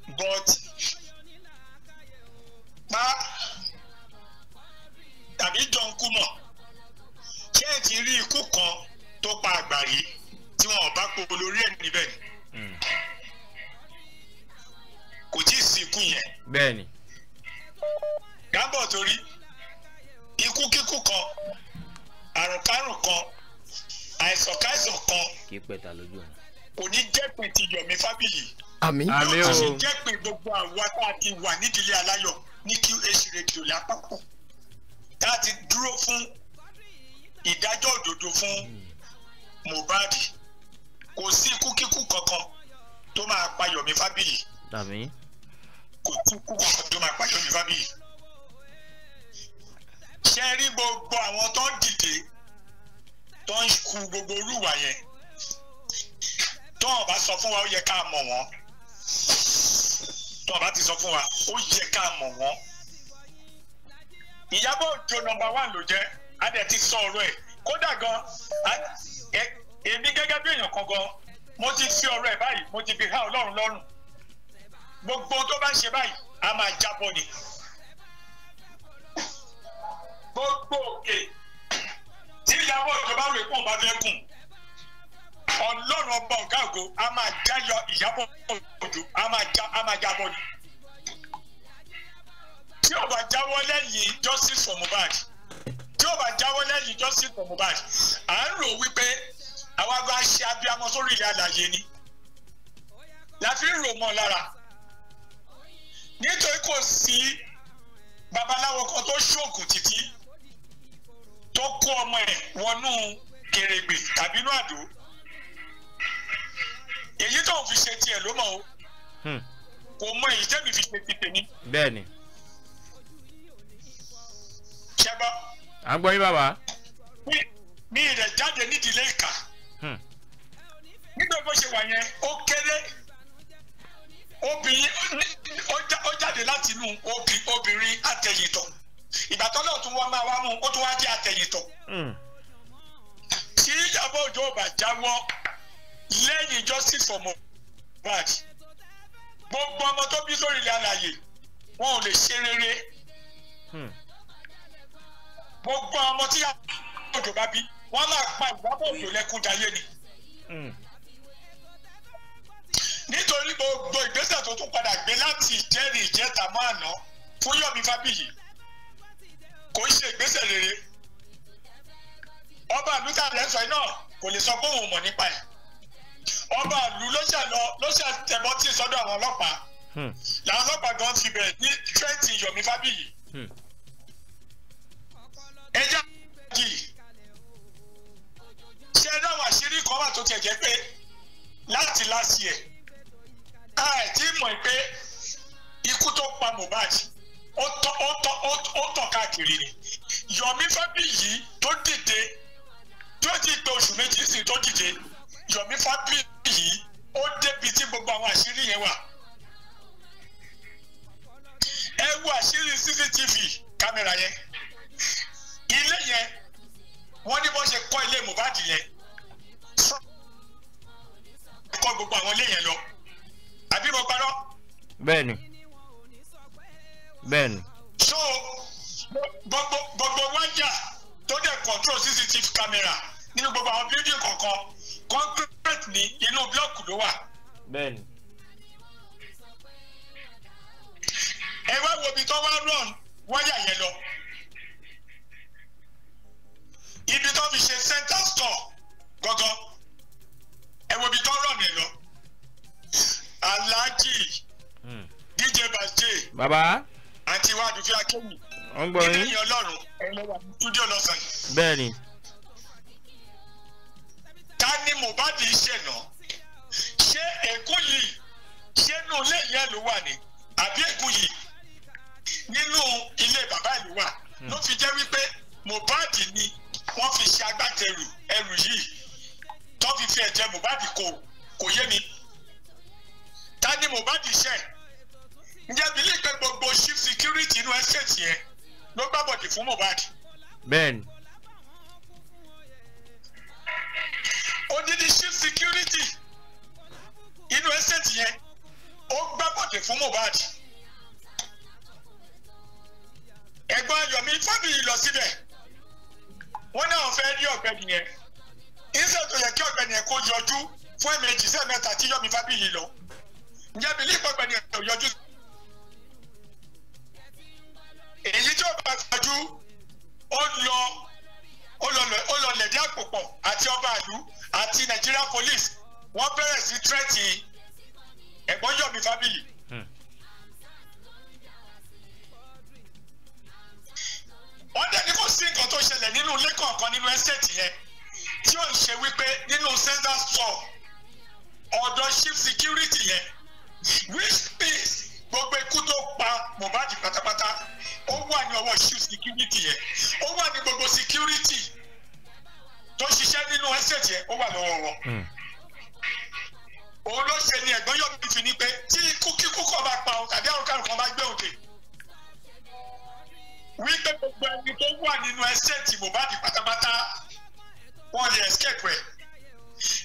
but pa tàbí John Kumọ̀ ṣé ẹ ti rí ikú kan tó pa Àgbàrí tí wọn ò bá po lórí ẹ̀ níbẹ̀ ni hmm. kò tí ì sí ikú yẹn. bẹ́ẹ̀ni. Gábọ̀ torí ikú kíkú kan àrùnkárùn kan àìsànkáìsàn kan kò ní jẹ́ pẹ̀tì Yọ̀mí Fábíyì àmín àmín o. ṣe jẹ́ pé gbogbo àwa tá a ti wà nídìílé aláyọ̀ ní QH rédíò lápapọ̀ tá a ti dúró fún ìdájọ́ òdodo fún Mohbad kò sí kúkíkú kankan tó máa pa Yomi Fábíyì àmín kò kúkú kankan tó máa pa Yomi Fábíyì ṣe rí gbogbo àwọn tó ń dìde tó ń ku gbogbo olúwa yẹn tó ń sọ fún wa ó yẹ ká mọ̀ wọ́n tó o bá ti sọ fún wa ó yẹ ká mọ̀ wọ́n Ìyábọ̀ Òjó nọ́mbà wán ló jẹ́ a dẹ̀ ti sọ ọ̀rọ̀ ẹ̀ kódà gan èmi gẹ́gẹ́ bí èèyàn kan gan mo ti fi ọ̀rọ̀ ẹ̀ báyìí mo ti fi há Ọlọ́run lọ́rùn gbogbo tó bá ń ṣe báyìí a máa jábọ̀ ni gbogbo òkè tí Ìyábọ̀ Òjó bá rè kún bá fẹ́ kùn ọlọ́run ọba ọ̀gá ògo a máa já yọ ìyàbọ̀ òjò a máa já a máa já bọ́ ni. tí o bá jáwọ́ lẹ́yìn justice for Mohbad tí o bá jáwọ́ lẹ́yìn justice for Mohbad à ń rò wípé àwa bá ṣe abiyamọ sórí ilẹ̀ àlàyé ni la fi ń rò mọ́ lára nítorí kò sí babaláwo kan tó ṣoògùn títí tó kó ọmọ ẹ̀ wọnú kèrègbè tàbí inú àdó èyí tó ń fi ṣe tiẹ̀ ló mọ̀ o hmm. kò mọ èyí tẹ́mi fi ṣe ti tèmi. bẹ́ẹ̀ni. ṣẹbọ. à ń gbọ́ yín bàbá. mi rẹ̀ jáde nídìílé ìkà. Hmm. nígbà bó ṣe wà yẹn ó kéré obìnrin ó jáde láti inú obìnrin àtẹ̀yìntọ̀ ìgbà tó náà tún wá máa wá mú ó tún wá jẹ́ àtẹ̀yìntọ̀. Hmm. tí ọba òjò ò bá jáwọ́ lẹ́yìn justice for Mohbad gbogbo ọmọ tó bí sórí ilẹ̀ àlàyé wọn ò lè ṣe rere hmm. gbogbo ọmọ tí àjò bá bí wọn máa pa ìgbàgbọ́ òjò lẹ́kún dayé ni hmm. nítorí gbogbo ìgbésẹ̀ tó tún padà gbé láti ìjẹ́rìí ìjẹ́ta mọ́ àná fún Yọ̀mí Fábíyì kò ń ṣe ìgbésẹ̀ rere ọba àlùtà rẹ̀ sọ iná kò lè sọ pé òun mọ̀ nípa ẹ̀ ọba àlù ló ṣàlọ ló ṣàtẹ̀bọ́ tí sọ́dọ̀ àwọn ọlọ́pàá hmm. làwọn ọlọ́pàá gan ti bẹ̀rẹ̀ ní tírẹ́ǹtì Yomi Fábíyì hmm. ẹjọ́ yìí ṣé ẹ dáhùn àṣírí kan wà tó tiẹ̀ jẹ́ pé láti last year a ẹ̀ tí mọ̀ pé ikú tó pa Mohbad ó tọ́ ó tọ́ ó tọ́ káàkiri ni Yomi Fábíyì tó dìde tó dìde oṣù méjì sí tó dìde. Yomi Fabric yìí ó débi tí gbogbo àwọn àṣírí yẹn wà ẹ wo àṣírí CCTV kámẹ́rà yẹn ilé yẹn wọ́n ní wọ́n ṣe kọ́ ilé Mohbad yẹn kọ́ gbogbo àwọn ilé yẹn lọ àbí mo parọ́. bẹ́ẹ̀ni bẹ́ẹ̀ni. so gbogbo gbogbo wájà tó dẹ̀ control CCTV kámẹ́rà nínú gbogbo àwọn bírídìí kọ̀ọ̀kan concrete ní inú blọọkù ló wà. bẹ́ẹ̀ni. ẹ wá wo ibi tó wá rán wáyà yẹn lọ ibi tó fi ṣe center store gangan ẹ wo ibi tó rán yẹn lọ alhaji hmm. dj baje. baba. àti wàdùfẹ́ akéwì. wọ́n gbọ́ yín. ilé yẹn ọlọ́run ẹ lọ wà ní túdíò lọ́sàn ta ni Mohbad ṣẹ̀nà ṣé èkó yìí ṣé inú ilé yẹn ló wà ní àbí èkó yìí nínú ilé bàbá ìlú wà hmm. ló fi jẹ́ wípé Mohbad ni wọ́n fi ṣe agbátẹrù ẹrù yìí tó fi fi ẹ̀jẹ̀ Mohbad kò kò yé mi ta ni Mohbad ṣẹ̀ ǹjẹ́ bílí pé gbogbo chief security inú ẹ̀ ṣèṣì yẹn ló gbàbọ̀dì fún Mohbad. bẹ́ẹ̀ni odidi chief security inú estate yẹn ó gbá bọ̀dẹ̀ fún Mohbad ẹ̀gbọ́n Yomi Fábíyì lọ síbẹ̀ wọ́n náà fẹ́ rí ọ̀gbẹ́ni yẹn iṣẹ́ tó yẹ kí ọ̀gbẹ́ni yẹn kó yọjú fún ẹ̀mẹ́jì sẹ́ẹ̀mẹ́ta tí Yomi Fábíyì lọ ǹjẹ́ bí lípa ọ̀gbẹ́ni yẹn kò yọjú. èyí tí ó bá yọjú ó lọ ó lọ lẹ̀dí àpò pọ̀ àti ọba àlú àti Nigeria police wọ́n bẹ̀rẹ̀ sí tírẹ́tì ẹ̀gbọ́n yọ̀mí family. Hmm. wọ́n dẹ̀ ní kò sí nǹkan tó ṣẹlẹ̀ nínú ilé kọ̀ọ̀kan nínú ẹ́sẹ̀tì yẹn tí ó ń ṣe wípé nínú center store ọ̀dọ̀ chief security yẹn which means gbogbo ikú tó pa Mohbad pátápátá ó wà ní ọwọ́ ṣú security yẹn ó wà ní gbogbo security tó ṣiṣẹ́ nínú estate yẹn ó wà lọ́wọ́ wọn. Hmm. òun ló ṣe ni ẹ̀gbọ́n yóò fi ní pé tí ikú kíkú kan bá pa òun tàbí àrùn kan bá gbé òun dé wípé gbogbo ẹni tó wà nínú estate Mohbad pátápátá wọ́n lè escape ẹ̀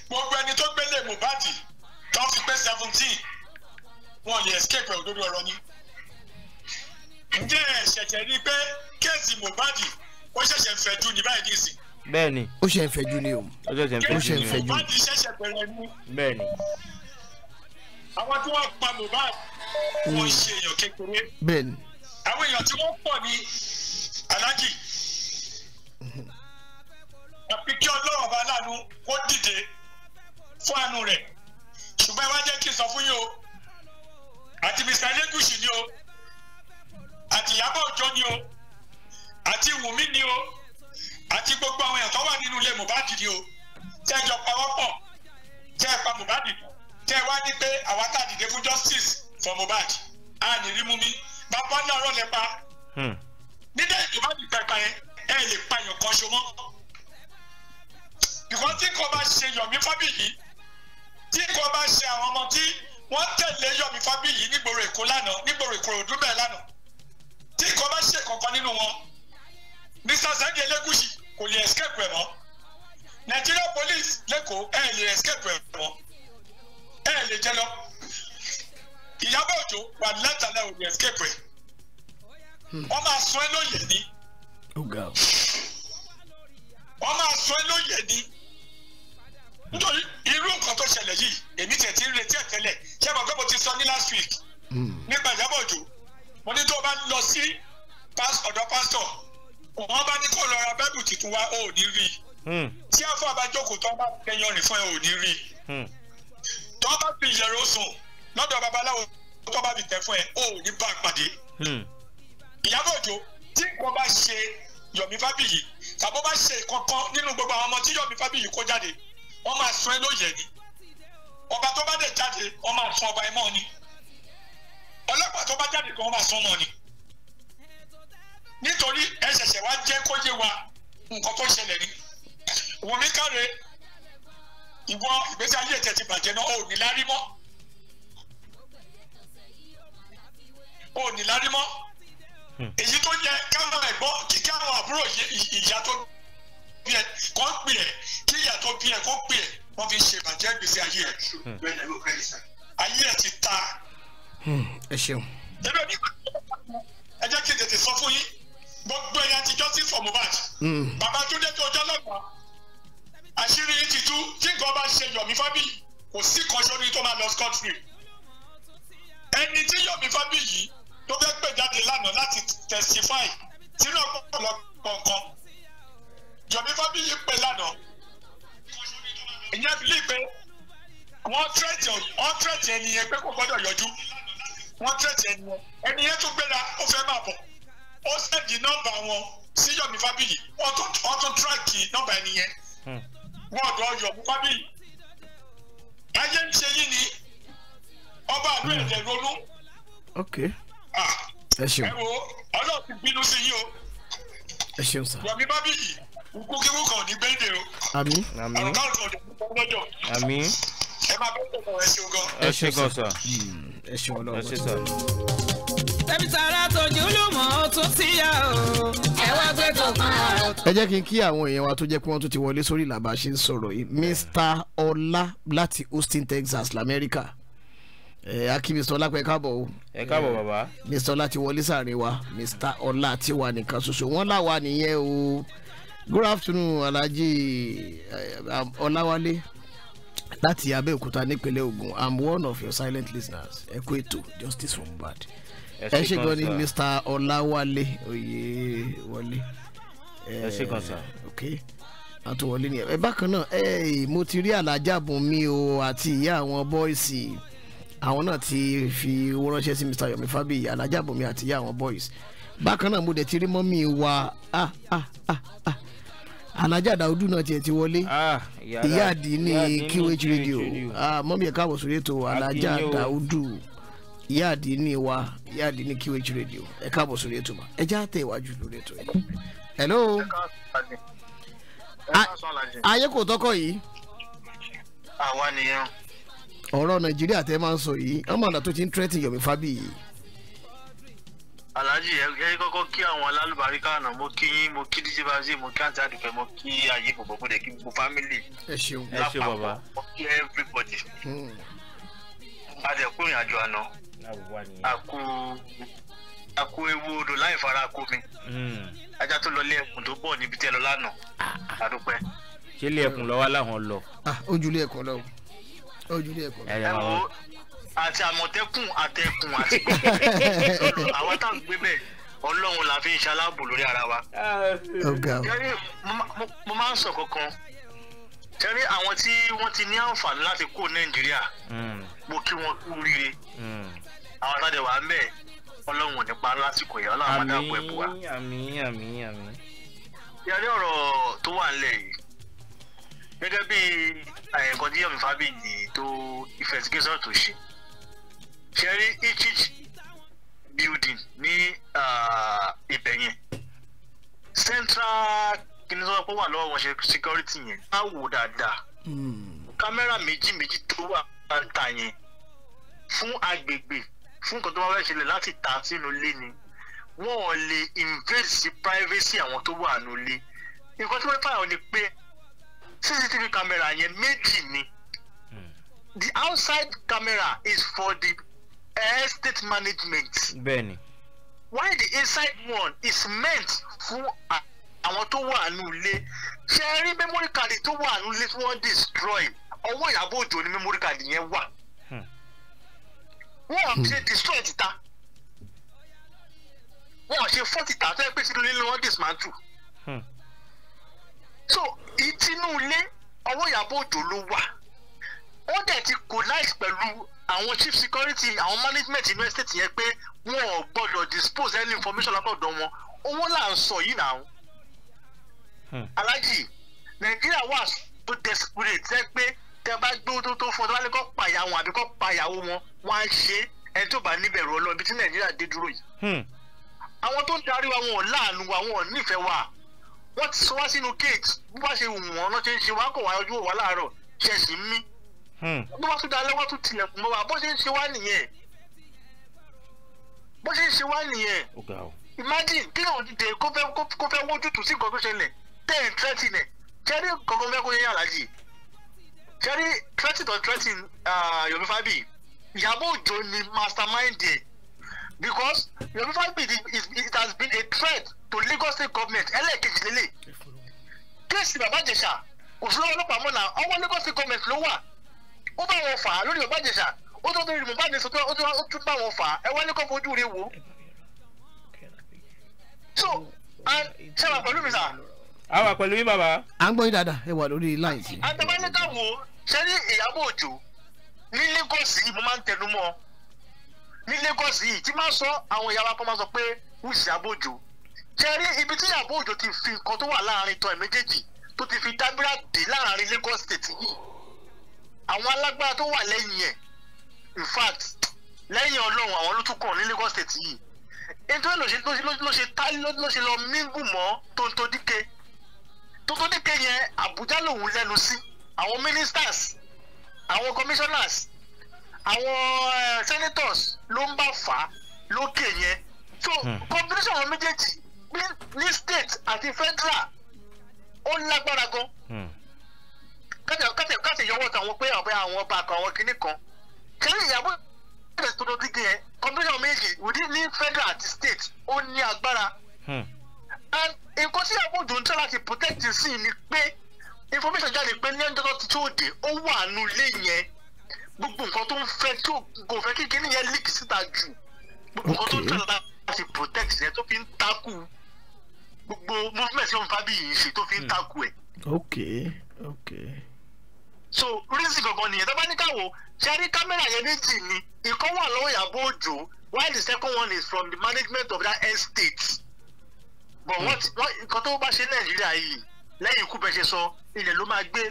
gbogbo ẹni tó gbélé Mohbad tó fi pé seventeen wọn lè escape òdodo ọ̀rọ̀ ni. ǹjẹ́ ẹ ṣẹ̀ṣẹ̀ rí i pé kéèsì Mohbad ó ṣẹ̀ṣẹ̀ ń fẹ̀jú ní báyìí nísìn. bẹ́ẹ̀ni ó ṣe ń fẹ̀jú ni o ó ṣe ń fẹ̀jú ni o kéèsì Mohbad ṣẹ̀ṣẹ̀ bẹ̀rẹ̀ ni. bẹ́ẹ̀ni. àwọn tí wọ́n pa Mohbad wọ́n hmm. ṣe èèyàn kékeré. bẹ́ẹ̀ni. àwọn èèyàn tí wọ́n pọ̀ ní alájì àfi kí ọlọ́run ọba aláàánú kó dìde fún àánú rẹ̀ ṣùgbọ́n ẹ wá jẹ́ kí n sọ fún yín o àti Mr. Elegushi ni o àti Ìyábọ̀ Òjó ni o àti Wùmí ni o àti gbogbo àwọn èèyàn tó wà nínú ilé Mohbad ni o tẹ́ ẹ jọ pawọ́pọ̀ ẹ pa Mohbad tẹ́ ẹ wá ní pé àwa tá a dìde fún justice for Mohbad a ní rí mú mi bàbá náà rọ̀ lẹ́pa nígbà tí Mohbad pẹpa yẹn ẹ lè pa èèyàn kan ṣo mọ́ because tí kò bá ṣe Yọ̀mí Fábíyì tí kò bá ṣe àwọn ọmọ tí wọ́n tẹ̀lé Yọ̀mí Fábíyì nígboro Èkó lánàá nígboro Ìkòròdú bẹ́ẹ̀ lánàá tí kò bá ṣe kankan nínú wọn Mr. Sunday Elegushi kò lè escape ẹ̀ mọ́ Nigeria police lẹ́kọ̀ọ́ ẹ̀ lè escape ẹ̀ mọ́ ẹ̀ lè jẹ́ lọ Ìyábọ̀ Òjó wà látàlá ò lè escape ẹ̀ wọ́n máa sọ ẹ́ lóye ni oh, wọ́n máa sọ ẹ́ lóye ni nítorí irú nǹkan tó ṣẹlẹ̀ yìí èmi tẹ̀ ti ń retí ẹ̀ tẹ́lẹ̀ sọ ní last week hmm. nípa Ìyábọ̀ Òjó mo ní tó bá lọ sí ọ̀dọ̀ pásítọ̀ wọ́n bá ní kó lọ ra bẹ́ẹ̀bù tuntun wá ò ní rí i hmm. tí àfọ àbájókòó tó bá kẹyìn ọ̀rìn fún ẹ ò ní rí i hmm. tó bá fi ìyẹ̀rọ sùn lọ́dọ̀ babaláwo tó bá fi tẹ̀ fún ẹ ò ní bá a pàdé Ìyábọ̀ Òjó tí nǹkan bá ṣe Yọ̀mí Fábíyì tàbó bá ṣe kankan nínú gbogbo àwọn ọmọ tí Yọ̀mí Fábíyì kó jáde wọ́n máa sún ẹ lóye ni ọba tó bá dẹ̀ jáde wọ́n máa sun ọba ẹ̀ mọ́ ni ọlọ́pàá tó bá jáde kan wọ́n máa sun mọ́ ni nítorí ẹ ṣẹ̀ṣẹ̀ wá jẹ́ kó yé wa nǹkan tó ṣẹlẹ̀ ni Wùmí Káre ìwọ ìgbésí ayé tẹ̀ ti bàjẹ́ náà ò ní lárí mọ́ ò ní lárí mọ́ èyí tó yẹ káwọn ẹ̀gbọ́n kíkí àwọn àbúrò ìyá tó bí ẹ kọ́ pè ẹ kí ìyá tó bí ẹ kó pè ẹ wọ́n fi ṣe ìbàjẹ́ gbèsè ayé ẹ̀ hmm. ayé ẹ̀ ti ta. Hmm, ẹ ṣeun. ẹgbẹ́ mi ẹ jẹ́ kí n tètè sọ fún yín gbogbo ẹ̀yà ti justice for Mohbad. Hmm. Babátúndé tó jọ́ lọ́gbọ̀n àṣírí yìí ti tú tí nǹkan bá ṣe Yomi Fábíyì kò sí kan sórí tó máa lọ scot free ẹni tí Yomi Fábíyì tó fẹ́ pè jáde lánàá láti testify sínú ọ̀pọ̀lọpọ̀ nǹkan Yomi Fábíyì pè lánàá ìyẹn bílí pé wọ́n tẹ̀tì wọ́n tẹ̀tì ẹni yẹn pé kò gbọ́dọ̀ yọjú wọ́n tẹ̀tì ẹni yẹn ẹni yẹn tó gbéra ó fẹ́ máa bọ̀ ó sẹ́ẹ̀dì nọ́mbà wọn sí Yomi Fábíyì wọ́n tún tíráàkì nọ́mbà ẹni yẹn hmm. wọ́n ọ̀dọ̀ Yomi Fábíyì ayé ń ṣe yí ni ọba àlú hmm. ẹ̀jẹ̀ ronú. ok ah. ẹ ṣeun. ẹ wo ọlọ́run ti bínú sí yín o. ẹ ṣeun sá. Yomi Fábíyì kúkúkíwú kan ò ní o. àmì àmì àrùn ẹ máa bẹ́ẹ̀ sọ̀rọ̀ ẹ ṣeun gan. ẹ ṣe gan sọ. ẹ ṣeun lọ. ẹ ṣe sọ. ẹbí tòjú lùmọ̀ ó tún ti yá o. ẹ wá gbé kankan ọ̀rọ̀. ẹ jẹ́ kí n kí àwọn èèyàn wa tó jẹ́ pé wọ́n tún ti wọlé sórí ìlàbà ṣe ń sọ̀rọ̀ yìí Mr. Ọlá láti Austin, Texas, lamẹ́ríkà ẹ akí mr ọlá pé káàbọ̀ o ẹ káàbọ̀ bàbá mr ọlá ti wọlé sàárín wa mr ọlá ti wà nìkan ṣoṣo wọn láwa nìyẹn o good afternoon alhaji eh, um, ọláwálé láti abẹ́òkúta nípínlẹ̀ Ògùn i'm one of your silent listeners ẹ kú ètò justice from bad. ẹ ṣe gan ni mr ọláwálé oyèwọlé eh, ẹ ṣe gan sa ok àtúwọlé ni ẹ bákan náà ẹ eh, mo ti rí alájà bùnmi o àti ìyá àwọn bọ́ìsì àwọn náà ti fi owó ránṣẹ́ sí mr yomi fabiyi alájà bùnmi àti ìyá àwọn bọ́ìsì bákan náà mo dẹ̀ ti rí mọ́mí wa ah ah ah ah anaja daudu náà tiẹ̀ ti wọlé ah, ìyá àdì ní QH radio ah, mọ́mí ẹ̀ka àwọ̀ sórí ètò anaja daudu ìyá àdì ní wa ìyá àdì ní QH radio ẹ̀ka àwọ̀ sórí ètò ma ẹ̀já tẹ ìwájú lórí ètò yìí. hello ah, ayé kò tọkọ yìí. àwa nìyẹn. ọ̀rọ̀ nàìjíríà tẹ́ máa ń sọ yìí ọmọ àdàtò ti ń tẹ́tì yọ̀mí fábíyì. Alaji, ẹ kọ́kọ́ kí àwọn alálùbáríkà àná mo kí yín mo kí díje báyìí mo kí àti àdùfẹ mo kí ayé bòbò mo kí gbogbo fámìlì ẹ mo kí everybody hmm. adẹkù ìrìnàjò àná àkú àkú ewu odò láì fara kó mi hmm. ajá tó lọ lé ẹkùn tó bọ̀ níbi tẹ lọ lánàá àdúpẹ́. ṣé ilé ẹkùn lọ wá láwọn lọ. ojúlé ah, ẹkùn lọ ojúlé ẹkùn lọ àti àmọ̀tẹ́kùn àtẹkùn àti (laughs) gbọ̀ngàn àwọn tá à ń gbé bẹ́ẹ̀ ọlọ́run la fi ń ṣaláàbò lórí ara wa. jẹ́rí mo máa ń sọ kankan jẹ́rí àwọn tí wọ́n ti ní àǹfààní láti kó nàìjíríà hmm. mo kí wọn kú rire hmm. àwọn tá a dẹ̀ wà ń bẹ̀ ọlọ́run ò ní pa lásìkò yẹn ọlọ́run máa dáàbò ẹ̀bù wa. àmín àmín àmín. jẹ́rí ọ̀rọ̀ tó wà nílẹ̀ yìí gẹ́gẹ́ bí ẹ̀kọ́ díẹ̀ mi fábíyì tó investigation tó ṣe ṣẹ́rí egypt building ní ibẹ̀ yẹn central kìnìún sọ pé wà lọ́wọ́ wọn ṣe security yẹn á wò dáadáa hmm. kámẹ́rà méjì méjì tó wà ta yẹn fún agbègbè fún nǹkan tó bá fẹ́ ṣẹlẹ̀ láti ta sínú ilé ni wọ́n ò lè invade sí privacy àwọn tó wà nínú ilé nǹkan tó fẹ́ fà ọ́ ni pé cctv camera yẹn méjì ni hmm. the outside camera is for the estate management. bẹ́ẹ̀ni. why the inside one is meant fún àwọn tó wà nù ilé ṣe rí memory card tó wà nù ilé tí wọ́n destroy ọwọ́ Ìyábọ̀ Òjó ni memory card yẹn wà. Hmm. wọ́n hmm. ṣe destroy títa wọ́n ṣe fọ́ títa tó yẹ pé sínú ilé ni wọ́n dismantle. Hmm. so ìtinú ilé ọwọ́ Ìyábọ̀ Òjó ló wà ó dẹ̀ ti collide pẹ̀lú àwọn chief security àwọn management inú estate yẹn pé wọn ò gbọdọ̀ dispose any information látọ̀dọ̀ wọn owó là ń sọ yìí náà hmm. alájì nàìjíríà wà so desperate ẹ pé tẹ bá gbé owó tó fún ọ tó bá lè kọ́ pàyà wọn àbí kọ́ pàyàwó wọn wọn á ṣe ẹni tó bá níbẹ̀rù ọlọ́run ibi tí nàìjíríà dé dúró yìí hmm. àwọn tó ń darí wa wọn ò láàánú wa wọn ò nífẹ̀ẹ́ wa wọ́n ti sọ wá sínú gate bí wọ́n ṣe wù wọ́n lọ́ọ́ ṣe ń ṣe wá kọ̀ wá ojú òwà láàárọ̀ ṣẹ̀ṣì mí bó hmm. wá tún da lọ́wọ́ tún tilẹ̀kùn mọ́ wa bó ṣe ń ṣe wá nìyẹn bó ṣe ń ṣe wá nìyẹn imagine kí ló dé kó fẹ́ kó fẹ́ wójútùú sí nǹkan tó ṣẹlẹ̀ tẹ̀ ẹ̀ tẹ́tì nẹ̀ ṣẹ́rí kankan fẹ́ kó yẹ aláàjì ṣẹ́rí tẹ́tì tó tẹ́tì Yomi Fabi Ìyábọ̀ Òjó ni mastermind ẹ̀ because Yomi Fabi it has been a threat to Lagos state government ẹlẹ́ẹ̀kejì lélẹ̀ kéèsì bàbá Ìjẹ̀ṣà kò sí lọ́wọ́ ọlọ́pàá mọ́ náà ọwọ́ Lagos state government ló wà ó bá wọn fà á lórí Mohbad ṣá ó tó tó rí Mohbad sọ pé ó tún bá wọn fà á ẹ wá ní kó fojú rẹ wò. so ṣé wà pẹ̀lú mi sà. a wà pẹ̀lú mi bàbá. à ń gbọ́ yín dáadáa ẹ wà lórí láìsí. àtàbálẹ́ká wo ṣe ní Ìyábọ̀ Òjó ní Lagos yìí mo máa ń tẹnu mọ́ ní Lagos yìí tí máa sọ àwọn ìyá wa kan máa sọ pé wùsì àbójò jẹrí ibi tí Ìyábọ̀ Òjó ti fi nǹkan tó wà láàrin tọ́ ẹ̀ méjèèjì tó ti fi dábìrà dé láàrin Lagos state yìí àwọn alágbára tó wà lẹ́yìn ẹ̀ in fact lẹ́yìn ọlọ́run àwọn ló tún kàn ní Lagos state yìí nítorí ló ṣe ló ṣe tá ló ṣe lọ mingu mọ́ Tonto Dike Tonto Dike yẹn Àbújá lòun lẹ́nu sí àwọn ministers àwọn commissioners àwọn eh, senators ló ń bá fà á lókè yẹn so hmm. combination àwọn méjèèjì ní state àti federal ó lágbára gan. Hmm kẹsẹ̀ yọwọ́ sí àwọn pé àwọn ọba kan àwọn kinní kan kẹlẹ́ ìyàwó ẹ̀rẹ̀ tó lọ dígí yẹn kọ́mílíọ̀n méjì wìdí ní federal àti state ó ní agbára hmm. nǹkan tí ìyàwó òdò ń láti protect sí ni pé information jáde pé ní ẹjọ́ ti tó dé ó wà nù lé yẹn gbogbo nǹkan tó ń fẹ́ tó kò fẹ́ kí kinní yẹn leak síta jù gbogbo nǹkan tó ń tẹ́ láti protect yẹn tó fi ń takù gbogbo movement yẹn fábíyì ṣe tó fi ń hmm. takù ẹ̀. okay okay so reason gangan nìyẹn tó bá ní káwọ ṣẹ́rí kámẹ́rà yẹn méjì ni ìkan wà lọ́wọ́ Ìyábọ̀ Òjó while the second one is from the management of that estate but wọ́n hmm. what, wọ́n nǹkan tó bá ṣe Nàìjíríà yìí lẹ́yìn ikú bẹ́ẹ̀ ṣe sọ ilẹ̀ ló máa gbé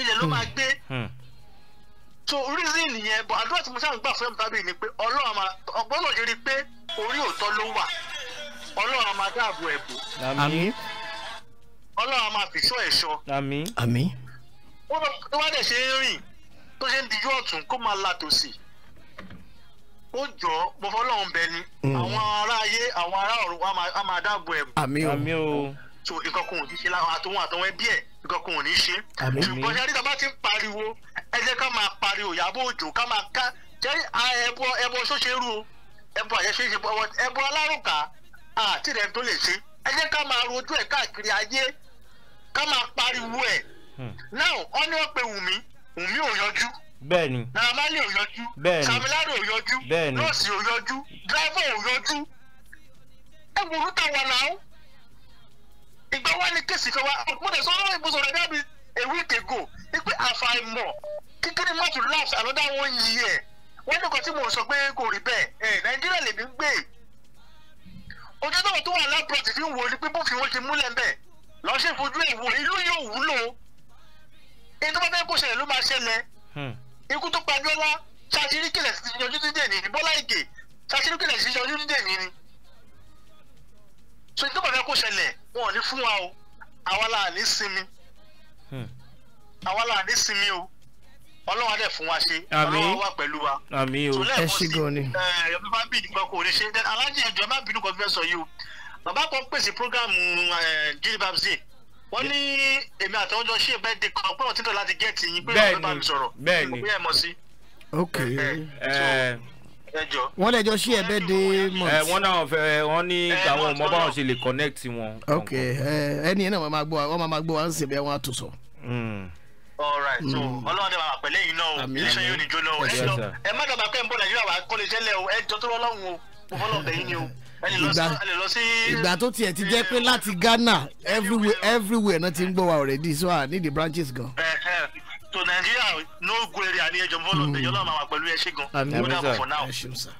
ilẹ̀ ló hmm. máa gbé hmm. so reason nìyẹn but àdúrà tí mo ṣáà ń gbà fún Mohbad ni pé Ọlọ́run àmà ọgbọ́nà yẹn rí i pé orí òótọ́ ló wà Ọlọ́run àmà dáàbò ẹ̀bù. àmín. Ọlọ́run àmà fìṣọ́ ẹ̀ṣọ́ tó bá dẹ̀ ṣe é rìn tó ṣe ń dijú ọ̀tún kó máa la tòsì ó jọ mo fọlọ́run bẹ ni mm. àwọn ará ayé àwọn ará ọ̀run wa á máa dáàbò ẹ̀ àmín o so nǹkan kan ò ní ṣe láwọn àtòwọn àtòwọn ẹbí ẹ̀ nǹkan kan ò ní ṣe ṣùgbọ́n ṣe àríta bá ti ń pariwo ẹ jẹ́ ká máa pariwo Ìyábọ̀ Òjó ká máa ká jẹ́ ẹbọ ẹbọ ṣóṣerú o ẹbọ àyẹ̀ṣe ẹbọ alárùkà àti rẹ̀ tó lè ṣe ẹ jẹ́ ká máa rojú ẹ̀ káàkiri ayé ká máa pariwo ẹ̀ now ọ̀nà ọ̀pẹ wùmí wùmí ò yọjú bẹ́ẹ̀ni Naira Marley ò yọjú bẹ́ẹ̀ni samilari ò yọjú bẹ́ẹ̀ni nọ́ọ̀sì ò yọjú dírẹ́fọ̀ ò yọjú ẹ wùrú ta wà náà ìgbà wà ní kéèsì kan wá mo tẹ̀ sọ́wọ́ ìbùsùn rẹ̀ dábì a week ago ipe àfàìmọ̀ kíkiri not to lapse another one year wọ́n ní nǹkan tí mo sọ pé kò rí bẹ́ẹ̀ ẹ̀ nàìjíríà lèmi ń gbé ojú náà tó wà lábúrò tìfín wo ni pé bófin wọn ti múlẹ̀ ń bẹ̀ lọ́ọ́ ṣe fojú ẹ̀ wò ìlú yóò wúlò ẹni tó bá fẹ́ kó ṣẹlẹ̀ ló máa ṣẹlẹ̀ hmm. ikú tó pa Abíọ́lá ṣàṣírí kìlẹ̀ sí yọjú ní dèní ni Bọ́lá Ìgè ṣàṣírí kìlẹ̀ sí yọjú ní dèní ni so ẹni tó bá fẹ́ kó ṣẹlẹ̀ wọn ò ní fún wa o àwa là ní sinmi hmm. àwa là ní sinmi o ọlọ́run adẹ̀ fún wa ṣe ọlọ́run wà pẹ̀lú wa àmín o ẹ ṣe gan ni. ọlọ́run bá bínú kan kò lè ṣe alájẹ ẹjọ́ ẹ má bínú kan fẹ́ sọ yìí o bàbá kan pèsè programu jilibabzi wọ́n ní èmi àtàwọn jọ ṣe bẹ́ẹ̀ di kan pé wọ́n láti gẹ̀ẹ́tì yín pé wọ́n bá mi sọ̀rọ̀ bẹ́ẹ̀ni mo gbé ẹ̀ mọ̀ sí. ok eh. wọ́n lẹ́jọ́ ṣí ẹ̀ bẹ́ẹ̀ de mọ̀. wọ́n náà fẹ́ wọ́n ní eh, àwọn ọmọ báwọn ṣe lè connect wọn. ok eh, ẹni yẹn náà wọ́n máa gbọ́ wọ́n máa gbọ́ wọn sì bẹ́ẹ̀ wọ́n á tó sọ. Hmm. Hmm. ọlọ́run dẹ̀ máa pẹ̀lẹ́ yìí náà o ẹ má dàgbà pé ń nàìjíríà wà á kọ́lé tẹ́lẹ̀ o ẹ jọ tó lọ́lọ́run o mo fọ́lọ́ bẹ̀yìn ni o ìgbà tó tiẹ̀ ti jẹ́ pé láti Ghana everywhere everywhere náà ti ń gbọ́ wa already so I need the branches gan. to Nigeria no go area ni ẹjọ fọlọ ẹjọ náà máa wà pẹ̀lú ẹṣin gan ó dàbọ̀ for now.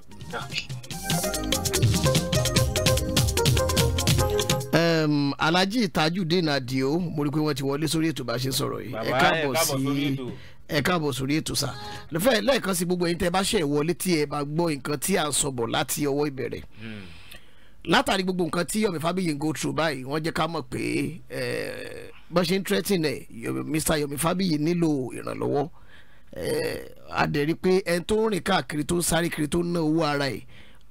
Um, Alhaji Tajudeen Adio mo rí i pé wọ́n ti wọlé sórí ètò bá ṣe sọ̀rọ̀ yìí ẹ káàbọ̀ sí ẹ káàbọ̀ sórí ètò sá lọ́fẹ̀ẹ́ lẹ́ẹ̀kan sí gbogbo ẹ̀yin tẹ́ bá ṣe ìwọlé tí ẹ bá gbọ́ nǹkan tí à ń sọ̀bọ̀ láti ọwọ́ ìbẹ̀rẹ̀. Hmm látàrí gbogbo nǹkan tí Yomi Fabiyi go through báyìí wọ́n jẹ́ ká mọ̀ pé bọ́n ṣe ń threatening ẹ̀ Mr Yomi Fabiyi nílò ìrànlọ́wọ́ adẹ̀rí pé ẹni tó ń rìn káàkiri tó ń sáré kiri tó ń ná owó ara ẹ̀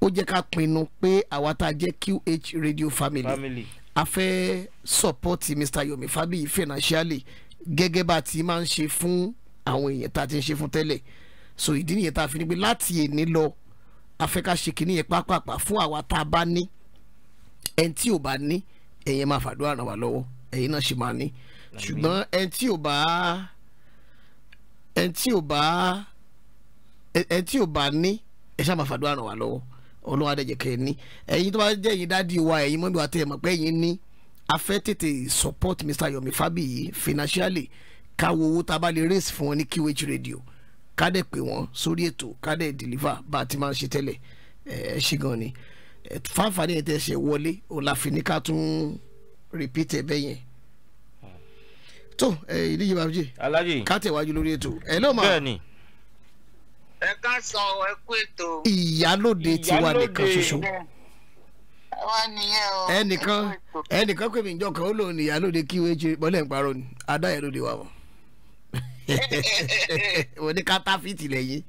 ó jẹ́ ká pinnu pé àwa tá a jẹ́ QH Radio family, family. a fẹ́ support Mr Yomi Fabiyi financially gẹ́gẹ́ bá a ti máa ń ṣe fún àwọn èèyàn tá a ti ń ṣe fún tẹ́lẹ̀ so ìdí nìyẹn tá a fi ní pé láti èní lọ a fẹ́ ká ṣe kínní yẹn pápápá fún àwa tá a bá ní ẹni tí ò bá ní ẹ̀yin máa fàdúrà ràn wá lọ́wọ́ ẹ̀yin náà sì máa ní ṣùgbọ́n ẹni tí ò bá ẹni tí ò bá ẹni tí ò bá ní ẹ ṣáà máa fàdúrà ràn wá lọ́wọ́ ọlọ́run adẹ́jẹ́ kẹ́ ní ẹ̀yin tó bá jẹ́ ẹ̀yin dádì wa ẹ̀yin mọ́bí wa tẹ̀ mọ̀ pé ẹ̀yin ní a fẹ́ tètè support Mr. Yomi Fabiyi financially ká wo owó tá a bá lè raise fún wọn ní QH radio ká dẹ̀ pè wọ́n sórí ètò ká dẹ̀ deliver bá a ti máa ń ṣe tẹ́lẹ̀ ẹ̀ ṣe gan ni fanfani yẹn tẹ́ ṣe wọlé o la fi ní ká tún repeat ẹ bẹ́ẹ̀ yẹn tó ìdíje babaji alájì ká tẹ̀wájú lórí ètò ẹ ló máa. bẹ́ẹ̀ni. ẹ ká san ọ ẹ kú ètò. ìyálòde tiwa nìkan ṣoṣo. ẹnìkan ẹnìkan pèmí ìjọ kan ó lòun ní ìyálòde kí wọ́n ṣe bọ́lẹ̀ ń parọ́ ni adáyàlóde wa mọ̀. wọ́n (laughs) (laughs) ní ká táfìtì lẹ́yìn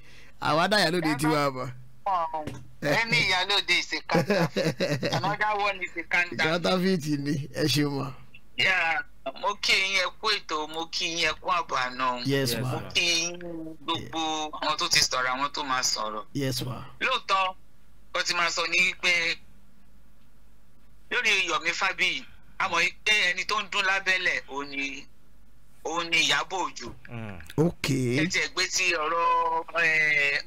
àwọn adáyàlóde tiwa mọ̀ ẹni ìyálóde ìsèkàtà another one ìsèkàtà. counterfeit ni ẹ ṣe mọ. mo kí yín ẹ kú ètò mo kí yín ẹ kú àbànà mo kí yín gbogbo àwọn tó ti sọ̀rọ̀ àwọn tó máa sọ̀rọ̀. lóòótọ́ ó ti máa sọ ní pé lórí Yomi fabi. a mọ̀ pé ẹni tó ń dún lábẹ́lẹ̀ òun ni òun ni Ìyábọ̀ Òjó. Mm. ok. ẹ ti ẹ̀ gbé tí ọ̀rọ̀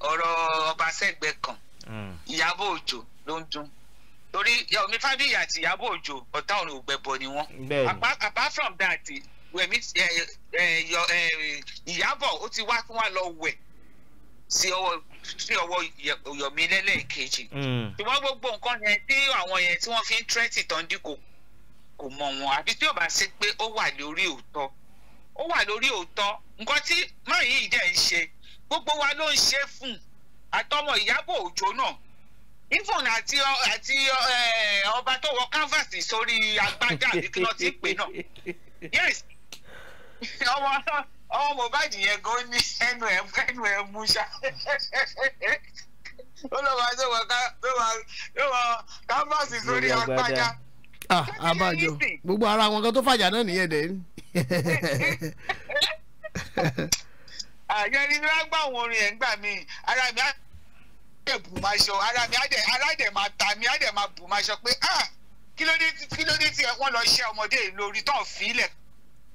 ọ̀rọ̀ ọba sẹ́gbẹ́ kan mm. Ìyábọ̀ Òjó ló ń dún torí Yomi Fábíyì àti Ìyábọ̀ Òjó ọ̀tá ọ̀run ògbẹ̀bọ ni wọ́n. apart from that Wẹ̀mí Ìyábọ̀ ó ti wá kí wọ́n lọ wẹ̀ sí ọwọ́ Yomi lẹ́lẹ́kejì. Mm. ṣùgbọ́n gbogbo nǹkan yẹn tí àwọn yẹn tí wọ́n fi ń tírẹ́tì tán dín kò mọ̀ wọn àbí tí ò bá ṣe pé ó wà lórí òótọ́ ó wà lórí òótọ́ nǹkan tí mọ́rin yìí dẹ̀ ń ṣe gbogbo wa ló ń ṣe fún àtọmọ Ìyábọ̀ Òjó náà ifon àti àti eh, ọba tó wọ canvas sórí agbádá àbí kí wọ́n ti pè náà yes (laughs) ọmọ ọmọ Mohbad yẹn gan ní ẹnu ẹ ẹnu ẹ mú ṣá (laughs) ó lọ wá tó wọ canvas sórí agbádá. ah abájọ gbogbo ara wọn kan tó fàjà náà nìyẹn dẹ àyẹ nínú agbá àwọn orin ẹ̀ ń gbà mí ara mi á bù máa ṣọ ara mi á ara dẹ̀ máa ta mi á máa bù máa ṣọ pé ah kí ló dé kí ló dé tí wọ́n lọ ṣẹ́ ọmọdé lórí tán fi ilẹ̀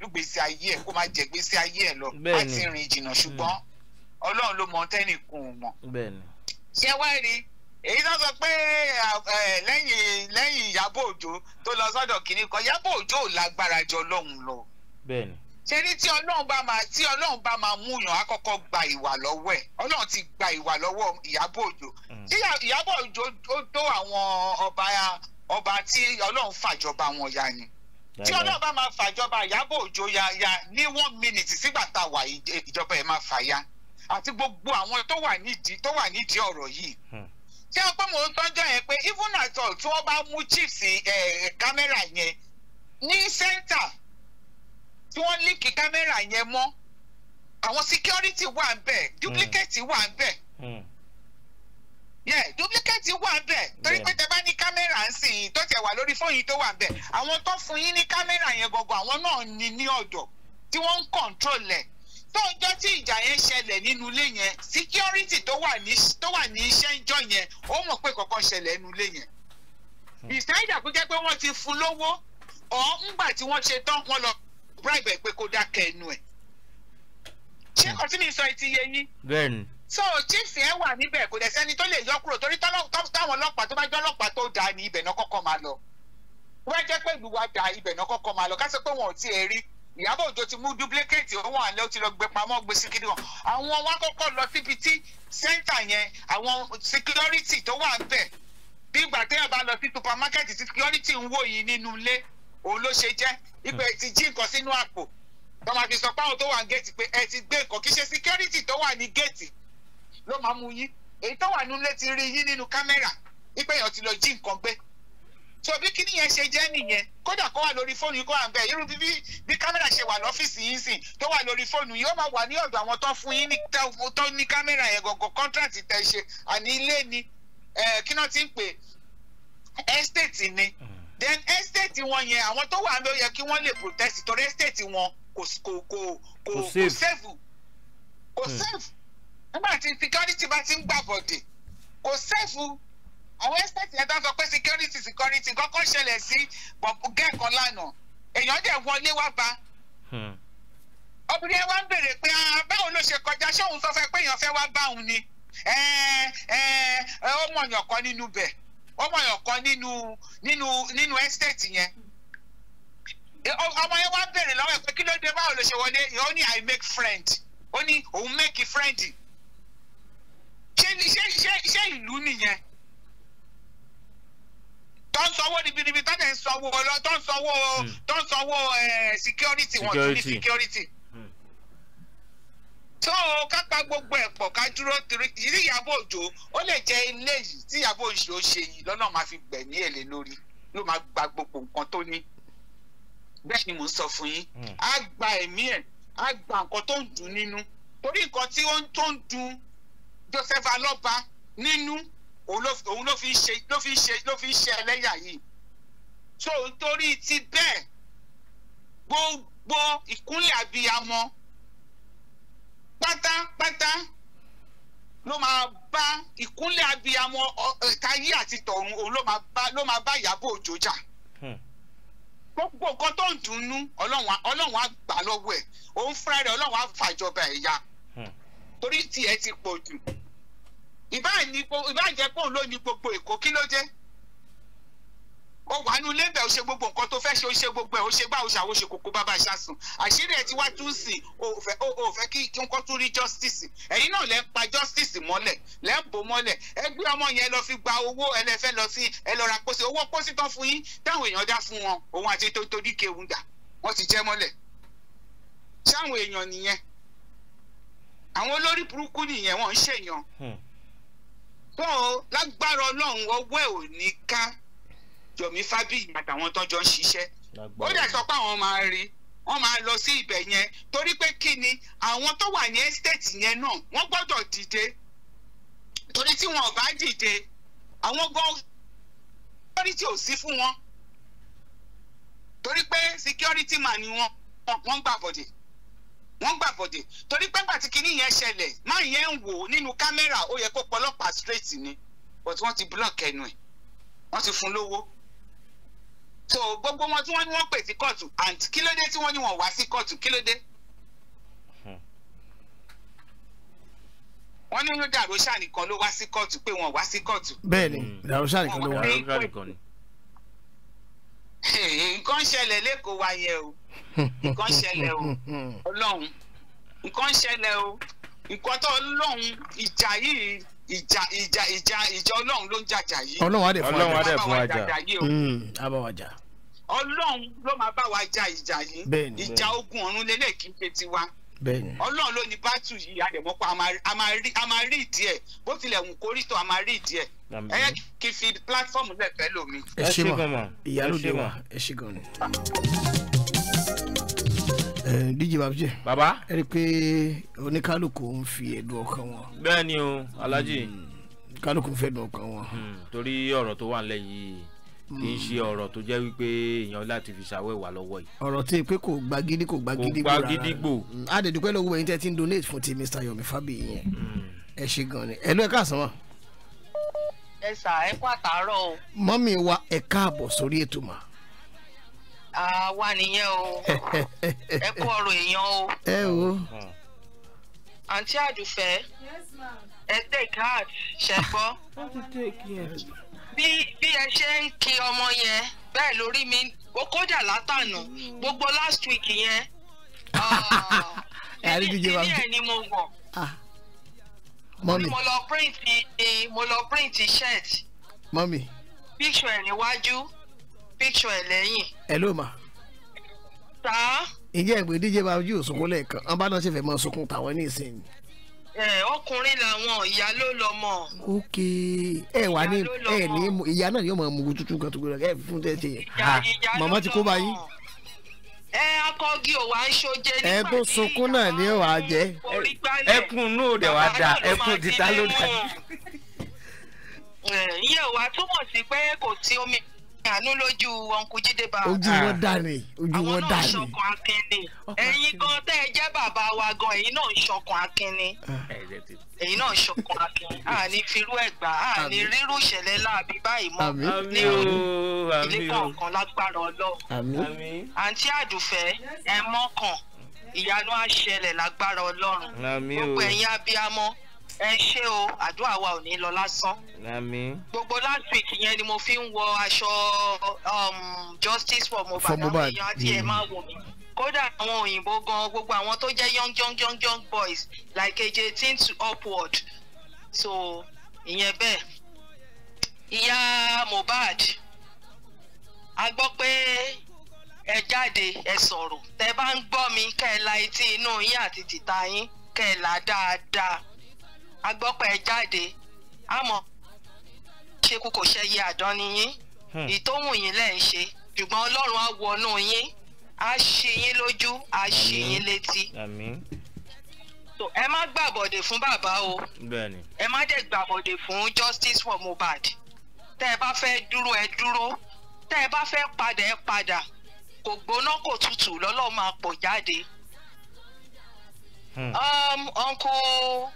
lùgbèsè ayé ẹ̀ kó máa jẹ gbèsè ayé ẹ̀ lọ láti rìn jìnnà hmm. ṣùgbọ́n ọlọ́run ló mọ tẹ́nìkùn mọ̀ ṣé wá rí èyí tó sọ pé lẹ́yìn lẹ́yìn Ìyábọ̀ Òjó tó lọ sọ́dọ̀ kìnnìkan Ìyábọ̀ Òjó ò lágbára jọ lọ́hùn lọ bẹ́ẹ̀ni. ṣé tí ọlọ́run bá máa tí ọlọ́run bá máa mú yàn á kọ́kọ́ gba ìwà lọ́wọ́ ẹ̀ ọlọ́run ti gba ìwà lọ́wọ́ ìyábọ̀ òjò hmm. tí ìyábọ̀ òjò tó àwọn ọba ọba tí ọlọ́run fàjọba wọn ya ni tí ọlọ́run bá máa fàjọba ìyábọ̀ òjò ya ya ní one minute sígbà tá a wà ìjọba ẹ̀ máa fà ya àti gbogbo àwọn tó wà nídìí tó wà nídìí ọ̀rọ̀ yìí hmm. ṣé o mo ń tọ́jọ́ yẹn pé even at all tí wọ́n bá mú chips kámẹ́rà eh, eh, yẹn ní center tí wọ́n líǹkì kámẹ́rà yẹn mọ́ àwọn security wà ń bẹ̀ duplicate wà ń bẹ̀ hmm. yeah duplicate wà ń bẹ̀ torí pé tẹ́ bá ní kámẹ́rà ń sìn yín tó tẹ̀ wà lórí fóònù tó wà ń bẹ̀ àwọn tó fún yín ní kámẹ́rà yẹn gọ̀gọ̀ àwọn náà ní ní ọ̀dọ̀ tí wọ́n ń control ẹ̀ tó ń jọ́ tí ìjà yẹn ṣẹlẹ̀ nínú ilé yẹn security tó wà ní tó wà ní iṣẹ́ ń jọ yẹn ó mọ̀ pé kọ̀ọ̀kan ṣẹlẹ̀ nínú ilé yẹn ìsáyidà hmm. kó jẹ́ pé wọ́n ti fún lówó ọ̀ ńgbà tí wọ́n ṣe tán wọ́n lọ bribe ẹ̀ pé kó dákẹ́ ẹnu ẹ̀ ṣé hmm. kò tí mi sọ etí yẹ yín. bẹ́ẹ̀ni. so chiefs yẹn wà níbẹ̀ kò dẹ̀ sẹ́ni tó lè yọ kúrò torí táwọn ọlọ́pàá tó bá jẹ́ ọlọ́pàá tó dáa ní ibẹ̀ náà kọ́kọ́ máa lọ wọ́n jẹ́ pé ìlú wa da ibẹ̀ náà kọ́kọ́ máa lọ kásẹ̀ pé wọn ò tiẹ̀ rí Ìyábọ̀ Òjó ti mú duplicate òun àlẹ́ ó ti lọ gbé pamọ́ gbé sí kiri wọn àwọn wa kọ́kọ́ lọ síbi tí center yẹn àwọn security tó wà ń bẹ̀ bí ìgbà téèyàn bá lọ sí supermarket security ń wò yìí nínú ilé òun ló ṣe jẹ́ ipò hmm. ẹ ti jí nǹkan sínú àpò tó máa fi sọ pé àwọn tó wà ní géètì pé ẹ ti gbé nǹkan kì í ṣe síkẹ́rìtì tó wà ní géètì ló máa mú yín èyí tó wà nílé ti rí yín nínú kámẹ́rà ipò èèyàn ti lọ jí nǹkan gbé so bí kíní yẹn ṣe jẹ́ nìyẹn kódà kó wà lórí fóònù yìí kó wà ń bẹ̀ irú bí bí kámẹ́rà ṣe wà lọ́fíìsì yìí sìn tó wà lórí fóònù yìí ó máa wà ní ọ̀dọ̀ àwọn tó fún yín tó ní kámẹ́rà yẹn gọ̀gọ̀ kọ́ńtrátì tẹ̀ ṣe àní ilé ni kí náà ti ń pè ẹ́stéètì ni. Hmm then estate wọn yẹn àwọn tó wà ń bẹ ó yẹ kí wọ́n lè protest torí estate wọn kò kò kò kò kò save kò save hmm. nígbà tí security bá ti ń gbà bọ̀dẹ̀ kò save àwọn estate yẹn tó ń sọ pé security security kọ́kọ́ ṣẹlẹ̀ sí gẹ́ẹ̀kan lánàá èèyàn dẹ̀ wọlé wá bá hmm. obìnrin wa ń béèrè pé ah, báwo ló ṣe kọjá ṣé òun sọ fẹ́ pé èèyàn fẹ́ wá bá òun ni ó mọ̀yàn kan nínú bẹ́ẹ̀ ọmọ yẹn kan nínú nínú nínú estate yẹn ọmọ yẹn wá bèrè lọ́wọ́ ẹ̀ pé kí ló dé báwo ló ṣe wọlé ó ní i make friend ó ní òun make friend ṣé ṣé ṣé ṣé ìlú nìyẹn tó ń sanwó níbinibí tó ń sanwó hmm. tó ń sanwó tó ń sanwó security wọn tó ní security so ká pa gbogbo ẹ̀ pọ̀ ká dúró torí ìrí Ìyábọ̀ Òjó ó lè jẹ́ ilé yìí tí Ìyábọ̀ Òjó ṣe yìí lọ́nà máa fi gbẹ̀mí èlé lórí ló máa gba gbogbo nǹkan tó ní bẹ́ẹ̀ ni mò ń sọ fún yín á hmm. gba ẹ̀mí ẹ̀ á gba nǹkan tó ń dùn nínú torí nǹkan tí ó ń tó ń dùn Joseph Alọ́ba nínú òun ló fi ṣe ló fi ṣe ló fi ṣe ẹlẹ́yà yìí so nítorí ti bẹ́ẹ̀ gbogbo ìkúnlẹ̀ àbíyamọ pátápátá ló máa bá ìkúnlẹ̀ abiyamọ káyé àti tọ̀run òun ló máa bá Ìyábọ̀ Òjó jà hmm. gbogbo nǹkan tó ń dunnú ọlọ́run á gbà lọ́wọ́ ẹ̀ òun fúnra rẹ̀ ọlọ́run á fàjọba ẹ̀yà hmm. torí tiẹ̀ ti pọ̀ jù ìbáà jẹ́ pé òun ló ní gbogbo Èkó kí ló jẹ́ ó wà nínú ilé bẹ́ẹ̀ ó ṣe gbogbo nǹkan tó fẹ́ ṣe ó ṣe gbogbo ẹ̀ ó ṣe bá ó ṣàwọ́ ṣe kókó bábà ṣàsùn àṣírí ẹ̀ tí wá tún sì ó fẹ́ kí nǹkan tún rí justice ẹ̀yin náà lẹ́ ń pa justice mọ́lẹ̀ lẹ́ ń bò mọ́lẹ̀ ẹ gbé ọmọ yẹn lọ fi gba owó ẹlẹ́fẹ́ lọ sí ẹ lọ ra pósí owó pósí tán fún yín táwọn èèyàn dá fún wọn òun àti torí kéwù dà wọ́n ti jẹ́ mọ́lẹ̀ sáwọn èèyàn nìyẹn àwọn olórí burúkú nìyẹn wọ́n ń ṣèyàn. Hmm. wọn ò lágbára ọlọ́run ọwọ́ ẹ̀ ò ní ká Yomi Fabiyi àtàwọn tó jọ ń ṣiṣẹ́ ó dẹ̀ sọ pé àwọn máa rí wọ́n máa lọ sí ibẹ̀ yẹn torí pé kí ni àwọn tó wà ní estate yẹn náà wọ́n gbọ́dọ̀ dìde torí tí wọn ò bá dìde àwọn gan security ò sí fún wọn torí pé security man ni wọn wọ́n gbà bọ̀dẹ̀ wọ́n gbà bọ̀dẹ̀ torí pé pàtí kinní yẹn ṣẹlẹ̀ máa yẹn ń wò nínú kámẹ́rà ó yẹ kó pọlọ́pàá straight ni but wọ́n ti block ẹnu ẹ̀ wọ́n ti fún lówó so gbogbo wọn tí wọ́n ní wọ́n pè sí kóòtù and kí ló dé tí wọ́n ní wọ́n wá sí kóòtù kí ló dé. wọ́n ní ní dàrúṣà nìkan ló wá sí kóòtù pé wọ́n wá sí kóòtù. bẹ́ẹ̀ni hmm. dàrúṣà nìkan ló wá sí kóòtù. Eh, nǹkan ṣẹlẹ̀ lẹ́kọ̀ọ́ wa yẹn o nǹkan ṣẹlẹ̀ o (laughs) ọlọ́run nǹkan ṣẹlẹ̀ o nǹkan tó ọlọ́run ìjà yìí ìjà ìjà ìjà ìjà ọlọ́run ló ń jàjà yìí. ọlọ́run á fún wa jà ọlọ́run hmm, jà. ọlọ́run ló máa bá wa jà ìjà yìí ìjà ogun ọ̀run lélẹ̀ kí n ṣe tiwa. ọlọ́run ló ní bátù yìí àdèmọ́pọ̀ a máa rí ìdí bó tilẹ̀ wù kó rí tó a máa rí ìdí ẹ yẹ kí n fi platform lẹ̀ fẹ́ lómi. ẹ ṣe mọ ìyálò dé wa ẹ ṣe gan ni díje babjẹ. baba. ẹ rí i pé oníkálukú ń fi ẹ̀dùn ọkàn wọn. bẹ́ẹ̀ni o alhaji. Hmm. kálukú fẹ́ dùn ọkàn wọn. Hmm, torí ọ̀rọ̀ tó wà nílẹ̀ yìí kì í hmm. ṣe ọ̀rọ̀ tó jẹ́ wípé èèyàn láti fi ṣàwẹ́wà lọ́wọ́ yìí. ọ̀rọ̀ tí pé kò gbagidi kò gbagidi gbò rárá kò gbagidi gbò. a dẹ̀ dúpẹ́ lọ́wọ́ ẹ̀yin tẹ́ ti ń donate fún ti Mr. Yomi Fabiyi yẹn ẹ ṣe gan ni ẹ lọ ẹ káàsán wọn. ẹ sà ẹ kó àtàárọ̀ o. mọ́mí wa ẹ káàbọ̀ sórí ètò mà àwa nìyẹn o ẹ kú ọrọ èèyàn o. ẹ wo. àǹtí àdùfẹ́ ẹ take heart ṣe gbọ́. bí ẹ ṣe ń kí ọmọ yẹn bẹ́ẹ̀ lórí mi ó kódà látànà gbogbo last week yẹn ẹni (laughs) ah, ẹ ni mo wọ̀ ah. mo lọ print eh, mo lọ print shirt picture ẹ̀ níwájú picture ẹ̀ lẹ́yìn. hello ma. ta. ǹjẹ́ ẹ̀gbẹ́ díje máa yóò sunkún lẹ́ẹ̀kan wọn bá náà ṣe fẹ́ máa sunkún tàwọn ní ìsìn. ẹ ọkùnrin làwọn ìyá ló lọ mọ. ok ẹ wà ní ẹ ní ìyá náà yóò máa mú tutù kan tó gbọdọ ẹ fún tẹ ṣe yẹn. màmá ti kó bá yín. ẹ akọgi ò wá ń ṣojẹ nípa tí ẹkún sunkún náà ni ó wà á jẹ ẹkún nù ó dẹ da ẹkún ti ta ìyẹn wà túmọ̀ sí pé kò tí omi àánú lójú ọ̀nkú jíde bá. ojú ah. wọn dà ní ojú wọn dà ní. àwọn náà ṣọkàn akínni ẹ̀yin gan tẹ́ ẹ jẹ́ bàbá wa gan ẹ̀yin náà ṣọkàn akínni ah. ẹ̀yin náà ṣọkàn akínni àní firú ẹ̀gbá àní rírú ìṣẹ̀lẹ̀ láàbí báyìí mọ́ ní ilé kọ̀ọ̀kan lágbára ọlọ́run àǹtí àdùfẹ́ ẹ̀ mọ́kàn ìyanu á lágbára ọlọ́run gbogbo ẹ̀yin abiyamọ ẹ ṣé o àdúrà wa ò ní lọ lásán. àmín. gbogbo last week yẹn ni mo fi ń wọ aṣọ um, justice for mobile. àwọn èèyàn àti ẹ̀ máa wò mí kódà àwọn òyìnbó gan gbogbo àwọn tó jẹ́ young young young young boys like age eighteen to upward so ìyẹn bẹ́ẹ̀ ìyá Mohbad a gbọ́ pé ẹ jáde ẹ sọ̀rọ̀ tẹ́ bá ń gbọ́ mi kẹ́ ẹ la etí inú yín àti tìta yín kẹ́ ẹ là dáadáa agbọ́pẹ́ jáde àmọ́ ṣe kú kò ṣẹyẹ àdán ni yín hmm. ìtòhùn yín lẹ́ ń ṣe ṣùgbọ́n ọlọ́run á wọnú yín á ṣe yín lójú á ṣe yín létí. ẹ má gbàbọ̀dè fún bàbá o ẹ má dẹ̀ gbàbọ̀dè fún justice for Mohbad tẹ́ ẹ bá fẹ́ dúró ẹ dúró tẹ́ ẹ bá fẹ́ padà ẹ padà kò gbóná kò tutù lọ́lọ́ máa pọ̀ jáde. Hmm. Um, uncle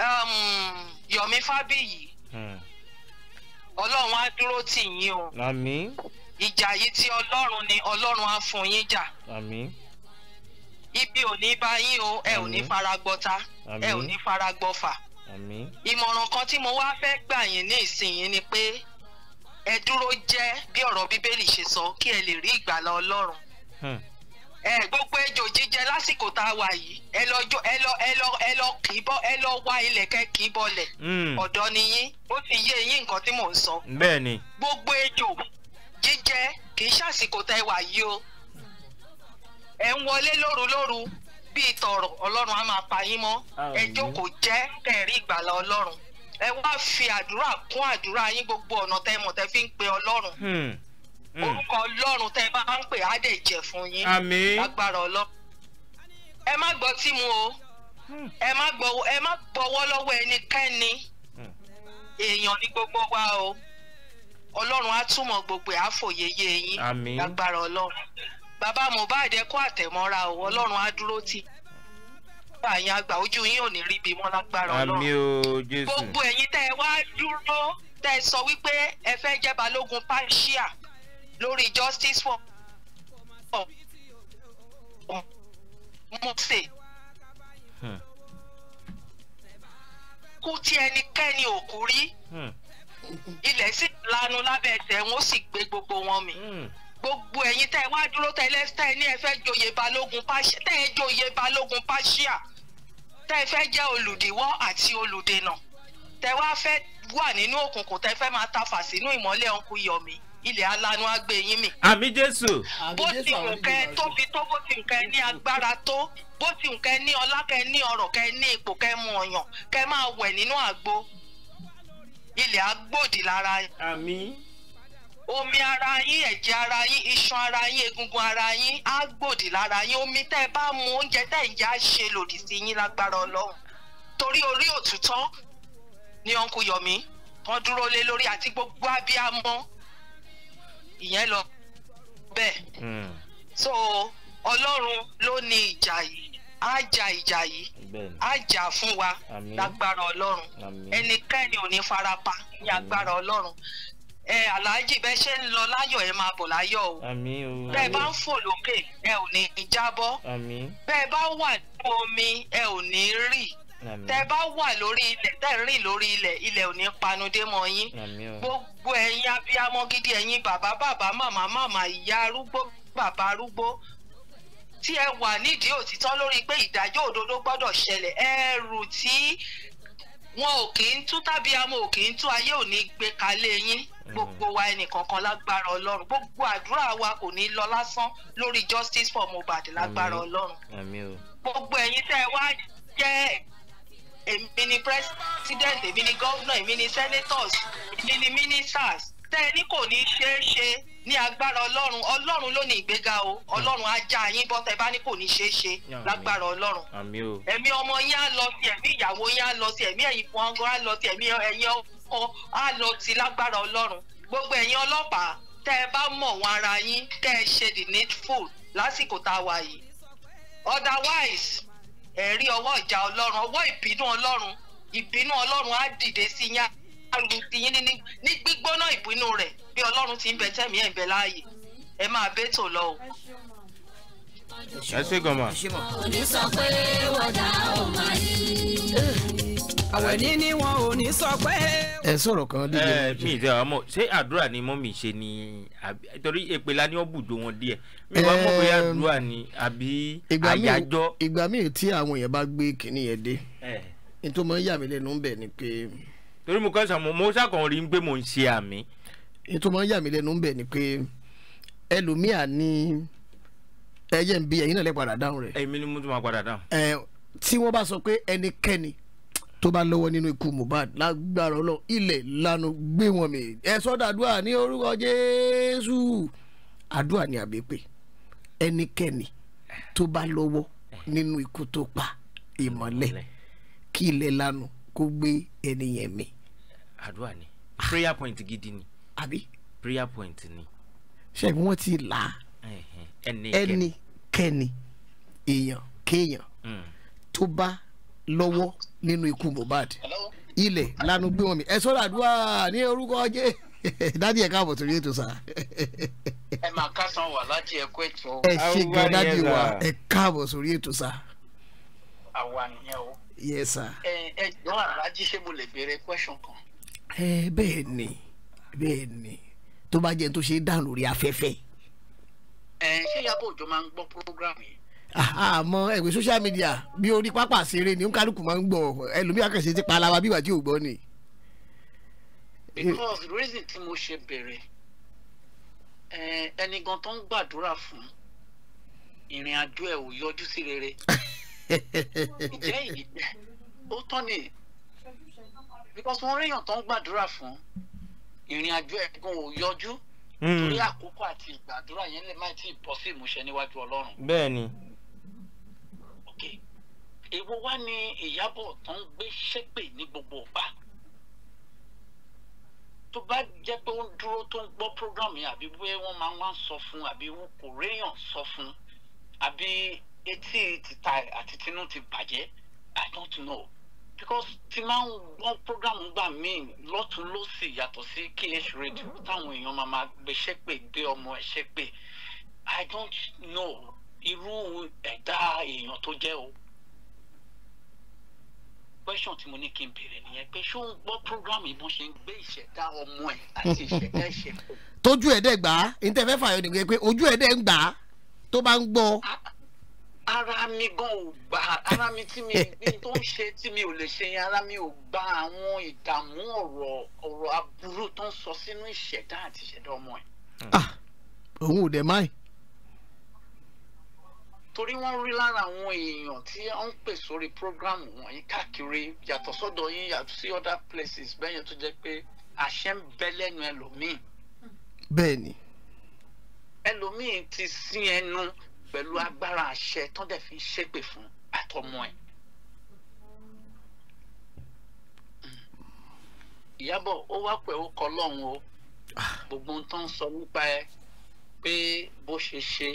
Um, Yomi Fabiyi hmm. Ọlọ́run á dúró tì yín o àmín ìjà yìí tí Ọlọ́run ni Ọlọ́run á fún yín jà ibi ò ní bá yín o ẹ ò ní fara gbọta ẹ ò ní fara gbọfà àmín ìmọ̀ràn kan tí mo wá fẹ́ gbà yín ní ìsinyìí ni pé ẹ dúró jẹ́ bí ọ̀rọ̀ Bíbélì ṣe sọ kí ẹ lè rí ìgbàlà Ọlọ́run. Hmm. ẹ gbogbo ejò jíjẹ lásìkò tá a wà yìí ẹ lọ jó ẹ lọ ẹ lọ ẹ lọ kì í bọ ẹ lọ wá ilẹ̀ kẹ́ kì í bọlẹ̀ hmm. ọ̀dọ́ ni yín ó ti yé eyín nǹkan tí mò ń sọ. bẹ́ẹ̀ni. gbogbo ejò jíjẹ kì í ṣàsìkò tá ẹ wà yìí o ẹ ń wọlé lóru lóru bíi tọrọ ọlọ́run á máa pa yín mọ ẹjọ kò jẹ́ kẹ́ ẹ rí ìgbàlà ọlọ́run ẹ wá fi àdúrà kún àdúrà yín gbogbo ọ̀nà tẹ́ mọ̀ tẹ́ fi ń pe ọlọ́run. Hmm. Mm. orúkọ ọlọ́run tẹ́ bá ń pè á dẹ̀ jẹ́ fún yín agbára ọlọ́run ẹ má gbọ́ tí mu o hmm. ẹ má gbọ́wọ́ ẹ má gbọ́wọ́ lọ́wọ́ ẹnikẹ́ni hmm. èèyàn ní gbogbo wa o ọlọ́run á túmọ̀ gbogbo ẹ̀ yín agbára ọlọ́run bàbá Mohbad ẹ kó àtẹ̀mọ́ra o ọlọ́run á dúró tì gbà yín àgbà ojú yín ò ní rí ibi mọ́ lágbára ọlọ́run gbogbo ẹ̀yin tẹ́ ẹ wá dúró tẹ́ ẹ sọ wípé ẹ fẹ́ jẹ́ balógun pàṣíà lórí justice for Mose hmm. kú tí ẹnikẹ́ni ò kú rí hmm. ilẹ̀ sì lanu lábẹ́ ẹsẹ̀ wọn ó sì gbé gbogbo wọn mì hmm. gbogbo ẹ̀yin tẹ́ ẹ wá dúró tẹ́lẹ̀ tẹ́ ẹ ní ẹ fẹ́ joyè balógun pàṣẹ tẹ́ ẹ joyè balógun pàṣíà tẹ́ ẹ fẹ́ jẹ́ olùdíwọ́ àti olùdènà tẹ́ wá fẹ́ wà nínú òkùnkùn tẹ́ fẹ́ máa tafà sínú ìmọ́lẹ̀ ọkùn yọ̀mí ilẹ̀ alánú àgbè yín mi. àmì jésù. bó ti nǹkan tóbi tó bó ti nǹkan ní agbára tó bó ti nǹkan ní ọlá kẹ ní ọrọ̀ kẹ ní ipò kẹ mú ọyàn kẹ máa wẹ̀ nínú àgbo ilẹ̀ agbòdì lára yín. àmì. omi ara yín ẹ̀jẹ̀ ara yín iṣan ara yín egungun ara yín agbòdì lára yín omi tẹ́ ẹ bá mu oúnjẹ tẹ́ ẹ̀ já ṣe lòdì sí yín lágbára ọlọ́run torí orí òtútọ́ ni ọ̀nkú yọ̀mí wọ́n dúró lé lórí àti gbogbo abiyamọ ìyẹn lọ bẹ́ẹ̀ hmm. so ọlọ́run ló ní ìjà yìí á jà ìjà yìí á jà fún wa lágbára ọlọ́run ẹnikẹ́ni ò ní farapa ní agbára ọlọ́run ẹ aláàjì bẹ ṣe ń lọ láyọ̀ ẹ máa bọ̀ láyọ̀ o bẹ́ẹ̀ bá ń fò lókè ẹ ò ní jábọ́ bẹ́ẹ̀ bá wà ní omi ẹ ò ní rì tẹ bá wà lórí ilẹ̀ tẹ ń rìn lórí ilẹ̀ ilẹ̀ ò ní panudé mọ́ yín gbogbo ẹ̀yin abiyamọ gidi ẹ̀yin bàbá bàbá màmá màmá ìyá arúgbó bàbá arúgbó tí ẹ wà nídìí òtítọ́ lórí pé ìdájọ́ òdodo gbọ́dọ̀ ṣẹlẹ̀ ẹrù tí wọn ò kì í tú tàbí àmọ́ ò kì í tú ayé ò ní gbé kalẹ̀ yín gbogbo wa ẹnìkankan lágbára ọlọ́run gbogbo àdúrà wa kò ní lọ lásán lórí justice for Mohbad lágbára ọlọ́run gbogbo ẹ̀yin tẹ́ ẹ wá jẹ́ èmi ni president èmi ni governor èmi ni senators èmi ni ministers tẹ́ ẹ ní kò ní ṣeé ṣe ní agbára ọlọ́run ọlọ́run ló ní ìgbéga o ọlọ́run á já yín bọ́ tẹ́ bá ní kò ní ṣeé ṣe lágbára ọlọ́run ẹ̀mí ọmọ yín á lọ sí ẹ̀mí ìyàwó yín á lọ sí ẹ̀mí ẹ̀yìn fún ọgọ́ á lọ sí ẹ̀mí ẹ̀yìn ọkọ á lọ sí lágbára ọlọ́run gbogbo ẹ̀yin ọlọ́pàá tẹ́ ẹ bá mọ̀ wọn ara yín kẹ́ ẹ ṣe the needful lásìkò tá a wà yìí otherwise ẹ̀rí ọwọ́ ìjà ọlọ́run ọwọ́ ìbínú ọlọ́run ìbínú ọlọ́run á dìde sí yín àrùn tiyín ní gbígbóná ìbínú rẹ̀ bí ọlọ́run ti ń bẹ tẹ̀mí ẹ̀ ń bẹ láàyè ẹ máa bẹ́tò lọ o. ẹ ṣe gan ma. òní sọ pé wọ́dà ò máa yí àwẹ̀ níní wọn ò ní sọ pé. ẹ sọ̀rọ̀ kan líle. Eh, ẹ mi ìdí àwọn ọmọ ṣé àdúrà ni mọ́mì ṣe ni torí èpè la ní ó bùjọ wọn díẹ̀ mi wàá mọ̀ bóyá àdúrà ni àbí àyájọ́. ìgbà míì tí àwọn èèyàn bá gbé kínní yẹn dé eh. nítorí mo ń yà mí lẹ́nu ń bẹ̀ ni pé. torí mo kọ́ sàmú mo sàkàn rí pé mo ń ṣe àmì. nítorí mo ń yà mí lẹ́nu ń bẹ̀ ni pé ẹlòmíà ni ẹyẹ ń bí ẹ̀yin náà lẹ́ padà dáhùn rẹ̀. èmi ni mo tún máa padà dáhùn. ẹ eh, tí wọ́n bá sọ pé ẹnikẹ́ni tó bá lọ́wọ́ nínú ikú Mohbad lágbára Ọlọ́run ilẹ̀ lanu gbé wọn mi ẹ sọ́dọ̀ àdúrà ní orúkọ Jésù àdúrà ní àbẹ́pẹ́ ẹnikẹ́ni tó bá lọ́wọ́ nínú ikú tó pa ìmọ̀lẹ̀ kí ilẹ̀ lanu kó gbé ẹnìyẹn mi. àdúrà ni prayer point gidi ni. àbí. prayer point ni. ṣebí wọ́n ti là á ẹnikẹ́ni èèyàn kéèyàn mm. tó bá lọ́wọ́ nínú ikú Mohbad ilẹ̀ lanu gbé wọn mi ẹ sọ́dọ̀ àdúrà ní orúkọ jẹ́ (laughs) dádì ẹ̀ káàbọ̀ torí ètò sá. (laughs) ẹ máa kásán wà láti ẹkọ ètò. ẹ ṣe gan dádì wa ẹ káàbọ̀ sórí ètò sá. àwa nìyẹn o. yẹ sá. ẹ ẹ jọ aláàjì ṣé mo lè béèrè question kan. ẹ bẹ́ẹ̀ ni bẹ́ẹ̀ ni tó bá jẹ́ tó ṣe dànù rí afẹ́fẹ́. ẹ ṣé Ìyábọ̀ Òjó máa ń gbọ́ program yìí àmọ́ ẹ̀wẹ̀ social media bí orí pápá ṣeré ni nkálukú máa ń gbọ́ ẹlòmíà kẹsẹ̀ ti pa ara bí ìwà tí ò gbọ́ ni. because reason tí mo ṣe bẹ̀rẹ̀ ẹni gan tó ń gbàdúrà fún ìrìn àjò ẹ̀ ò yọjú sí rere ó tán ni because wọ́n ríyàn tó ń gbàdúrà fún ìrìn àjò ẹ̀ gan ò yọjú hmm. torí àkókò àti ìgbàdúrà yẹn lè má ti bọ́ sí ìmúṣẹ níwájú Ọlọ́run. bẹ́ẹ̀ èwo wá ní Ìyábọ̀ tó ń gbé ṣépè ní gbogbo ọ̀gbà tó bá jẹ́ pé ó ń dúró tó ń gbọ́ program yẹn àbí bóyá wọ́n máa ń wá sọ fún àbí wọn kò réèyàn sọ fún àbí etí títa àti tinú ti bàjẹ́ I don't know because ti máa ń gbọ́ program gbà míì lọ́tún lọ́sì yàtọ̀ sí KH radio táwọn èèyàn máa máa gbé ṣépè gbé ọmọ ẹ̀ ṣépè I don't know irú ẹ̀dá èèyàn tó jẹ́ o question tí mo ní kí n béèrè nìyẹn pé ṣó ń gbọ́ program yìí ṣe ń gbé ìṣẹ̀dá ọmọ ẹ̀ àti ìṣẹ̀dá ìṣẹ̀dá. tójú ẹ̀ gbà á ìtẹ̀fẹ́ fàyọ nìkan pé ojú ẹ̀ ń gbà á tó bá ń gbọ́. ara mi gan ò gbà ara mi tí mi (laughs) tó ń ṣe tí mi ò lè ṣe yẹn ara mi ò gba àwọn ìdààmú ọ̀rọ̀ ọ̀rọ̀ aburú tó ń sọ sínú ìṣẹ̀dá àti ìṣẹ̀dá ọmọ ẹ̀. ah òun ò dẹ̀ máa torí wọ́n rí lára àwọn èèyàn tí wọ́n ń pè sórí program wọ̀nyí káàkiri yàtọ̀ sọ́dọ̀ yín yàtọ̀ sí other places bẹ́ẹ̀ yẹn tó jẹ́ pé àṣẹ ń bẹ lẹ́nu ẹlòmíì. bẹ́ẹ̀ni. ẹlòmíì ti sín ẹnu pẹ̀lú agbára àṣẹ tó dẹ̀ fi ṣépè fún àtọmọ ẹ̀. ìyábọ̀ ó wá pẹ̀ ó kọ́ lọ́hùn o ah. gbogbo ohun tó ń sọ nípa ẹ pé bó ṣe ṣe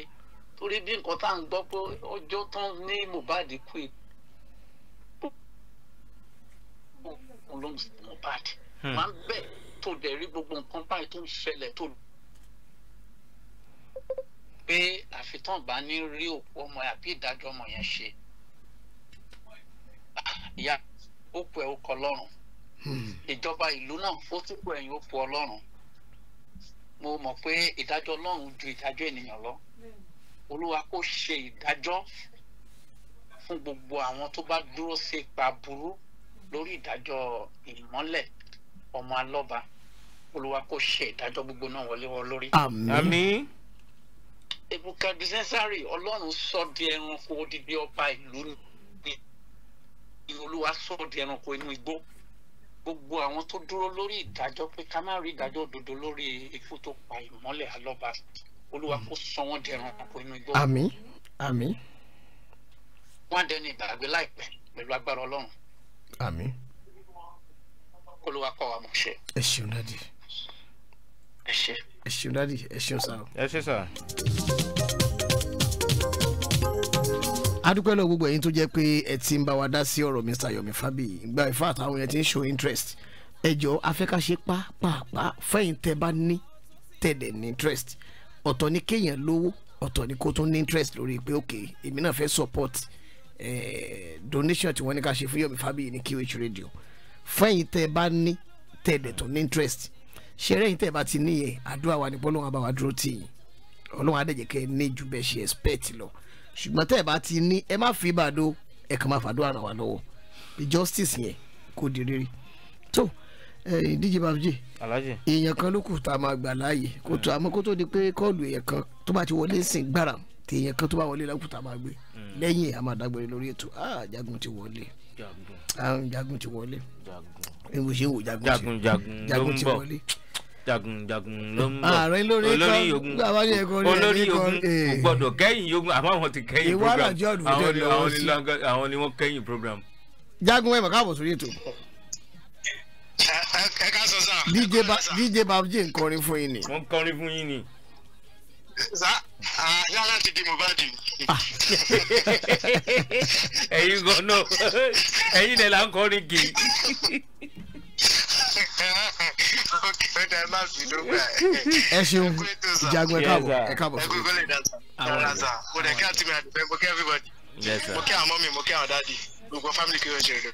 torí bí nǹkan tá à ń gbọ́ pé ọjọ́ tán ní Mohbad kú e ló ń Mohbad hmm. máa ń bẹ̀ tó dẹ̀ rí gbogbo nǹkan báyìí tó ń ṣẹlẹ̀ tó pé àfitàn bá ní rí òkú ọmọ yẹn àbí ìdájọ́ ọmọ yẹn ṣe ìyá ó pè ó kọ lọ́rùn hmm. ìjọba ìlú náà ó tún pè ẹ̀yìn ó pè ọlọ́run mo mọ̀ pé ìdájọ́ ọlọ́run ju ìdájọ́ ènìyàn lọ olúwa kó ṣe ìdájọ́ fún gbogbo àwọn tó bá dúró sí ipa burú lórí ìdájọ́ ìmọ́lẹ̀ ọmọ alọ́ba olúwa kó ṣe ìdájọ́ gbogbo náà wọlé wọn lórí. àmín. Ebukadnesari ọlọ́run sọ di ẹranko odidi ọba ìlú ni olúwa sọ di ẹranko inú igbó gbogbo àwọn tó dúró lórí ìdájọ́ pé ká má rí ìdájọ́ òdodo lórí ikú tó pa ìmọ́lẹ̀ alọ́ba olúwa kó sọ wọn dẹrùn ọkọ inú igbó. àmín àmín. wọn á dẹni ìgbàgbé láìpẹ́ pẹ̀lú agbára Ọlọ́run. àmín. olúwa kọ́ wa mọ̀ ṣe. ẹ ṣeun dádì. ẹ ṣe. ẹ ṣeun dádì ẹ ṣeun sá. ẹ ṣe sá adúpẹ́ lọ gbogbo ẹ̀yin tó jẹ́ pé ẹ ti ń bá wa dá sí ọ̀rọ̀ Mr. Yomi Fabiyi gba ìfá àtàwọn yẹn ti ń show interest ẹjọ́ afẹ́káṣe pàápàá fẹ́yìn tẹ́ bá ní tẹ̀dẹ̀ ní interest ọ̀tọ̀ ni kéèyàn lówó ọ̀tọ̀ ni kó tún ní interest lórí pé ok èmi náà fẹ́ support eh, donation tí wọ́n ní ká ṣe fún Yomi Fabiyi ní QH radio fún ẹ̀yin tẹ́ ẹ bá ní tẹ́ ẹ dẹ̀ tún ní interest ṣeré ẹ̀yin tẹ́ ẹ bá ti níyẹn àdúrà wa ní pé Ọlọ́run á bá wa dúró tì yín Ọlọ́run á ní ju bẹ́ẹ̀ ṣe expect lọ ṣùgbọ́n tẹ́ ẹ bá ti ní ẹ má fi bàdó ẹ kàn máa fàdúrà ràn wá lọ́wọ́ bí justice yẹn kò di rere So, ìdíje eh, babuji èèyàn kan ló kù tá a máa gbà láàyè kó tó àmọ́ kó tó di pé kọ́ọ̀lù èèyàn kan tó bá ti wọlé sìn gbàrà tí èèyàn kan tó bá wọlé lọ́kùtà máa gbé hmm. lẹ́yìn a máa dágbére lórí ètò ah jagun ti wọlé jagun ah, ti wọlé ewu ṣe ń wò jagun ti jagun ti wọlé jagun jagun ló ń bọ olórí ogun olórí ogun kò eh. gbọ́dọ̀ kẹ́yìn ogun àmọ́ àwọn ti kẹ́yìn program àwọn ni wọ́n kẹ́yìn program. jagun ẹ̀ mọ̀ káàbọ̀ sórí ètò ẹ ká sọ sá. dj ba dj babji ń kọrin fún yín ni. wọ́n ń kọrin fún yín ni. sá yàrá ti di Mohbad. (laughs) ẹ̀yin gan náà ẹ̀yin lè la ń kọrin kì í. ẹ ṣeun ìjagun ẹ káàbọ̀ ẹ káàbọ̀ fún mi. àwọn ọ̀rẹ́ mo dẹ̀ kí àtìmí àdìpẹ́ mo kí everybody mo kí àwọn mọ́mí mo kí àwọn dáàdi gbogbo family kí wọ́n ṣe rẹ̀.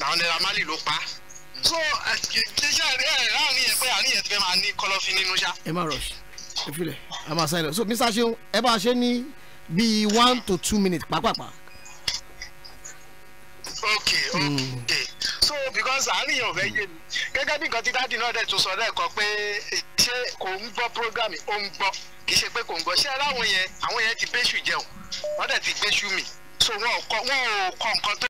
làwọn Naira Marley ló pa so ṣe ẹ láàrin yẹn pé àárín yẹn ti fẹ́ máa ní kọlọ́fín nínú ṣá. ẹ má rush ẹ filẹ̀ a máa sáré so Mr. Seun ẹ bá a ṣe ní bíi one to two minutes pàápàá. ok ok so because àárín yẹn ò fẹ́ yé mi gẹ́gẹ́ bí nǹkan tí dáàdì náà dẹ̀ tún sọ lẹ́ẹ̀kan pé ṣé kò ń gbọ́ program ó ń gbọ́ kì í ṣe pé kò ń gbọ́ ṣé ẹ láwọn yẹn àwọn yẹn ti gbéṣù jẹun wọ́n dẹ̀ ti gbéṣù mi so wọn ò kọ nǹkan tó.